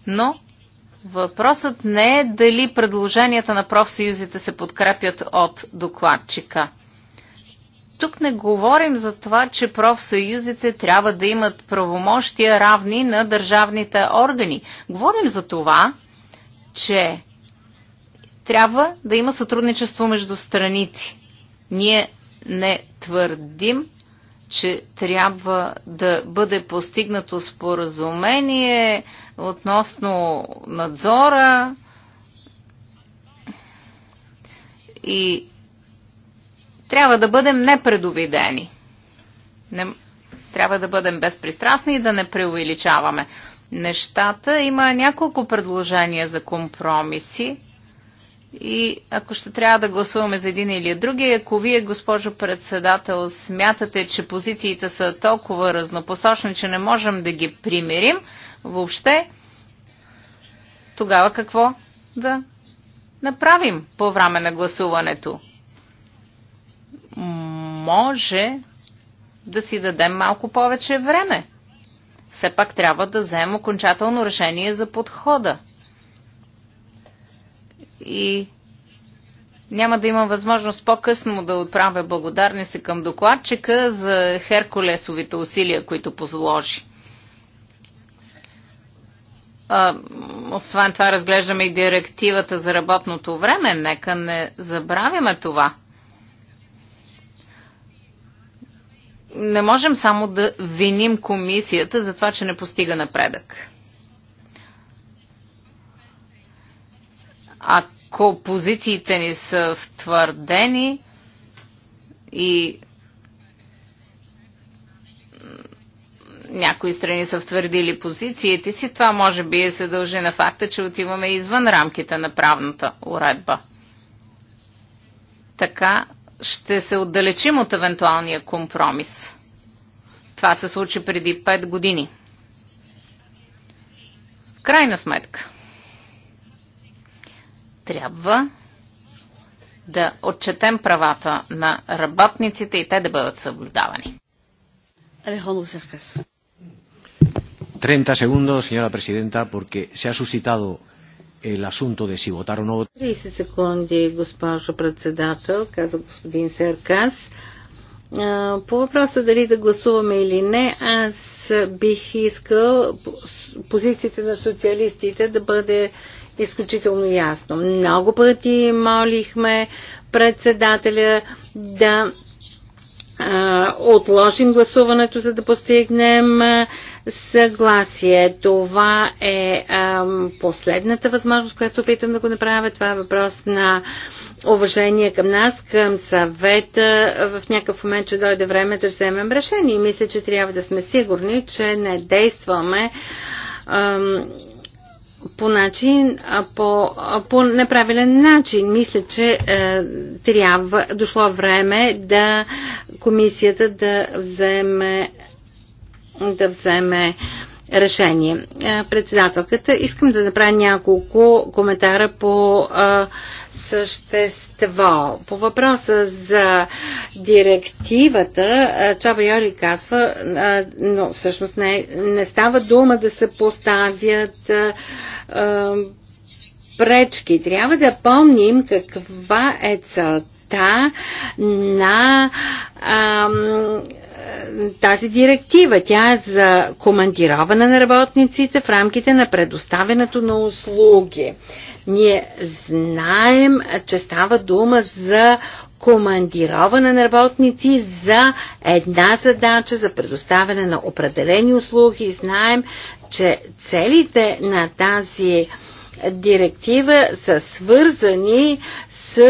но въпросът не е дали предложенията на профсъюзите се подкрепят от докладчика тук не говорим за това, че профсъюзите трябва да имат правомощия равни на държавните органи. Говорим за това, че трябва да има сътрудничество между страните. Ние не твърдим, че трябва да бъде постигнато споразумение относно надзора и трябва да бъдем непредовидени. Не, трябва да бъдем безпристрастни и да не преувеличаваме нещата. Има няколко предложения за компромиси. И ако ще трябва да гласуваме за един или други, ако вие, госпожо председател, смятате, че позициите са толкова разнопосочни, че не можем да ги примирим въобще, тогава какво да направим по време на гласуването? може да си дадем малко повече време. Все пак трябва да вземем окончателно решение за подхода. И няма да имам възможност по-късно да отправя благодарници към докладчика за Херкулесовите усилия, които позложи. А, освен това разглеждаме и директивата за работното време. Нека не забравяме това. не можем само да виним комисията за това, че не постига напредък. Ако позициите ни са втвърдени и някои страни са втвърдили позициите си, това може би е се дължи на факта, че отиваме извън рамките на правната уредба. Така ще се отдалечим от евентуалния компромис. Това се случи преди 5 години. В крайна сметка, трябва да отчетем правата на работниците и те да бъдат съблюдавани. Alejandro Cercas. 30 segundos, señora presidenta, porque se ha suscitado el asunto de si votar o no. 30 секунди, госпожо председател, каза господин Серкас. По въпроса дали да гласуваме или не, аз бих искал позицията на социалистите да бъде изключително ясно. Много пъти молихме председателя да а, отложим гласуването, за да постигнем а, съгласие. Това е ам, последната възможност, която опитам да го направя. Това е въпрос на уважение към нас, към съвета. В някакъв момент че дойде време да вземем решение. И мисля, че трябва да сме сигурни, че не действаме ам, по начин, по, по неправилен начин. Мисля, че е, трябва, дошло време да комисията да вземе да вземе решение. Е, председателката, искам да направя няколко коментара по е, същество. По въпроса за директивата, е, Чаба Йори казва, но всъщност не, не става дума да се поставят пречки. Трябва да помним каква е целта на ам, тази директива. Тя е за командироване на работниците в рамките на предоставянето на услуги. Ние знаем, че става дума за командироване на работници за една задача, за предоставяне на определени услуги. Знаем, че целите на тази директива са свързани с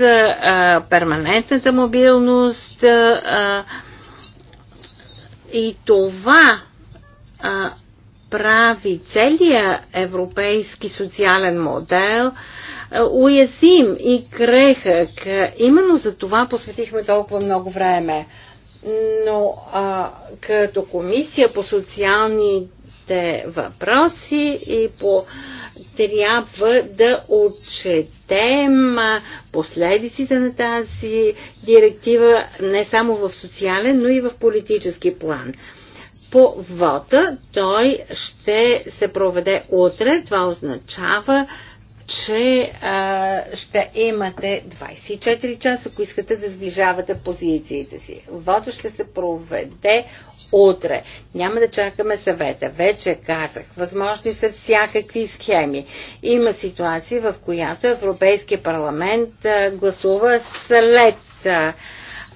а, перманентната мобилност, а, и това а, прави целият европейски социален модел уязвим и крехък. Именно за това посветихме толкова много време. Но а, като комисия по социалните въпроси и по а, трябва да отчетем последиците на тази директива не само в социален, но и в политически план. По вота той ще се проведе утре. Това означава, че а, ще имате 24 часа, ако искате да сближавате позициите си. Вода ще се проведе утре. Няма да чакаме съвета. Вече казах, възможни са всякакви схеми. Има ситуации, в която Европейския парламент гласува след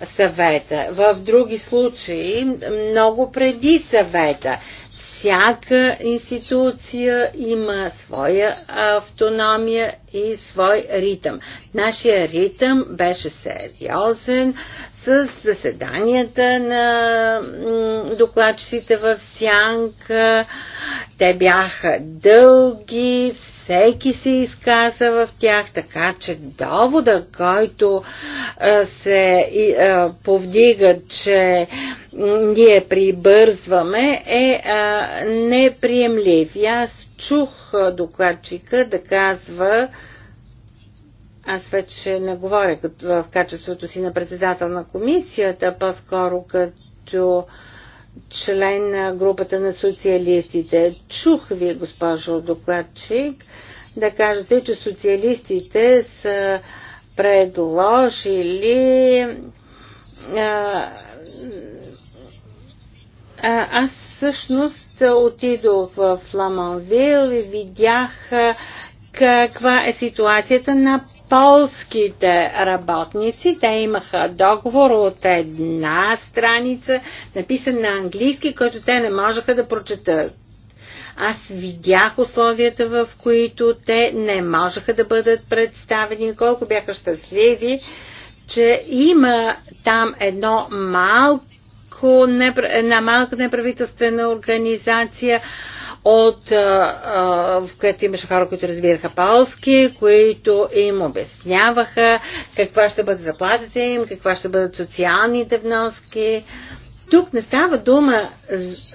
съвета. В други случаи много преди съвета. Всяка институция има своя автономия и свой ритъм. Нашия ритъм беше сериозен, с заседанията на докладчиците в Сянка. Те бяха дълги, всеки се изказа в тях, така че довода, който се повдига, че ние прибързваме, е неприемлив. И аз чух докладчика да казва, аз вече не говоря в качеството си на председател на комисията, по-скоро като член на групата на социалистите. Чух ви, госпожо докладчик, да кажете, че социалистите са предложили аз всъщност отидох в Фламанвил и видях каква е ситуацията на полските работници. Те имаха договор от една страница, написан на английски, който те не можеха да прочетат. Аз видях условията, в които те не можеха да бъдат представени, колко бяха щастливи, че има там едно малко, една малка неправителствена организация, от, а, в което имаше хора, които разбираха палски, които им обясняваха каква ще бъде заплатите им, каква ще бъдат социалните вноски. Тук не става дума,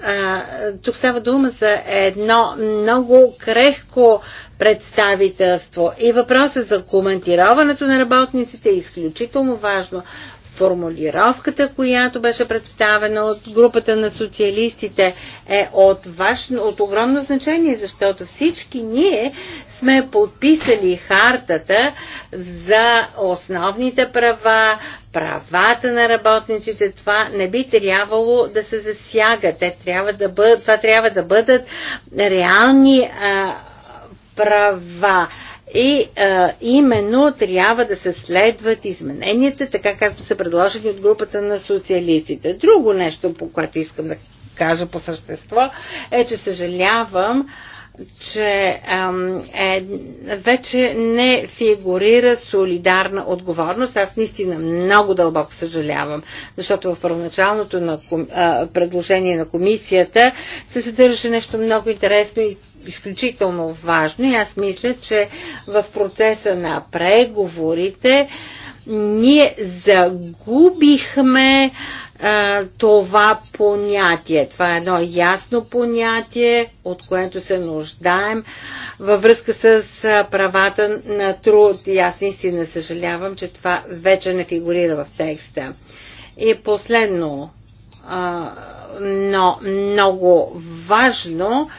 а, тук става дума за едно много крехко представителство. И въпросът за коментироването на работниците е изключително важно формулировката, която беше представена от групата на социалистите, е от, ваш, от огромно значение, защото всички ние сме подписали хартата за основните права, правата на работниците. Това не би трябвало да се засяга. Те трябва да бъдат, това трябва да бъдат реални а, права. И а, именно трябва да се следват измененията, така както са предложени от групата на социалистите. Друго нещо, по което искам да кажа по същество, е, че съжалявам, а, че е, вече не фигурира солидарна отговорност. Аз наистина много дълбоко съжалявам, защото в първоначалното на, а, предложение на комисията се съдържа нещо много интересно и изключително важно. И аз мисля, че в процеса на преговорите ние загубихме това понятие. Това е едно ясно понятие, от което се нуждаем във връзка с правата на труд. И аз наистина съжалявам, че това вече не фигурира в текста. И последно, но много важно,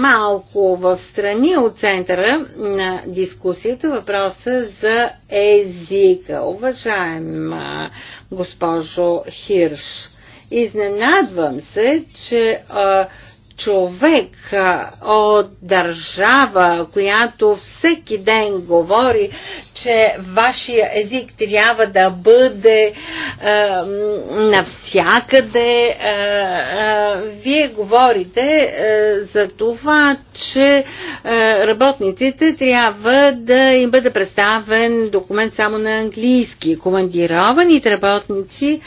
малко в страни от центъра на дискусията въпроса за езика. Уважаема госпожо Хирш. Изненадвам се, че а, човек от държава, която всеки ден говори, че вашия език трябва да бъде е, навсякъде. Е, е, вие говорите е, за това, че е, работниците трябва да им бъде представен документ само на английски. Командированите работници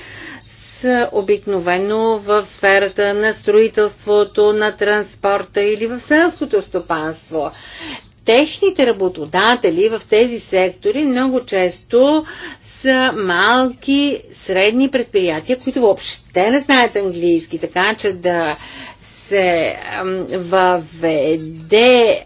са обикновено в сферата на строителството, на транспорта или в селското стопанство техните работодатели в тези сектори много често са малки, средни предприятия, които въобще не знаят английски, така че да се въведе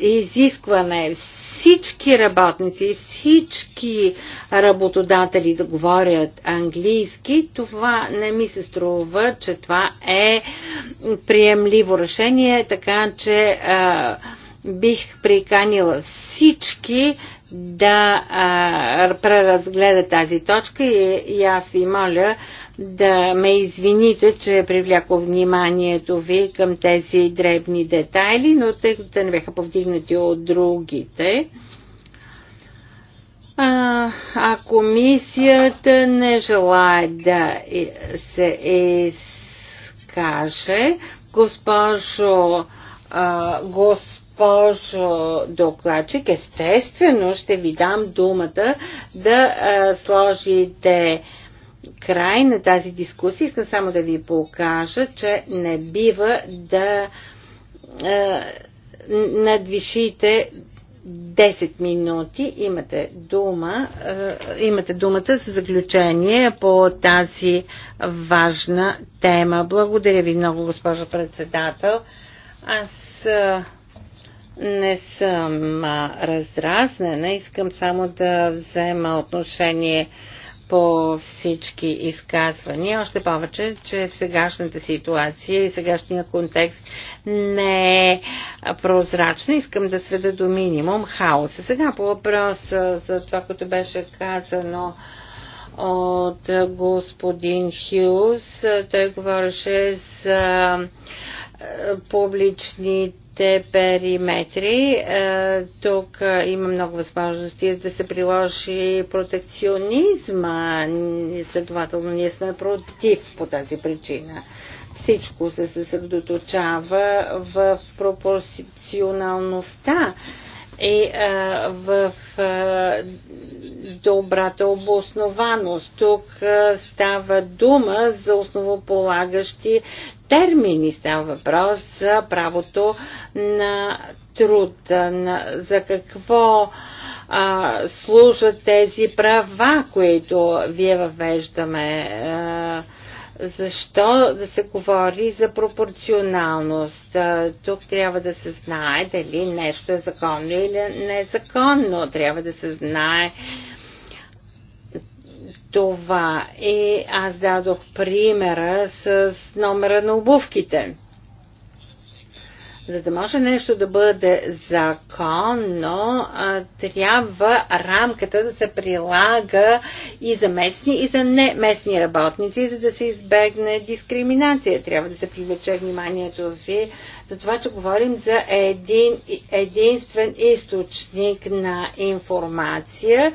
изискване всички работници, всички работодатели да говорят английски, това не ми се струва, че това е приемливо решение, така че а, бих приканила всички да а, преразгледа тази точка и, и аз ви моля да ме извините, че привляко вниманието ви към тези дребни детайли, но тъй като те не бяха повдигнати от другите, а, а комисията не желая да се изкаже, госпожо, а, госпожо докладчик, естествено ще ви дам думата да а, сложите а, край на тази дискусия искам само да ви покажа, че не бива да е, надвишите 10 минути. Имате, дума, е, имате думата за заключение по тази важна тема. Благодаря ви много, госпожа председател. Аз е, не съм раздразнена. Искам само да взема отношение по всички изказвания, още повече, че в сегашната ситуация и сегашния контекст не е прозрачна. Искам да сведа до минимум хаоса. Сега по въпроса за това, което беше казано от господин Хюз. Той говореше за публичните. Те периметри. Е, тук е, има много възможности да се приложи протекционизма. Следователно, ние сме против по тази причина. Всичко се съсредоточава в пропорционалността и е, в добрата обоснованост. Тук става дума за основополагащи термини. Става въпрос за правото на труд, на, за какво а, служат тези права, които вие въвеждаме. А, защо да се говори за пропорционалност? Тук трябва да се знае дали нещо е законно или незаконно. Трябва да се знае това. И е, аз дадох примера с номера на обувките. За да може нещо да бъде законно, трябва рамката да се прилага и за местни, и за неместни работници, за да се избегне дискриминация. Трябва да се привлече вниманието ви за това, че говорим за един единствен източник на информация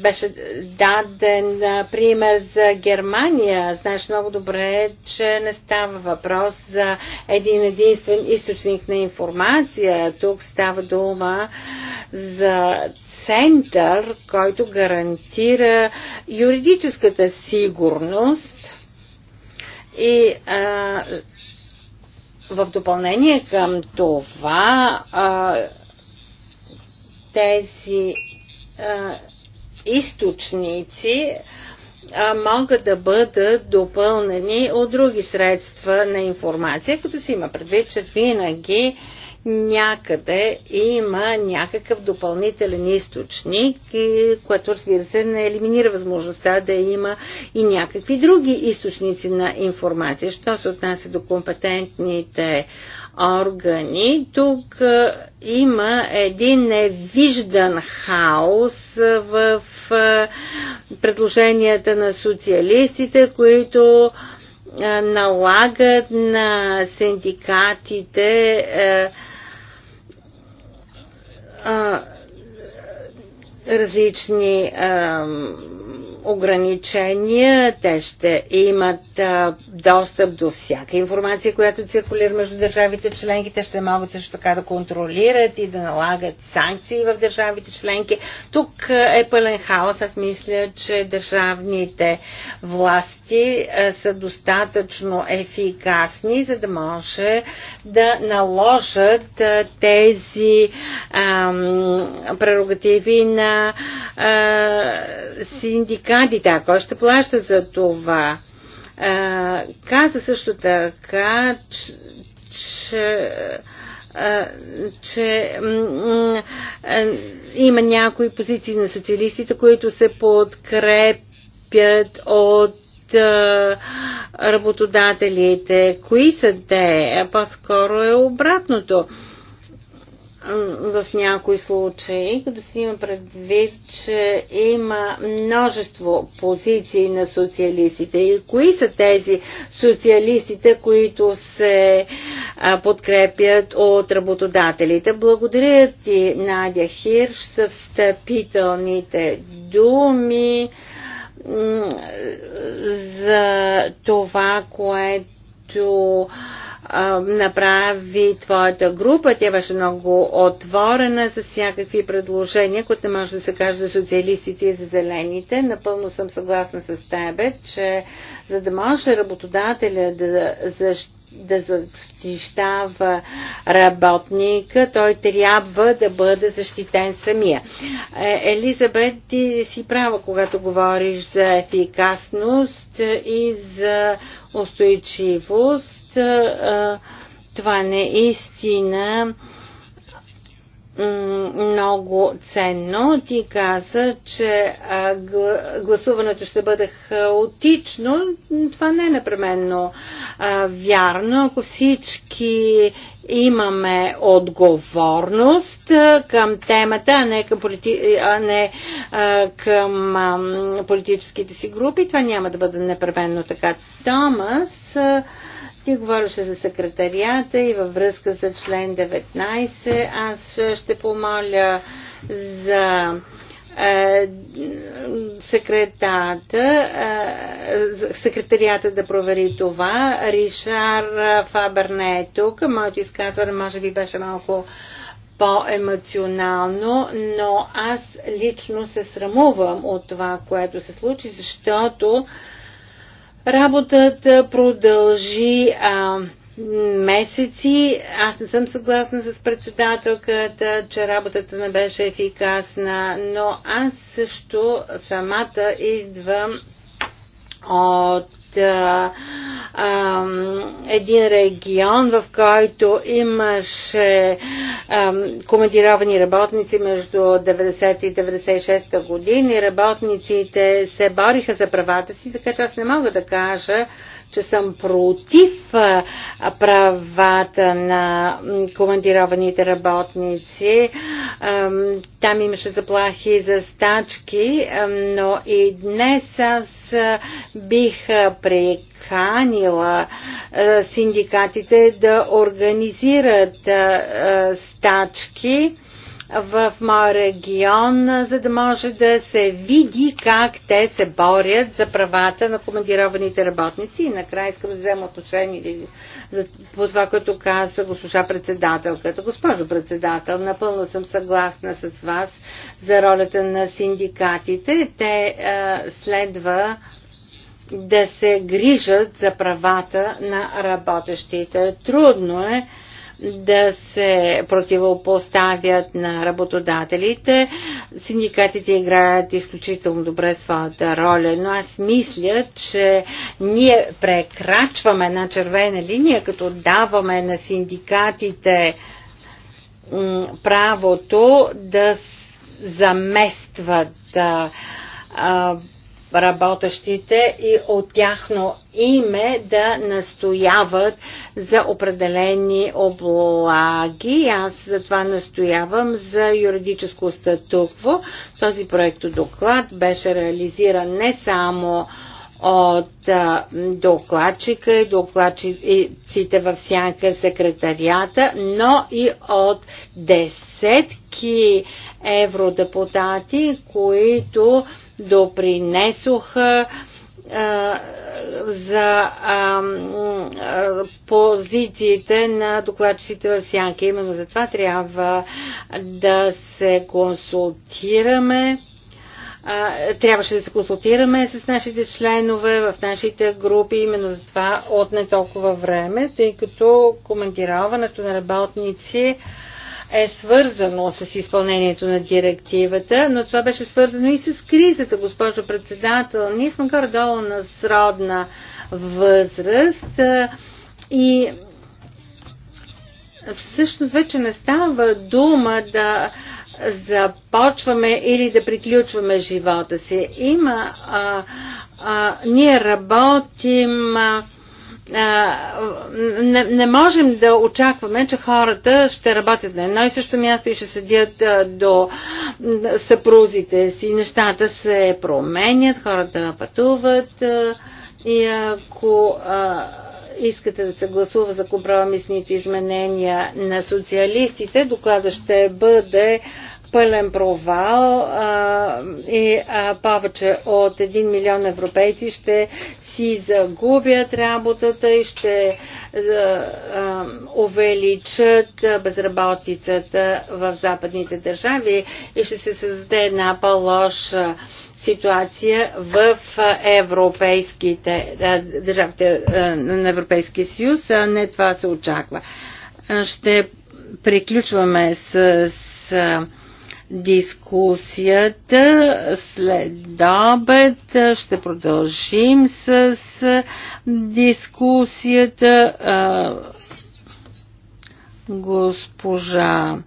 беше даден пример за Германия. Знаеш много добре, че не става въпрос за един единствен източник на информация. Тук става дума за център, който гарантира юридическата сигурност и а, в допълнение към това а, тези източници а, могат да бъдат допълнени от други средства на информация, като се има предвид, че винаги някъде има някакъв допълнителен източник, което разбира се не елиминира възможността да има и някакви други източници на информация. Що се отнася до компетентните органи. Тук има един невиждан хаос в предложенията на социалистите, които налагат на синдикатите различни ограничения, те ще имат а, достъп до всяка информация, която циркулира между държавите членки, те ще могат също така да контролират и да налагат санкции в държавите членки. Тук е пълен хаос. Аз мисля, че държавните власти а, са достатъчно ефикасни, за да може да наложат а, тези а, прерогативи на а, синдикати синдикатите, а кой ще плаща за това? А, каза също така, че, че че има някои позиции на социалистите, които се подкрепят от работодателите. Кои са те? По-скоро е обратното в някои случаи, като си има предвид, че има множество позиции на социалистите. И кои са тези социалистите, които се подкрепят от работодателите? Благодаря ти, Надя Хирш, за встъпителните думи за това, което направи твоята група. Тя беше много отворена с всякакви предложения, които може да се каже за социалистите и за зелените. Напълно съм съгласна с тебе, че за да може работодателя да защити да защищава работника, той трябва да бъде защитен самия. Е, Елизабет, ти си права, когато говориш за ефикасност и за устойчивост това наистина е много ценно. Ти каза, че гласуването ще бъде хаотично. Това не е непременно вярно. Ако всички имаме отговорност към темата, а не към, полити... а не, а, към а, политическите си групи, това няма да бъде непременно така. Томас. А, ти говореше за секретарията и във връзка за член 19. Аз ще помоля за е, секретата, е, секретарията да провери това. Ришар Фабер не е тук. Моето изказване може би беше малко по-емоционално, но аз лично се срамувам от това, което се случи, защото Работата продължи а, месеци. Аз не съм съгласна с председателката, че работата не беше ефикасна, но аз също самата идвам от а, а, един регион, в който имаше командировани работници между 90 и 96 години. Работниците се бориха за правата си, така че аз не мога да кажа, че съм против правата на командированите работници. Там имаше заплахи за стачки, но и днес аз бих приканила синдикатите да организират стачки в моя регион, за да може да се види как те се борят за правата на командированите работници. И накрая искам да взема отношение за, по това, което каза госпожа председателката. Госпожо председател, напълно съм съгласна с вас за ролята на синдикатите. Те а, следва да се грижат за правата на работещите. Трудно е да се противопоставят на работодателите. Синдикатите играят изключително добре своята роля, но аз мисля, че ние прекрачваме една червена линия, като даваме на синдикатите правото да заместват а, работещите и от тяхно име да настояват за определени облаги. Аз затова настоявам за юридическо статукво. Този проект доклад беше реализиран не само от докладчика и докладчиците в сянка секретарията, но и от десетки евродепутати, които допринесоха за а, а, позициите на докладчиците в Сянка. Именно за това трябва да се консултираме. А, трябваше да се консултираме с нашите членове в нашите групи, именно за това отне толкова време, тъй като коментироването на работници а, е свързано с изпълнението на директивата, но това беше свързано и с кризата, госпожо председател. Ние сме горе-долу на сродна възраст и всъщност вече не става дума да започваме или да приключваме живота си. Има, а, а, ние работим а, не, не можем да очакваме, че хората ще работят на едно и също място и ще седят до съпрузите си. Нещата се променят, хората пътуват и ако искате да се гласува за компромисните изменения на социалистите, доклада ще бъде пълен провал а, и а, повече от 1 милион европейци ще си загубят работата и ще а, а, увеличат безработицата в западните държави и ще се създаде една по-лоша ситуация в европейските държавите на Европейския съюз, а не това се очаква. Ще приключваме с, с дискусията. След обед ще продължим с дискусията. Госпожа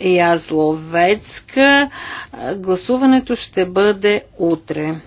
Язловецка. Гласуването ще бъде утре.